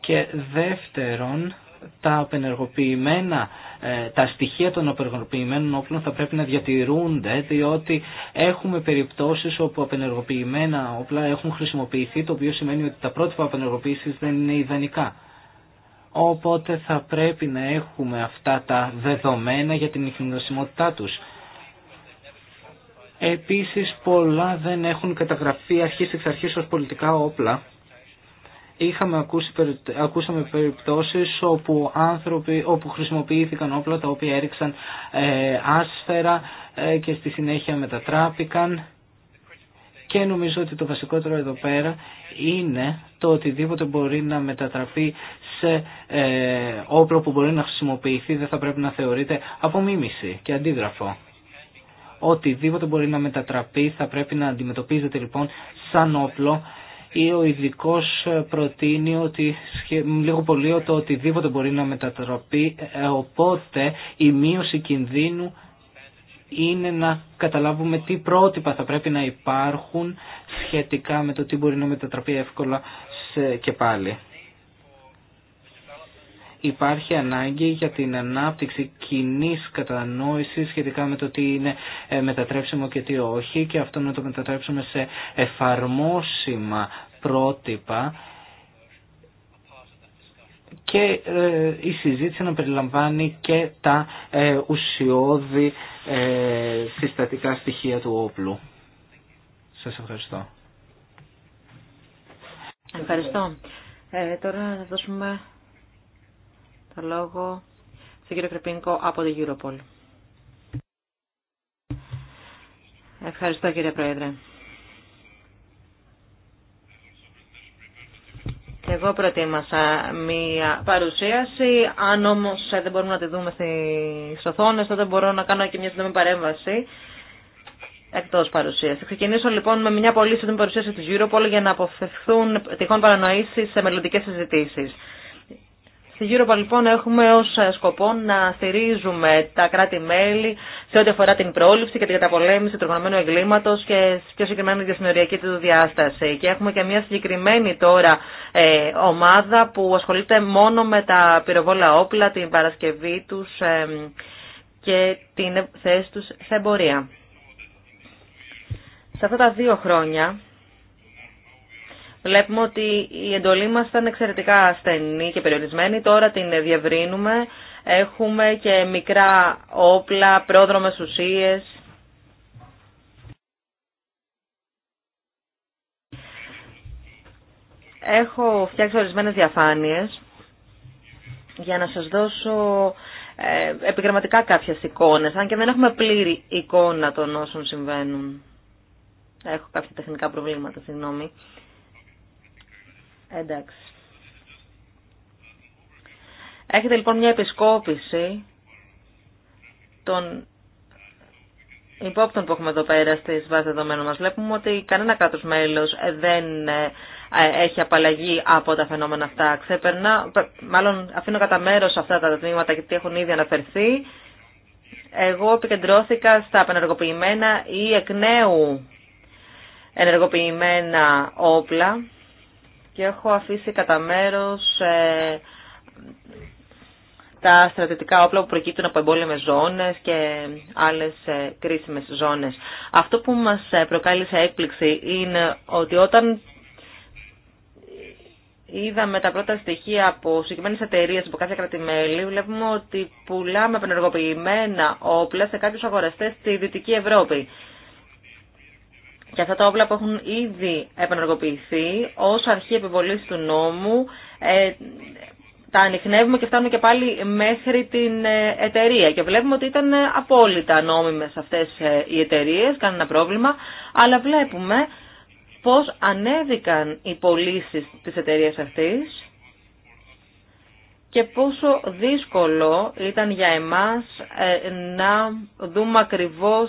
Και δεύτερον, τα απενεργοποιημένα ε, τα στοιχεία των απενεργοποιημένων όπλων θα πρέπει να διατηρούνται διότι έχουμε περιπτώσεις όπου απενεργοποιημένα όπλα έχουν χρησιμοποιηθεί το οποίο σημαίνει ότι τα πρότυπα απενεργοποίησης δεν είναι ιδανικά. Οπότε θα πρέπει να έχουμε αυτά τα δεδομένα για την ειχνηλωσιμότητά τους. Επίσης πολλά δεν έχουν καταγραφεί αρχής εξ αρχής ως πολιτικά όπλα Είχαμε ακούσει, ακούσαμε περιπτώσεις όπου, άνθρωποι, όπου χρησιμοποιήθηκαν όπλα τα οποία έριξαν ε, άσφαιρα ε, και στη συνέχεια μετατράπηκαν. Και νομίζω ότι το βασικότερο εδώ πέρα είναι το οτιδήποτε μπορεί να μετατραπεί σε ε, όπλο που μπορεί να χρησιμοποιηθεί δεν θα πρέπει να θεωρείται απομίμηση και αντίγραφο. Οτιδήποτε μπορεί να μετατραπεί θα πρέπει να αντιμετωπίζεται λοιπόν σαν όπλο ή ο ειδικό ε, προτείνει ότι λίγο πολύ το οτιδήποτε μπορεί να μετατραπεί, ε, οπότε η μείωση κινδύνου είναι να καταλάβουμε τι πρότυπα θα πρέπει να υπάρχουν σχετικά με το τι μπορεί να μετατραπεί εύκολα και πάλι υπάρχει ανάγκη για την ανάπτυξη κοινή κατανόηση σχετικά με το τι είναι ε, μετατρέψιμο και τι όχι και αυτό να το μετατρέψουμε σε εφαρμόσιμα πρότυπα και ε, η συζήτηση να περιλαμβάνει και τα ε, ουσιώδη συστατικά στοιχεία του όπλου. Σας ευχαριστώ. Ευχαριστώ. τώρα να δώσουμε το λόγο στον κύριο Κρεπίνκο από την Europol. Ευχαριστώ κύριε Πρόεδρε. Και εγώ προτίμασα μία παρουσίαση. Αν όμω δεν μπορούμε να τη δούμε στι οθόνε, τότε μπορώ να κάνω και μια σύντομη παρέμβαση εκτό παρουσίαση. Ξεκινήσω λοιπόν με μια πολύ σύντομη παρουσίαση τη Europol για να αποφευθούν τυχόν παρανοήσει σε μελλοντικέ συζητήσει. Στη Europa λοιπόν έχουμε ως ε, σκοπό να στηρίζουμε τα κράτη-μέλη σε ό,τι αφορά την πρόληψη και την καταπολέμηση του οργανωμένου εγκλήματος και πιο συγκεκριμένα τη συνοριακή του διάσταση. Και έχουμε και μια συγκεκριμένη τώρα ε, ομάδα που ασχολείται μόνο με τα πυροβόλα όπλα, την παρασκευή τους και την θέση τους σε εμπορία. Σε αυτά τα δύο χρόνια Βλέπουμε ότι η εντολή μας ήταν εξαιρετικά στενή και περιορισμένη. Τώρα την διευρύνουμε. Έχουμε και μικρά όπλα, πρόδρομες ουσίες. Έχω φτιάξει ορισμένες διαφάνειες για να σας δώσω ε, επιγραμματικά κάποιες εικόνες, αν και δεν έχουμε πλήρη εικόνα των όσων συμβαίνουν. Έχω κάποια τεχνικά προβλήματα, συγγνώμη. Εντάξει. Έχετε λοιπόν μια επισκόπηση των υπόπτων που έχουμε εδώ πέρα στι βάσει δεδομένων μας. Βλέπουμε ότι κανένα κράτο μέλος δεν ε, έχει απαλλαγή από τα φαινόμενα αυτά. Ξέπερνα, μάλλον αφήνω κατά μέρο αυτά τα τμήματα γιατί έχουν ήδη αναφερθεί. Εγώ επικεντρώθηκα στα απενεργοποιημένα ή εκ νέου ενεργοποιημένα όπλα και έχω αφήσει κατά μέρο ε, τα στρατιωτικά όπλα που προκύπτουν από εμπόλεμε ζώνε και άλλες ε, κρίσιμες ζώνες. Αυτό που μας ε, προκάλεσε έκπληξη είναι ότι όταν είδαμε τα πρώτα στοιχεία από συγκεκριμένε εταιρείε από κάθε κρατημέλη, βλέπουμε ότι πουλάμε απενεργοποιημένα όπλα σε κάποιου αγοραστέ στη Δυτική Ευρώπη και αυτά τα όπλα που έχουν ήδη επενεργοποιηθεί ως αρχή επιβολής του νόμου ε, τα ανοιχνεύουμε και φτάνουμε και πάλι μέχρι την ε, εταιρεία και βλέπουμε ότι ήταν ε, απόλυτα νόμιμες αυτές ε, οι εταιρείες, κανένα πρόβλημα, αλλά βλέπουμε πώς ανέβηκαν οι πωλήσει της εταιρείας αυτής και πόσο δύσκολο ήταν για εμάς να δούμε ακριβώς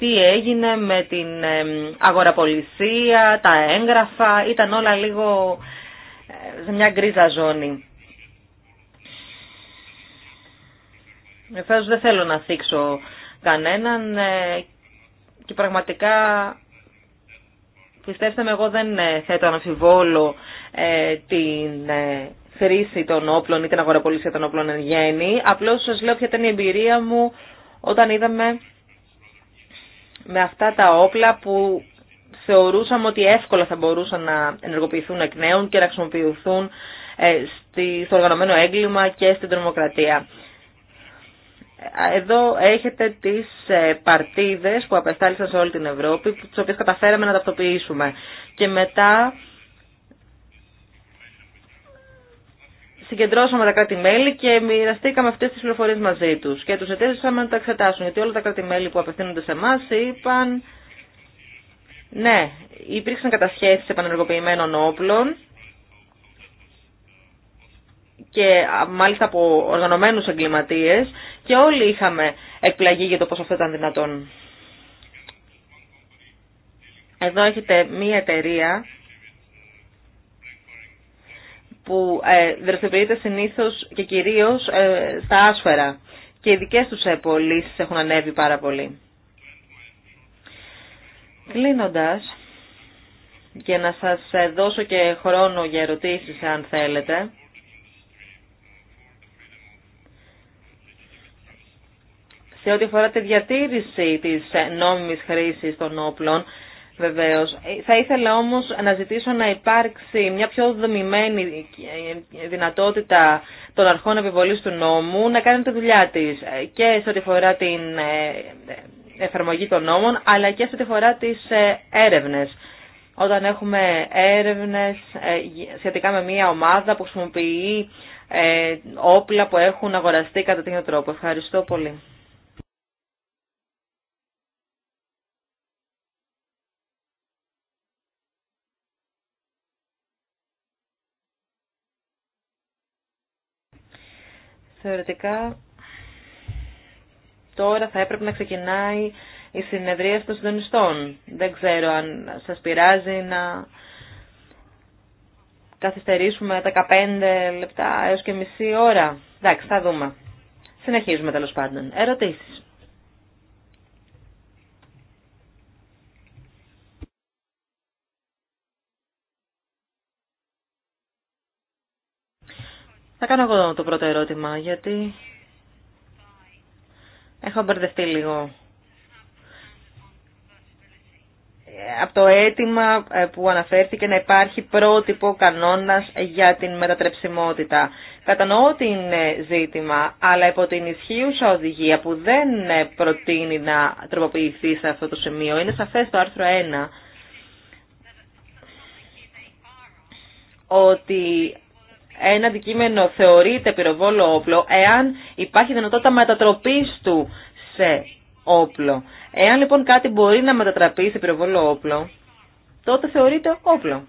τι έγινε με την αγοραπολισία, τα έγγραφα, ήταν όλα λίγο ε, σε μια γκρίζα ζώνη. Βεβαίως δεν θέλω να θίξω κανέναν ε, και πραγματικά Πιστέψτε με, εγώ δεν ε, θέτω αναμφιβόλο την χρήση των όπλων ή την αγοραπολισία των όπλων εν γέννη. Απλώς σας λέω ποια ήταν η εμπειρία μου όταν είδαμε με αυτά τα όπλα που θεωρούσαμε ότι εύκολα θα μπορούσαν να ενεργοποιηθούν εκ νέου και να χρησιμοποιηθούν ε, στο οργανωμένο έγκλημα και στην τρομοκρατία. Εδώ έχετε τις ε, παρτίδες που απεστάλησαν σε όλη την Ευρώπη, τις οποίες καταφέραμε να ταυτοποιήσουμε. Και μετά συγκεντρώσαμε τα κράτη-μέλη και μοιραστήκαμε αυτέ τι πληροφορίε μαζί του. Και του ετέθησαμε να τα εξετάσουν. Γιατί όλα τα κράτη-μέλη που απευθύνονται σε εμά είπαν. Ναι, υπήρξαν κατασχέσει επανεργοποιημένων όπλων και μάλιστα από οργανωμένους εγκληματίες και όλοι είχαμε εκπλαγεί για το πώ αυτό ήταν δυνατόν. Εδώ έχετε μία εταιρεία που ε, δραστηριοποιείται συνήθως και κυρίως ε, στα άσφαιρα και οι δικές τους ε, πωλήσει έχουν ανέβει πάρα πολύ. Κλείνοντας, και να σας δώσω και χρόνο για ερωτήσεις αν θέλετε, σε ό,τι αφορά τη διατήρηση της νόμιμης χρήσης των όπλων, Βεβαίω, ε, Θα ήθελα όμως να ζητήσω να υπάρξει μια πιο δομημένη δυνατότητα των αρχών επιβολή του νόμου να κάνει τη δουλειά τη ε, και σε ό,τι φορά την ε, εφαρμογή των νόμων αλλά και σε ό,τι φορά τις έρευνες. Όταν έχουμε έρευνες σχετικά με μια ομάδα που χρησιμοποιεί όπλα που έχουν αγοραστεί κατά τέτοιο τρόπο. Ευχαριστώ πολύ. θεωρητικά τώρα θα έπρεπε να ξεκινάει η συνεδρία των συντονιστών. Δεν ξέρω αν σας πειράζει να καθυστερήσουμε τα 15 λεπτά έως και μισή ώρα. Εντάξει, θα δούμε. Συνεχίζουμε τέλος πάντων. Ερωτήσεις. Θα κάνω εγώ το πρώτο ερώτημα, γιατί έχω μπερδευτεί λίγο. Από το αίτημα ε, που αναφέρθηκε να υπάρχει πρότυπο κανόνας για την μετατρεψιμότητα. Κατανοώ ότι είναι ζήτημα, αλλά υπό την ισχύουσα οδηγία που δεν προτείνει να τροποποιηθεί σε αυτό το σημείο, είναι σαφές το άρθρο 1, ότι ένα αντικείμενο θεωρείται πυροβόλο όπλο εάν υπάρχει δυνατότητα μετατροπής του σε όπλο. Εάν λοιπόν κάτι μπορεί να μετατραπεί σε πυροβόλο όπλο, τότε θεωρείται όπλο.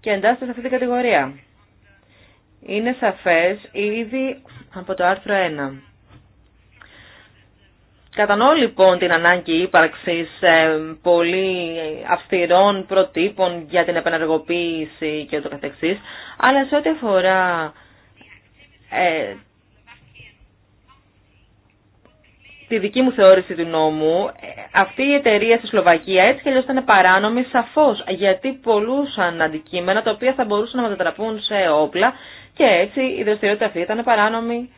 Και εντάσσεται σε αυτή την κατηγορία. Είναι σαφές ήδη από το άρθρο 1 Κατανοώ λοιπόν την ανάγκη ύπαρξης ε, πολύ αυστηρών προτύπων για την επενεργοποίηση και ούτω καθεξής, αλλά σε ό,τι αφορά ε, τη δική μου θεώρηση του νόμου, ε, αυτή η εταιρεία στη Σλοβακία έτσι και αλλιώς ήταν παράνομη σαφώς, γιατί πολλούσαν αντικείμενα τα οποία θα μπορούσαν να μετατραπούν σε όπλα και έτσι η δραστηριότητα αυτή ήταν παράνομη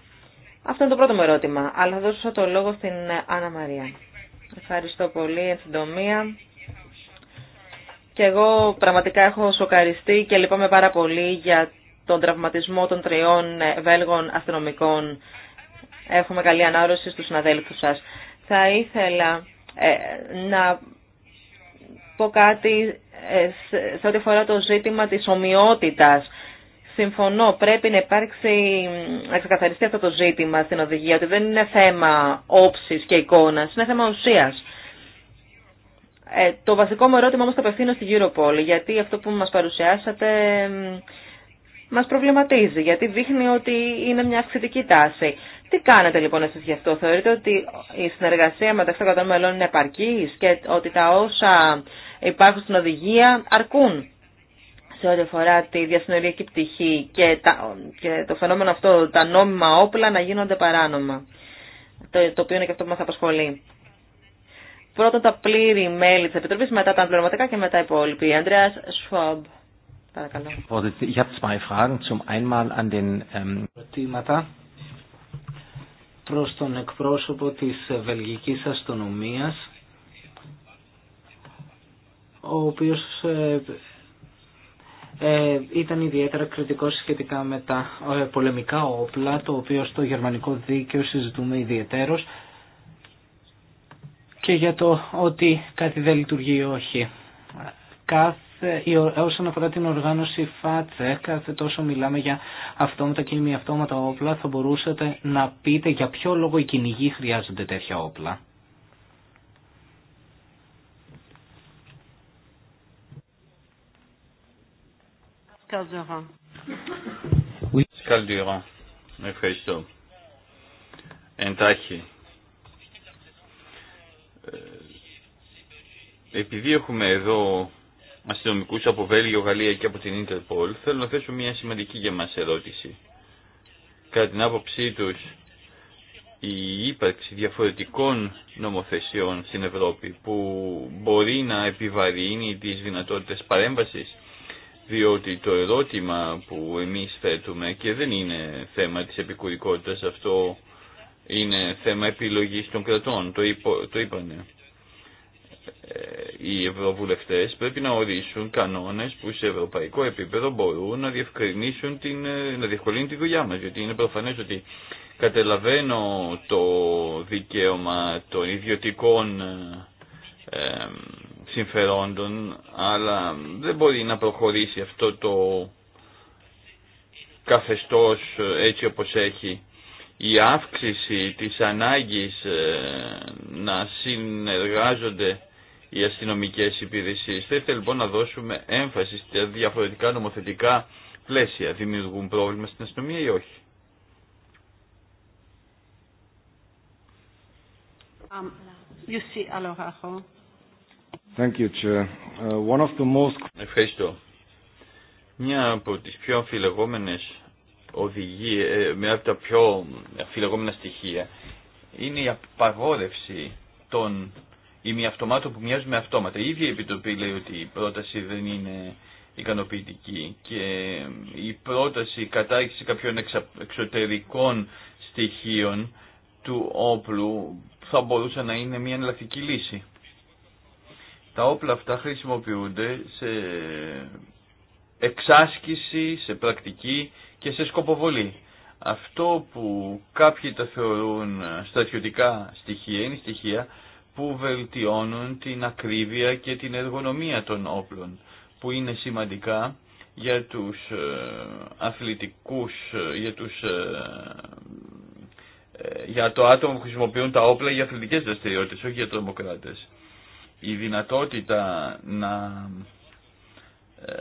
αυτό είναι το πρώτο μου ερώτημα, αλλά θα δώσω το λόγο στην Άννα Μαρία. Ευχαριστώ πολύ, εν συντομία. Και εγώ πραγματικά έχω σοκαριστεί και λυπάμαι πάρα πολύ για τον τραυματισμό των τριών Βέλγων αστυνομικών. Έχουμε καλή ανάρρωση στους συναδέλφους σας. Θα ήθελα ε, να πω κάτι ε, σε ό,τι αφορά το ζήτημα της ομοιότητας συμφωνώ, πρέπει να υπάρξει, να ξεκαθαριστεί αυτό το ζήτημα στην οδηγία, ότι δεν είναι θέμα όψης και εικόνα, είναι θέμα ουσία. Ε, το βασικό μου ερώτημα όμω το απευθύνω στη Europol, γιατί αυτό που μα παρουσιάσατε μας προβληματίζει, γιατί δείχνει ότι είναι μια αυξητική τάση. Τι κάνετε λοιπόν εσείς γι' αυτό, θεωρείτε ότι η συνεργασία μεταξύ των μελών είναι επαρκής και ότι τα όσα υπάρχουν στην οδηγία αρκούν σε ό,τι αφορά τη διασυνοριακή πτυχή και, τα, και το φαινόμενο αυτό, τα νόμιμα όπλα να γίνονται παράνομα, το, το οποίο είναι και αυτό που μας απασχολεί. Πρώτα τα πλήρη μέλη της Επιτροπής, μετά τα πληρωματικά και μετά οι υπόλοιποι. Ανδρέας Σφόμπ. Παρακαλώ. Ich habe zwei Fragen. Zum einmal an den ähm, Ερωτήματα προς τον εκπρόσωπο της Βελγικής Αστυνομίας ο οποίος ε, ε, ήταν ιδιαίτερα κριτικός σχετικά με τα ε, πολεμικά όπλα, το οποίο στο γερμανικό δίκαιο συζητούμε ιδιαίτερο, και για το ότι κάτι δεν λειτουργεί ή όχι. Κάθε, όσον αφορά την οργάνωση ΦΑΤΣΕ, κάθε τόσο μιλάμε για αυτόματα και μη αυτόματα όπλα, θα μπορούσατε να πείτε για ποιο λόγο οι κυνηγοί χρειάζονται τέτοια όπλα. Καλδερά. Ευχαριστώ. Εντάχει. Ε, επειδή έχουμε εδώ αστυνομικούς από Βέλγιο, Γαλλία και από την Ιντερπολ, θέλω να θέσω μια σημαντική για μας ερώτηση. Κατά την άποψή τους, η ύπαρξη διαφορετικών νομοθεσιών στην Ευρώπη που μπορεί να επιβαρύνει τις δυνατότητες παρέμβασης διότι το ερώτημα που εμείς θέτουμε και δεν είναι θέμα της επικουρικότητας, αυτό είναι θέμα επιλογής των κρατών, το, είπο, το είπανε. Ε, οι ευρωβουλευτές πρέπει να ορίσουν κανόνες που σε ευρωπαϊκό επίπεδο μπορούν να διευκρινίσουν την, ε, να διευκολύνουν τη δουλειά μας, γιατί είναι προφανές ότι καταλαβαίνω το δικαίωμα των ιδιωτικών ε, συμφερόντων, αλλά δεν μπορεί να προχωρήσει αυτό το καθεστώς έτσι όπως έχει. Η αύξηση της ανάγκης ε, να συνεργάζονται οι αστυνομικές υπηρεσίες. Θα ήθελα λοιπόν να δώσουμε έμφαση στα διαφορετικά νομοθετικά πλαίσια. Δημιουργούν πρόβλημα στην αστυνομία ή όχι. Um, you Uh, Ευχαριστώ. Μια από τις πιο αμφιλεγόμενες οδηγίες, ε, μια από τα πιο αφιλεγόμενα στοιχεία είναι η απαγόρευση των ημιαυτομάτων που μοιάζουν με αυτόματα. Η ίδια η Επιτροπή λέει ότι η πρόταση δεν είναι ικανοποιητική και η πρόταση κατάργηση κάποιων εξωτερικών στοιχείων του όπλου θα μπορούσε να είναι μια εναλλακτική λύση. Τα όπλα αυτά χρησιμοποιούνται σε εξάσκηση, σε πρακτική και σε σκοποβολή. Αυτό που κάποιοι τα θεωρούν στρατιωτικά στοιχεία είναι στοιχεία που βελτιώνουν την ακρίβεια και την εργονομία των όπλων που είναι σημαντικά για τους ε, αθλητικούς, ε, για, τους, ε, για το άτομο που χρησιμοποιούν τα όπλα για αθλητικές δραστηριότητες, όχι για τρομοκράτες η δυνατότητα να ε,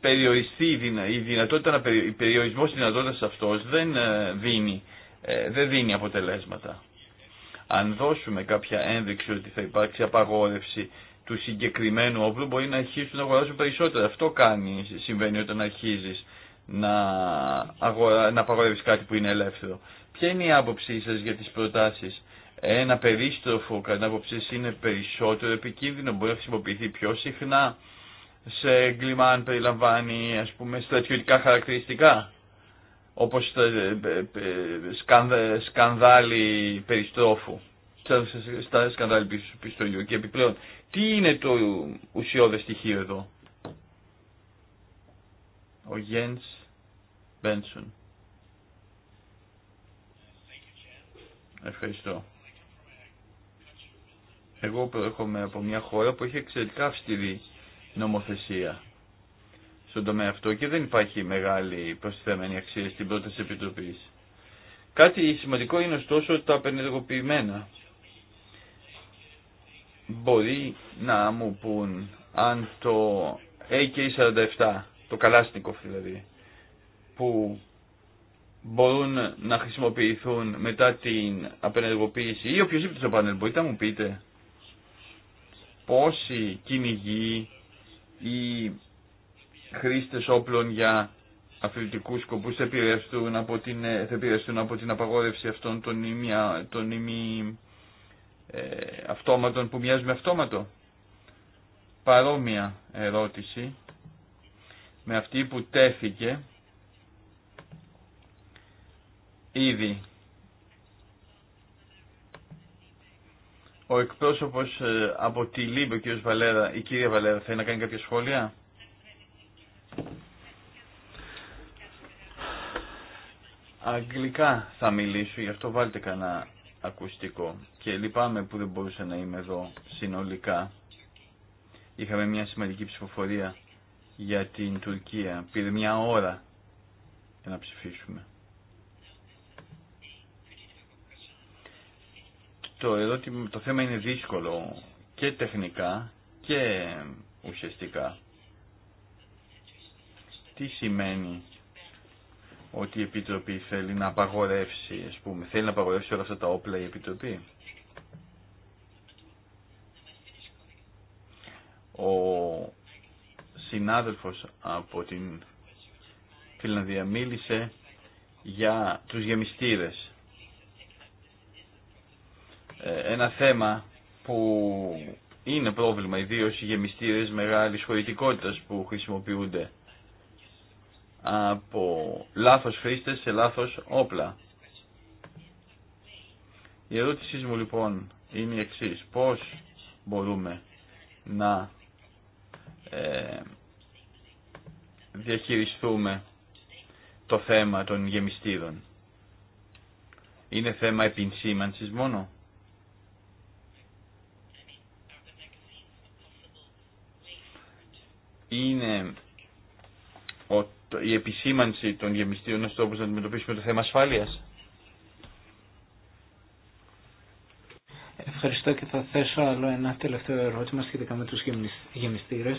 περιοριστεί η δυνατότητα να περι, περιορισμός της δυνατότητας αυτός δεν ε, δίνει, ε, δεν δίνει αποτελέσματα. Αν δώσουμε κάποια ένδειξη ότι θα υπάρξει απαγόρευση του συγκεκριμένου όπλου μπορεί να αρχίσουν να αγοράζουν περισσότερα. Αυτό κάνει, συμβαίνει όταν αρχίζεις να, αγορα... να απαγορεύεις κάτι που είναι ελεύθερο. Ποια είναι η άποψή σας για τις προτάσεις ένα περίστροφο κατά την άποψή είναι περισσότερο επικίνδυνο, μπορεί να χρησιμοποιηθεί πιο συχνά σε έγκλημα αν περιλαμβάνει ας πούμε στρατιωτικά χαρακτηριστικά όπως ε, ε, ε, σκανδάλι περιστρόφου στα σκανδάλι πιστολιού και επιπλέον τι είναι το ουσιώδες στοιχείο εδώ ο Γέντς Μπένσον Ευχαριστώ εγώ προέρχομαι από μια χώρα που έχει εξαιρετικά αυστηρή νομοθεσία στον τομέα αυτό και δεν υπάρχει μεγάλη προσθέμενη αξία στην πρόταση επιτροπή. Κάτι σημαντικό είναι ωστόσο τα απενεργοποιημένα. Μπορεί να μου πούν αν το AK-47, το καλάστικο δηλαδή, που μπορούν να χρησιμοποιηθούν μετά την απενεργοποίηση ή οποιοδήποτε στο πάνελ. Μπορείτε να μου πείτε πόσοι κυνηγοί ή χρήστες όπλων για αθλητικούς σκοπούς θα επηρεαστούν από την, από την απαγόρευση αυτών των ημι, των ημι ε, αυτόματων που μοιάζουν με αυτόματο. Παρόμοια ερώτηση με αυτή που τέθηκε ήδη Ο εκπρόσωπος ε, από τη Λίμπη, ο κύριος Βαλέρα, η κυρία Βαλέρα, θέλει να κάνει κάποια σχόλια. Αγγλικά θα μιλήσω, γι' αυτό βάλτε κανένα ακουστικό. Και λυπάμαι που δεν μπορούσα να είμαι εδώ συνολικά. Είχαμε μια σημαντική ψηφοφορία για την Τουρκία. Πήρε μια ώρα για να ψηφίσουμε. Το, εδώ το θέμα είναι δύσκολο και τεχνικά και ουσιαστικά. Τι σημαίνει ότι η Επιτροπή θέλει να απαγορεύσει, ας πούμε, θέλει να απαγορεύσει όλα αυτά τα όπλα η Επιτροπή. Ο συνάδελφος από την Φιλανδία μίλησε για τους γεμιστήρες ε, ένα θέμα που είναι πρόβλημα, ιδίω οι γεμιστήρε μεγάλη χωρητικότητα που χρησιμοποιούνται από λάθος χρήστε σε λάθος όπλα. Η ερώτησή μου λοιπόν είναι η εξή. Πώς μπορούμε να ε, διαχειριστούμε το θέμα των γεμιστήρων. Είναι θέμα επινσήμανσης μόνο. είναι η επισήμανση των γεμιστήων ως τρόπος να αντιμετωπίσουμε το θέμα ασφάλειας. Ευχαριστώ και θα θέσω άλλο ένα τελευταίο ερώτημα σχετικά με τους γεμιστήρες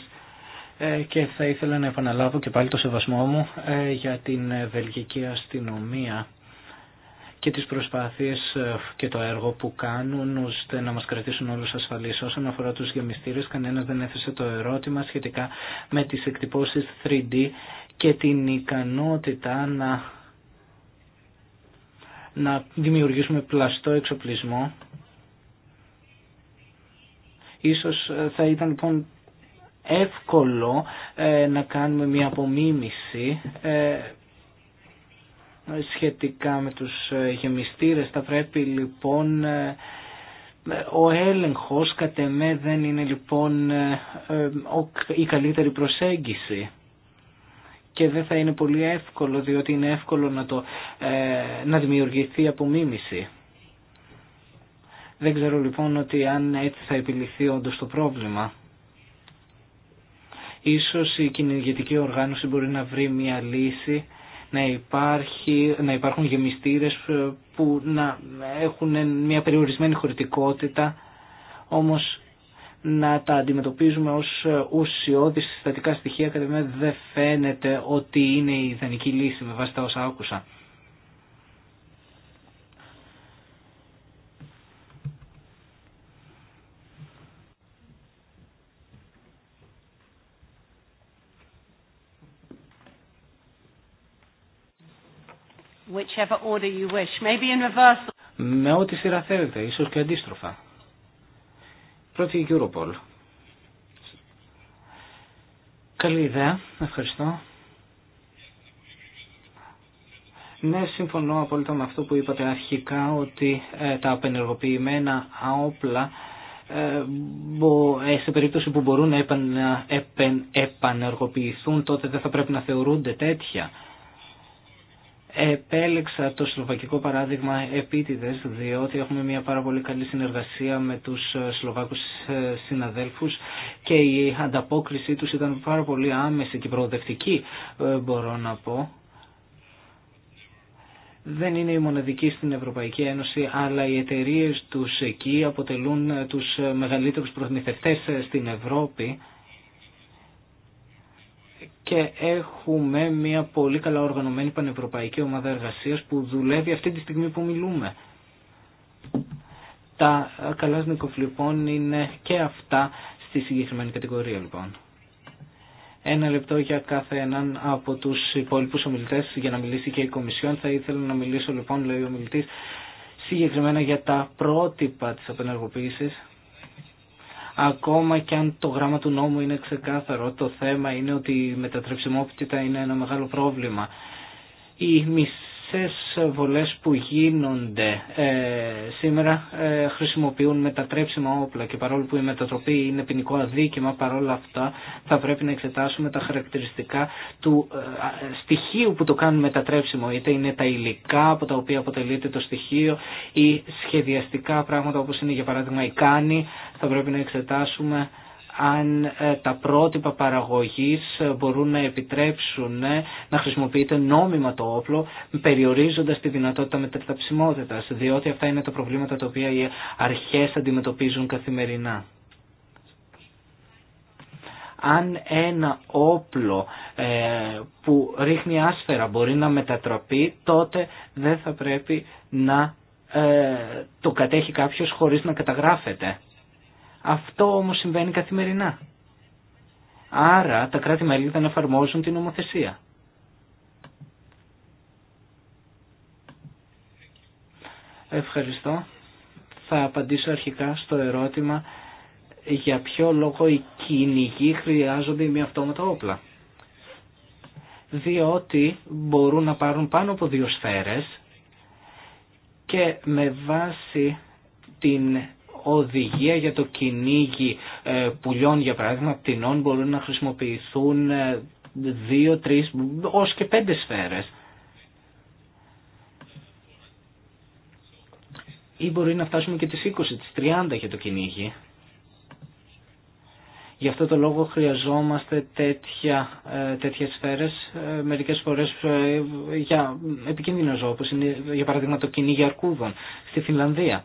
ε, και θα ήθελα να επαναλάβω και πάλι το σεβασμό μου ε, για την ε, βελγική αστυνομία και τις προσπάθειες ε, και το έργο που κάνουν ώστε να μας κρατήσουν όλους ασφαλείς. Όσον αφορά τους γεμιστήρες, κανένας δεν έθεσε το ερώτημα σχετικά με τις εκτυπώσεις 3D και την ικανότητα να, να δημιουργήσουμε πλαστό εξοπλισμό. Ίσως ε, θα ήταν λοιπόν εύκολο ε, να κάνουμε μια απομίμηση σχετικά με τους ε, γεμιστήρες. Θα πρέπει λοιπόν ε, ο έλεγχος κατ' εμέ δεν είναι λοιπόν ε, η καλύτερη προσέγγιση και δεν θα είναι πολύ εύκολο διότι είναι εύκολο να, το, να δημιουργηθεί απομίμηση. Δεν ξέρω λοιπόν ότι αν έτσι θα επιληθεί όντω το πρόβλημα. Ίσως η κυνηγητική οργάνωση μπορεί να βρει μια λύση να, υπάρχει, να υπάρχουν γεμιστήρες ε, που να έχουν μια περιορισμένη χωρητικότητα, όμως να τα αντιμετωπίζουμε ως ε, ουσιώδη συστατικά στοιχεία, κατά δεν φαίνεται ότι είναι η ιδανική λύση με βάση τα όσα άκουσα. Με ό,τι σειρά θέλετε, ίσως και αντίστροφα. Πρώτη η Europol. Καλή ιδέα, ευχαριστώ. Ναι, συμφωνώ απόλυτα με αυτό που είπατε αρχικά ότι ε, τα απενεργοποιημένα όπλα ε, ε, σε περίπτωση που μπορούν να επανεργοποιηθούν τότε δεν θα πρέπει να θεωρούνται τέτοια. Επέλεξα το σλοβακικό παράδειγμα επίτηδες διότι έχουμε μια πάρα πολύ καλή συνεργασία με τους ε, σλοβάκους ε, συναδέλφους και η ανταπόκριση τους ήταν πάρα πολύ άμεση και προοδευτική ε, μπορώ να πω. Δεν είναι η μοναδική στην Ευρωπαϊκή Ένωση αλλά οι εταιρείε τους εκεί αποτελούν τους μεγαλύτερους προμηθευτές στην Ευρώπη και έχουμε μια πολύ καλά οργανωμένη πανευρωπαϊκή ομάδα εργασίας που δουλεύει αυτή τη στιγμή που μιλούμε. Τα καλά λοιπόν είναι και αυτά στη συγκεκριμένη κατηγορία λοιπόν. Ένα λεπτό για κάθε έναν από τους υπόλοιπους ομιλητές για να μιλήσει και η Κομισιόν. Θα ήθελα να μιλήσω λοιπόν, λέει ο ομιλητής, συγκεκριμένα για τα πρότυπα της απενεργοποίησης ακόμα και αν το γράμμα του νόμου είναι ξεκάθαρο. Το θέμα είναι ότι η μετατρεψιμότητα είναι ένα μεγάλο πρόβλημα τις βολές που γίνονται ε, σήμερα ε, χρησιμοποιούν μετατρέψιμα όπλα και παρόλο που η μετατροπή είναι ποινικό αδίκημα παρόλα αυτά θα πρέπει να εξετάσουμε τα χαρακτηριστικά του ε, στοιχείου που το κάνουν μετατρέψιμο είτε είναι τα υλικά από τα οποία αποτελείται το στοιχείο ή σχεδιαστικά πράγματα όπως είναι για παράδειγμα η κάνη θα πρέπει να εξετάσουμε αν ε, τα πρότυπα παραγωγής ε, μπορούν να επιτρέψουν ε, να χρησιμοποιείται νόμιμα το όπλο περιορίζοντας τη δυνατότητα μεταταψιμότητας διότι αυτά είναι τα προβλήματα τα οποία οι αρχές αντιμετωπίζουν καθημερινά. Αν ένα όπλο που ρίχνει άσφαιρα μπορεί να μετατραπεί τότε δεν θα πρέπει να το κατέχει κάποιος χωρίς να καταγράφεται. Αυτό όμω συμβαίνει καθημερινά. Άρα τα κράτη-μέλη δεν εφαρμόζουν την νομοθεσία. Ευχαριστώ. Θα απαντήσω αρχικά στο ερώτημα για ποιο λόγο οι κυνηγοί χρειάζονται μια αυτόματα όπλα. Διότι μπορούν να πάρουν πάνω από δύο σφαίρες και με βάση την οδηγία για το κυνήγι ε, πουλιών για παράδειγμα πτηνών μπορούν να χρησιμοποιηθούν ε, δύο, τρεις, ως και πέντε σφαίρες. Ή μπορεί να φτάσουμε και τις 20, τις 30 για το κυνήγι. Γι' αυτό το λόγο χρειαζόμαστε τέτοια, ε, τέτοιες σφαίρες μερικές φορές για επικίνδυνο ζώο, όπως είναι για παράδειγμα το κυνήγι αρκούδων στη Φινλανδία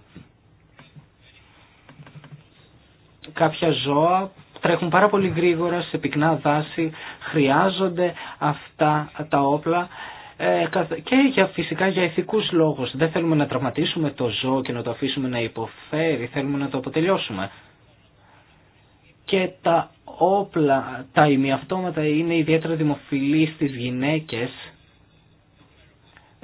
κάποια ζώα τρέχουν πάρα πολύ γρήγορα σε πυκνά δάση, χρειάζονται αυτά τα όπλα ε, και για, φυσικά για ηθικούς λόγους. Δεν θέλουμε να τραυματίσουμε το ζώο και να το αφήσουμε να υποφέρει, θέλουμε να το αποτελειώσουμε. Και τα όπλα, τα ημιαυτόματα είναι ιδιαίτερα δημοφιλή στις γυναίκες,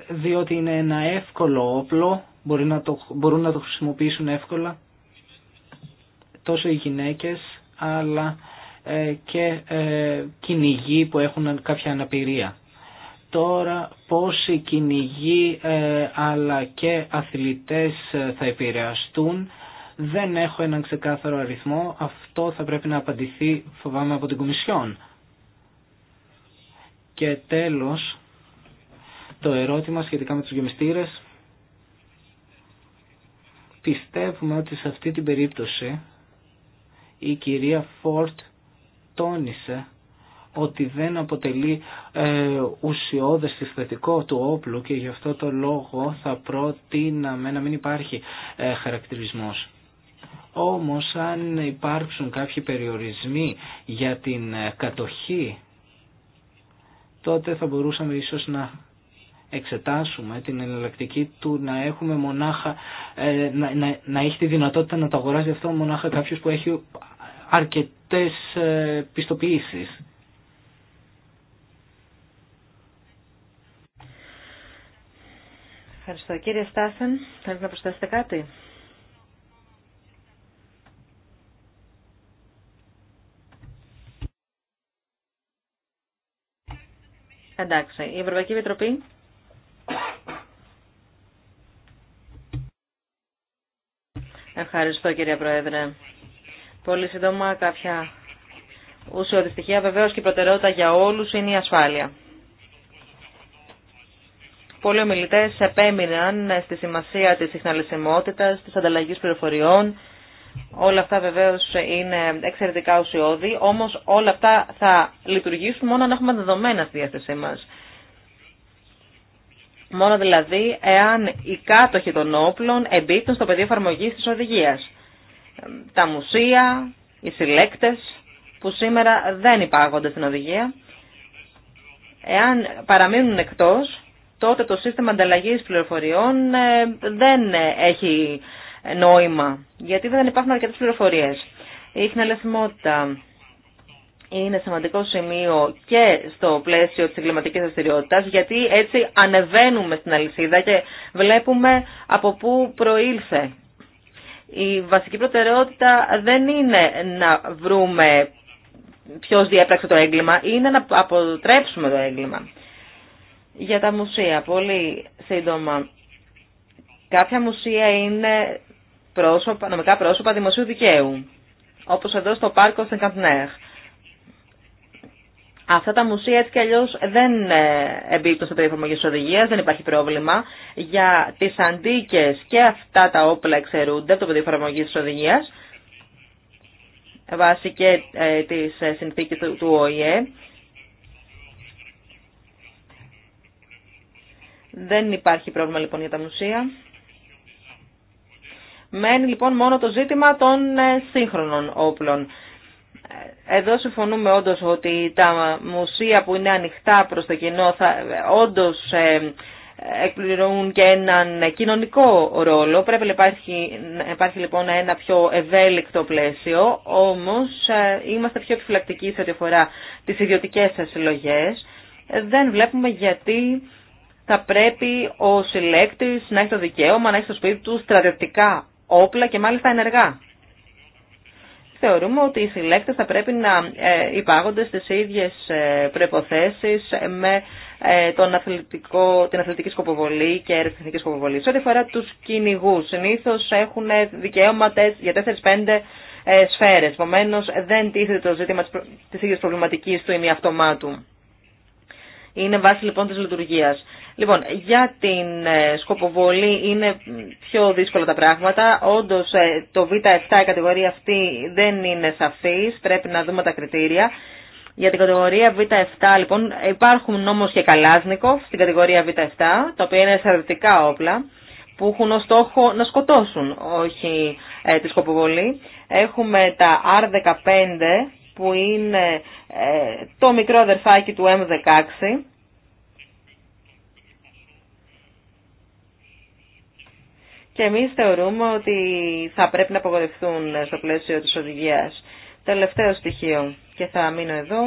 διότι είναι ένα εύκολο όπλο, μπορεί να το, μπορούν να το χρησιμοποιήσουν εύκολα τόσο οι γυναίκες αλλά ε, και ε, κυνηγοί που έχουν κάποια αναπηρία. Τώρα πόσοι κυνηγοί ε, αλλά και αθλητές θα επηρεαστούν δεν έχω έναν ξεκάθαρο αριθμό. Αυτό θα πρέπει να απαντηθεί φοβάμαι από την Κομισιόν. Και τέλος το ερώτημα σχετικά με τους γεμιστήρες. Πιστεύουμε ότι σε αυτή την περίπτωση η κυρία Φόρτ τόνισε ότι δεν αποτελεί ε, ουσιώδες θετικό του όπλου και γι' αυτό το λόγο θα προτείναμε να μην υπάρχει ε, χαρακτηρισμός. Όμως αν υπάρξουν κάποιοι περιορισμοί για την ε, κατοχή, τότε θα μπορούσαμε ίσως να εξετάσουμε την εναλλακτική του να έχουμε μονάχα, ε, να, να, να, έχει τη δυνατότητα να το αγοράζει αυτό μονάχα κάποιος που έχει αρκετές ε, πιστοποιήσεις. Ευχαριστώ. Κύριε Στάσεν, θέλετε να προσθέσετε κάτι. Εντάξει. Η Ευρωπαϊκή Επιτροπή. Ευχαριστώ κύριε Πρόεδρε. Πολύ σύντομα κάποια ουσιώδη στοιχεία. Βεβαίως και η προτεραιότητα για όλους είναι η ασφάλεια. Πολλοί ομιλητέ επέμειναν στη σημασία της συχναλησιμότητας, της ανταλλαγή πληροφοριών. Όλα αυτά βεβαίως είναι εξαιρετικά ουσιώδη, όμως όλα αυτά θα λειτουργήσουν μόνο αν έχουμε δεδομένα στη διάθεσή μας. Μόνο δηλαδή εάν οι κάτοχοι των όπλων εμπίπτουν στο πεδίο εφαρμογή τη οδηγία τα μουσεία, οι συλλέκτες που σήμερα δεν υπάγονται στην οδηγία. Εάν παραμείνουν εκτός, τότε το σύστημα ανταλλαγή πληροφοριών ε, δεν έχει νόημα, γιατί δεν υπάρχουν αρκετές πληροφορίες. Η χνελεθμότητα είναι σημαντικό σημείο και στο πλαίσιο της εγκληματικής δραστηριότητα, γιατί έτσι ανεβαίνουμε στην αλυσίδα και βλέπουμε από πού προήλθε η βασική προτεραιότητα δεν είναι να βρούμε ποιος διέπραξε το έγκλημα, είναι να αποτρέψουμε το έγκλημα. Για τα μουσεία, πολύ σύντομα. Κάποια μουσεία είναι πρόσωπα, νομικά πρόσωπα δημοσίου δικαίου, όπως εδώ στο πάρκο στην Καντνέχ. Αυτά τα μουσεία έτσι κι αλλιώ δεν ε, εμπίπτουν στο πεδίο εφαρμογή οδηγία, δεν υπάρχει πρόβλημα. Για τι αντίκε και αυτά τα όπλα εξαιρούνται από το πεδίο εφαρμογή οδηγία βάσει και ε, τη ε, συνθήκη του, του ΟΗΕ. Δεν υπάρχει πρόβλημα λοιπόν για τα μουσεία. Μένει λοιπόν μόνο το ζήτημα των ε, σύγχρονων όπλων. Εδώ συμφωνούμε όντως ότι τα μουσεία που είναι ανοιχτά προς το κοινό θα, όντως ε, εκπληρώνουν και έναν κοινωνικό ρόλο. Πρέπει να υπάρχει, υπάρχει λοιπόν ένα πιο ευέλικτο πλαίσιο, όμως ε, είμαστε πιο επιφυλακτικοί σε ό,τι αφορά τις ιδιωτικές συλλογές. Δεν βλέπουμε γιατί θα πρέπει ο συλλέκτης να έχει το δικαίωμα να έχει στο σπίτι του στρατιωτικά όπλα και μάλιστα ενεργά θεωρούμε ότι οι συλλέκτες θα πρέπει να ε, υπάγονται στις ίδιες ε, προϋποθέσεις με ε, τον αθλητικό, την αθλητική σκοποβολή και ερευνητική σκοποβολή. Σε ό,τι αφορά τους κυνηγούς, συνήθως έχουν δικαίωμα για 4-5 σφαίρες. Επομένω, δεν τίθεται το ζήτημα της ίδιας προβληματικής του ημιαυτομάτου. Είναι βάση λοιπόν της λειτουργίας. Λοιπόν, για την ε, σκοποβολή είναι πιο δύσκολα τα πράγματα. Όντως ε, το Β7 η κατηγορία αυτή δεν είναι σαφής, πρέπει να δούμε τα κριτήρια. Για την κατηγορία Β7 λοιπόν υπάρχουν όμως και Καλάσνικοφ στην κατηγορία Β7, τα οποία είναι σαρδιτικά όπλα που έχουν ως στόχο να σκοτώσουν, όχι ε, τη σκοποβολή. Έχουμε τα R15 που είναι ε, το μικρό αδερφάκι του M16 και εμείς θεωρούμε ότι θα πρέπει να απογορευτούν στο πλαίσιο της οδηγίας. Τελευταίο στοιχείο και θα μείνω εδώ.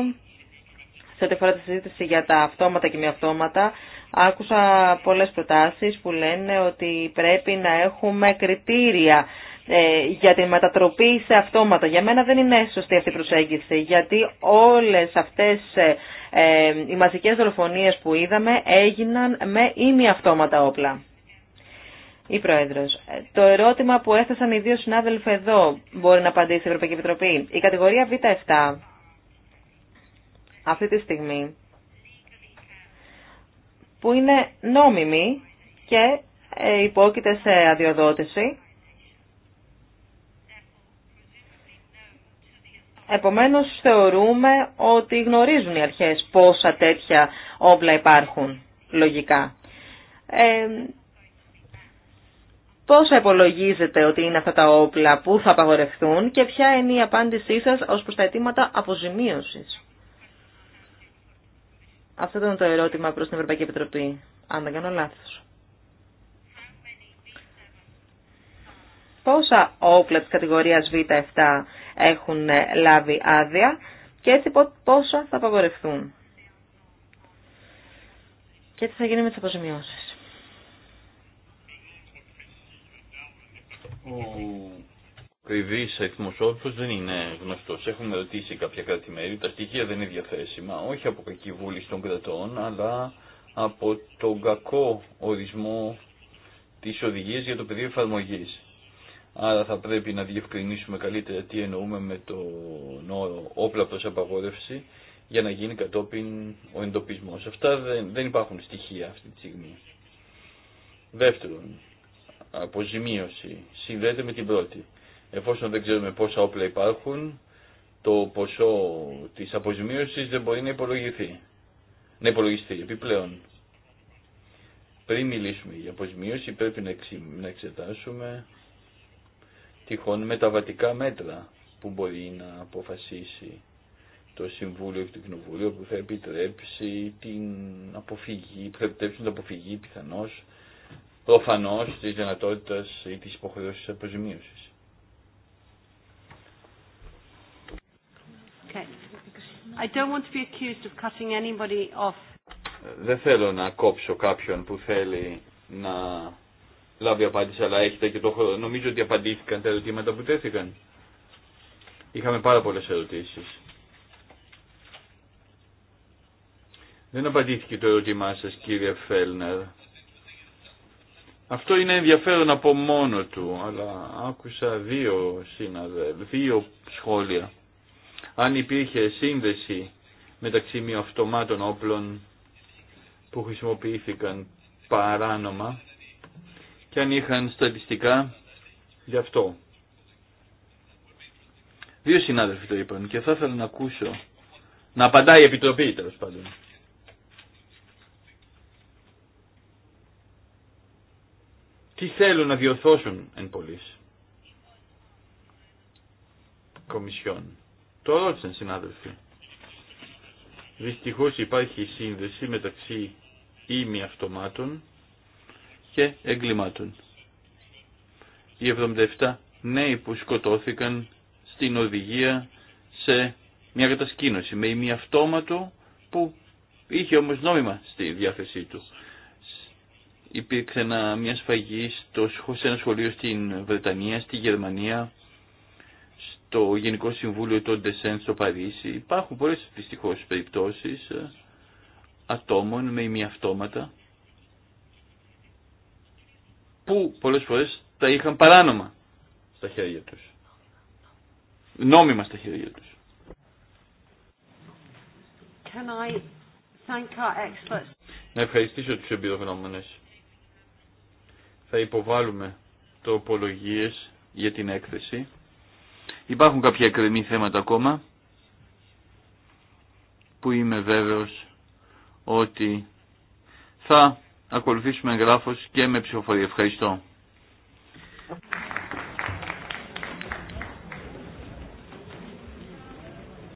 Σε ό,τι αφορά τη συζήτηση για τα αυτόματα και μη αυτόματα, άκουσα πολλές προτάσεις που λένε ότι πρέπει να έχουμε κριτήρια ε, για τη μετατροπή σε αυτόματα. Για μένα δεν είναι σωστή αυτή η προσέγγιση, γιατί όλες αυτές ε, ε, οι μαζικές δολοφονίες που είδαμε έγιναν με μη αυτόματα όπλα. Η ε, το ερώτημα που έθεσαν οι δύο συνάδελφοι εδώ μπορεί να απαντήσει η Ευρωπαϊκή Επιτροπή. Η κατηγορία Β7 αυτή τη στιγμή που είναι νόμιμη και ε, υπόκειται σε αδειοδότηση. Επομένως θεωρούμε ότι γνωρίζουν οι αρχές πόσα τέτοια όπλα υπάρχουν λογικά. Ε, πόσα υπολογίζετε ότι είναι αυτά τα όπλα, πού θα απαγορευτούν και ποια είναι η απάντησή σας ως προς τα αιτήματα αποζημίωσης. Αυτό ήταν το ερώτημα προς την Ευρωπαϊκή Επιτροπή, αν δεν κάνω λάθος. Πόσα όπλα της κατηγορίας Β7 έχουν λάβει άδεια και έτσι πόσα θα απαγορευτούν. Και τι θα γίνει με τις αποζημιώσεις. Ο ακριβή αριθμό δεν είναι γνωστό. Έχουμε ρωτήσει κάποια τα στοιχεία δεν είναι διαθέσιμα, όχι από κακή βούληση των κρατών, αλλά από τον κακό ορισμό της οδηγίας για το πεδίο εφαρμογή. Άρα θα πρέπει να διευκρινίσουμε καλύτερα τι εννοούμε με τον όρο όπλα προς απαγόρευση για να γίνει κατόπιν ο εντοπισμός. Αυτά δεν, δεν υπάρχουν στοιχεία αυτή τη στιγμή. Δεύτερον, αποζημίωση συνδέεται με την πρώτη. Εφόσον δεν ξέρουμε πόσα όπλα υπάρχουν, το ποσό της αποζημίωσης δεν μπορεί να υπολογιστεί. Να υπολογιστεί επιπλέον. Πριν μιλήσουμε για αποζημίωση πρέπει να εξετάσουμε τυχόν μεταβατικά μέτρα που μπορεί να αποφασίσει το Συμβούλιο και το Κοινοβούλιο που θα επιτρέψει την αποφυγή, την αποφυγή πιθανώς Προφανώ τη δυνατότητα ή τη υποχρεώση αποζημίωση. Okay. Δεν θέλω να κόψω κάποιον που θέλει να λάβει απάντηση, αλλά έχετε και το χρόνο. Νομίζω ότι απαντήθηκαν τα ερωτήματα που τέθηκαν. Είχαμε πάρα πολλές ερωτήσεις. Δεν απαντήθηκε το ερώτημά σας κύριε Φέλνερ αυτό είναι ενδιαφέρον από μόνο του, αλλά άκουσα δύο, συναδε, δύο σχόλια. Αν υπήρχε σύνδεση μεταξύ αυτομάτων όπλων που χρησιμοποιήθηκαν παράνομα και αν είχαν στατιστικά γι' αυτό. Δύο συνάδελφοι το είπαν και θα ήθελα να ακούσω, να απαντάει η Επιτροπή τέλο πάντων. Τι θέλουν να διορθώσουν εν πωλής Κομισιόν. Το ρώτησαν συνάδελφοι. Δυστυχώς υπάρχει σύνδεση μεταξύ ήμι αυτομάτων και εγκλημάτων. Οι 77 νέοι που σκοτώθηκαν στην οδηγία σε μια κατασκήνωση με ημιαυτόματο που είχε όμως νόμιμα στη διάθεσή του υπήρξε μια σφαγή στο, σε ένα σχολείο στην Βρετανία, στη Γερμανία, στο Γενικό Συμβούλιο των Ντεσέν στο Παρίσι. Υπάρχουν πολλές δυστυχώς περιπτώσεις ε, ατόμων με ημιαυτόματα που πολλές φορές τα είχαν παράνομα στα χέρια τους. Νόμιμα στα χέρια τους. Να ευχαριστήσω τους εμπειρογνώμονες θα υποβάλουμε τοπολογίες για την έκθεση. Υπάρχουν κάποια εκκρεμή θέματα ακόμα που είμαι βέβαιος ότι θα ακολουθήσουμε εγγράφος και με ψηφοφορία. Ευχαριστώ.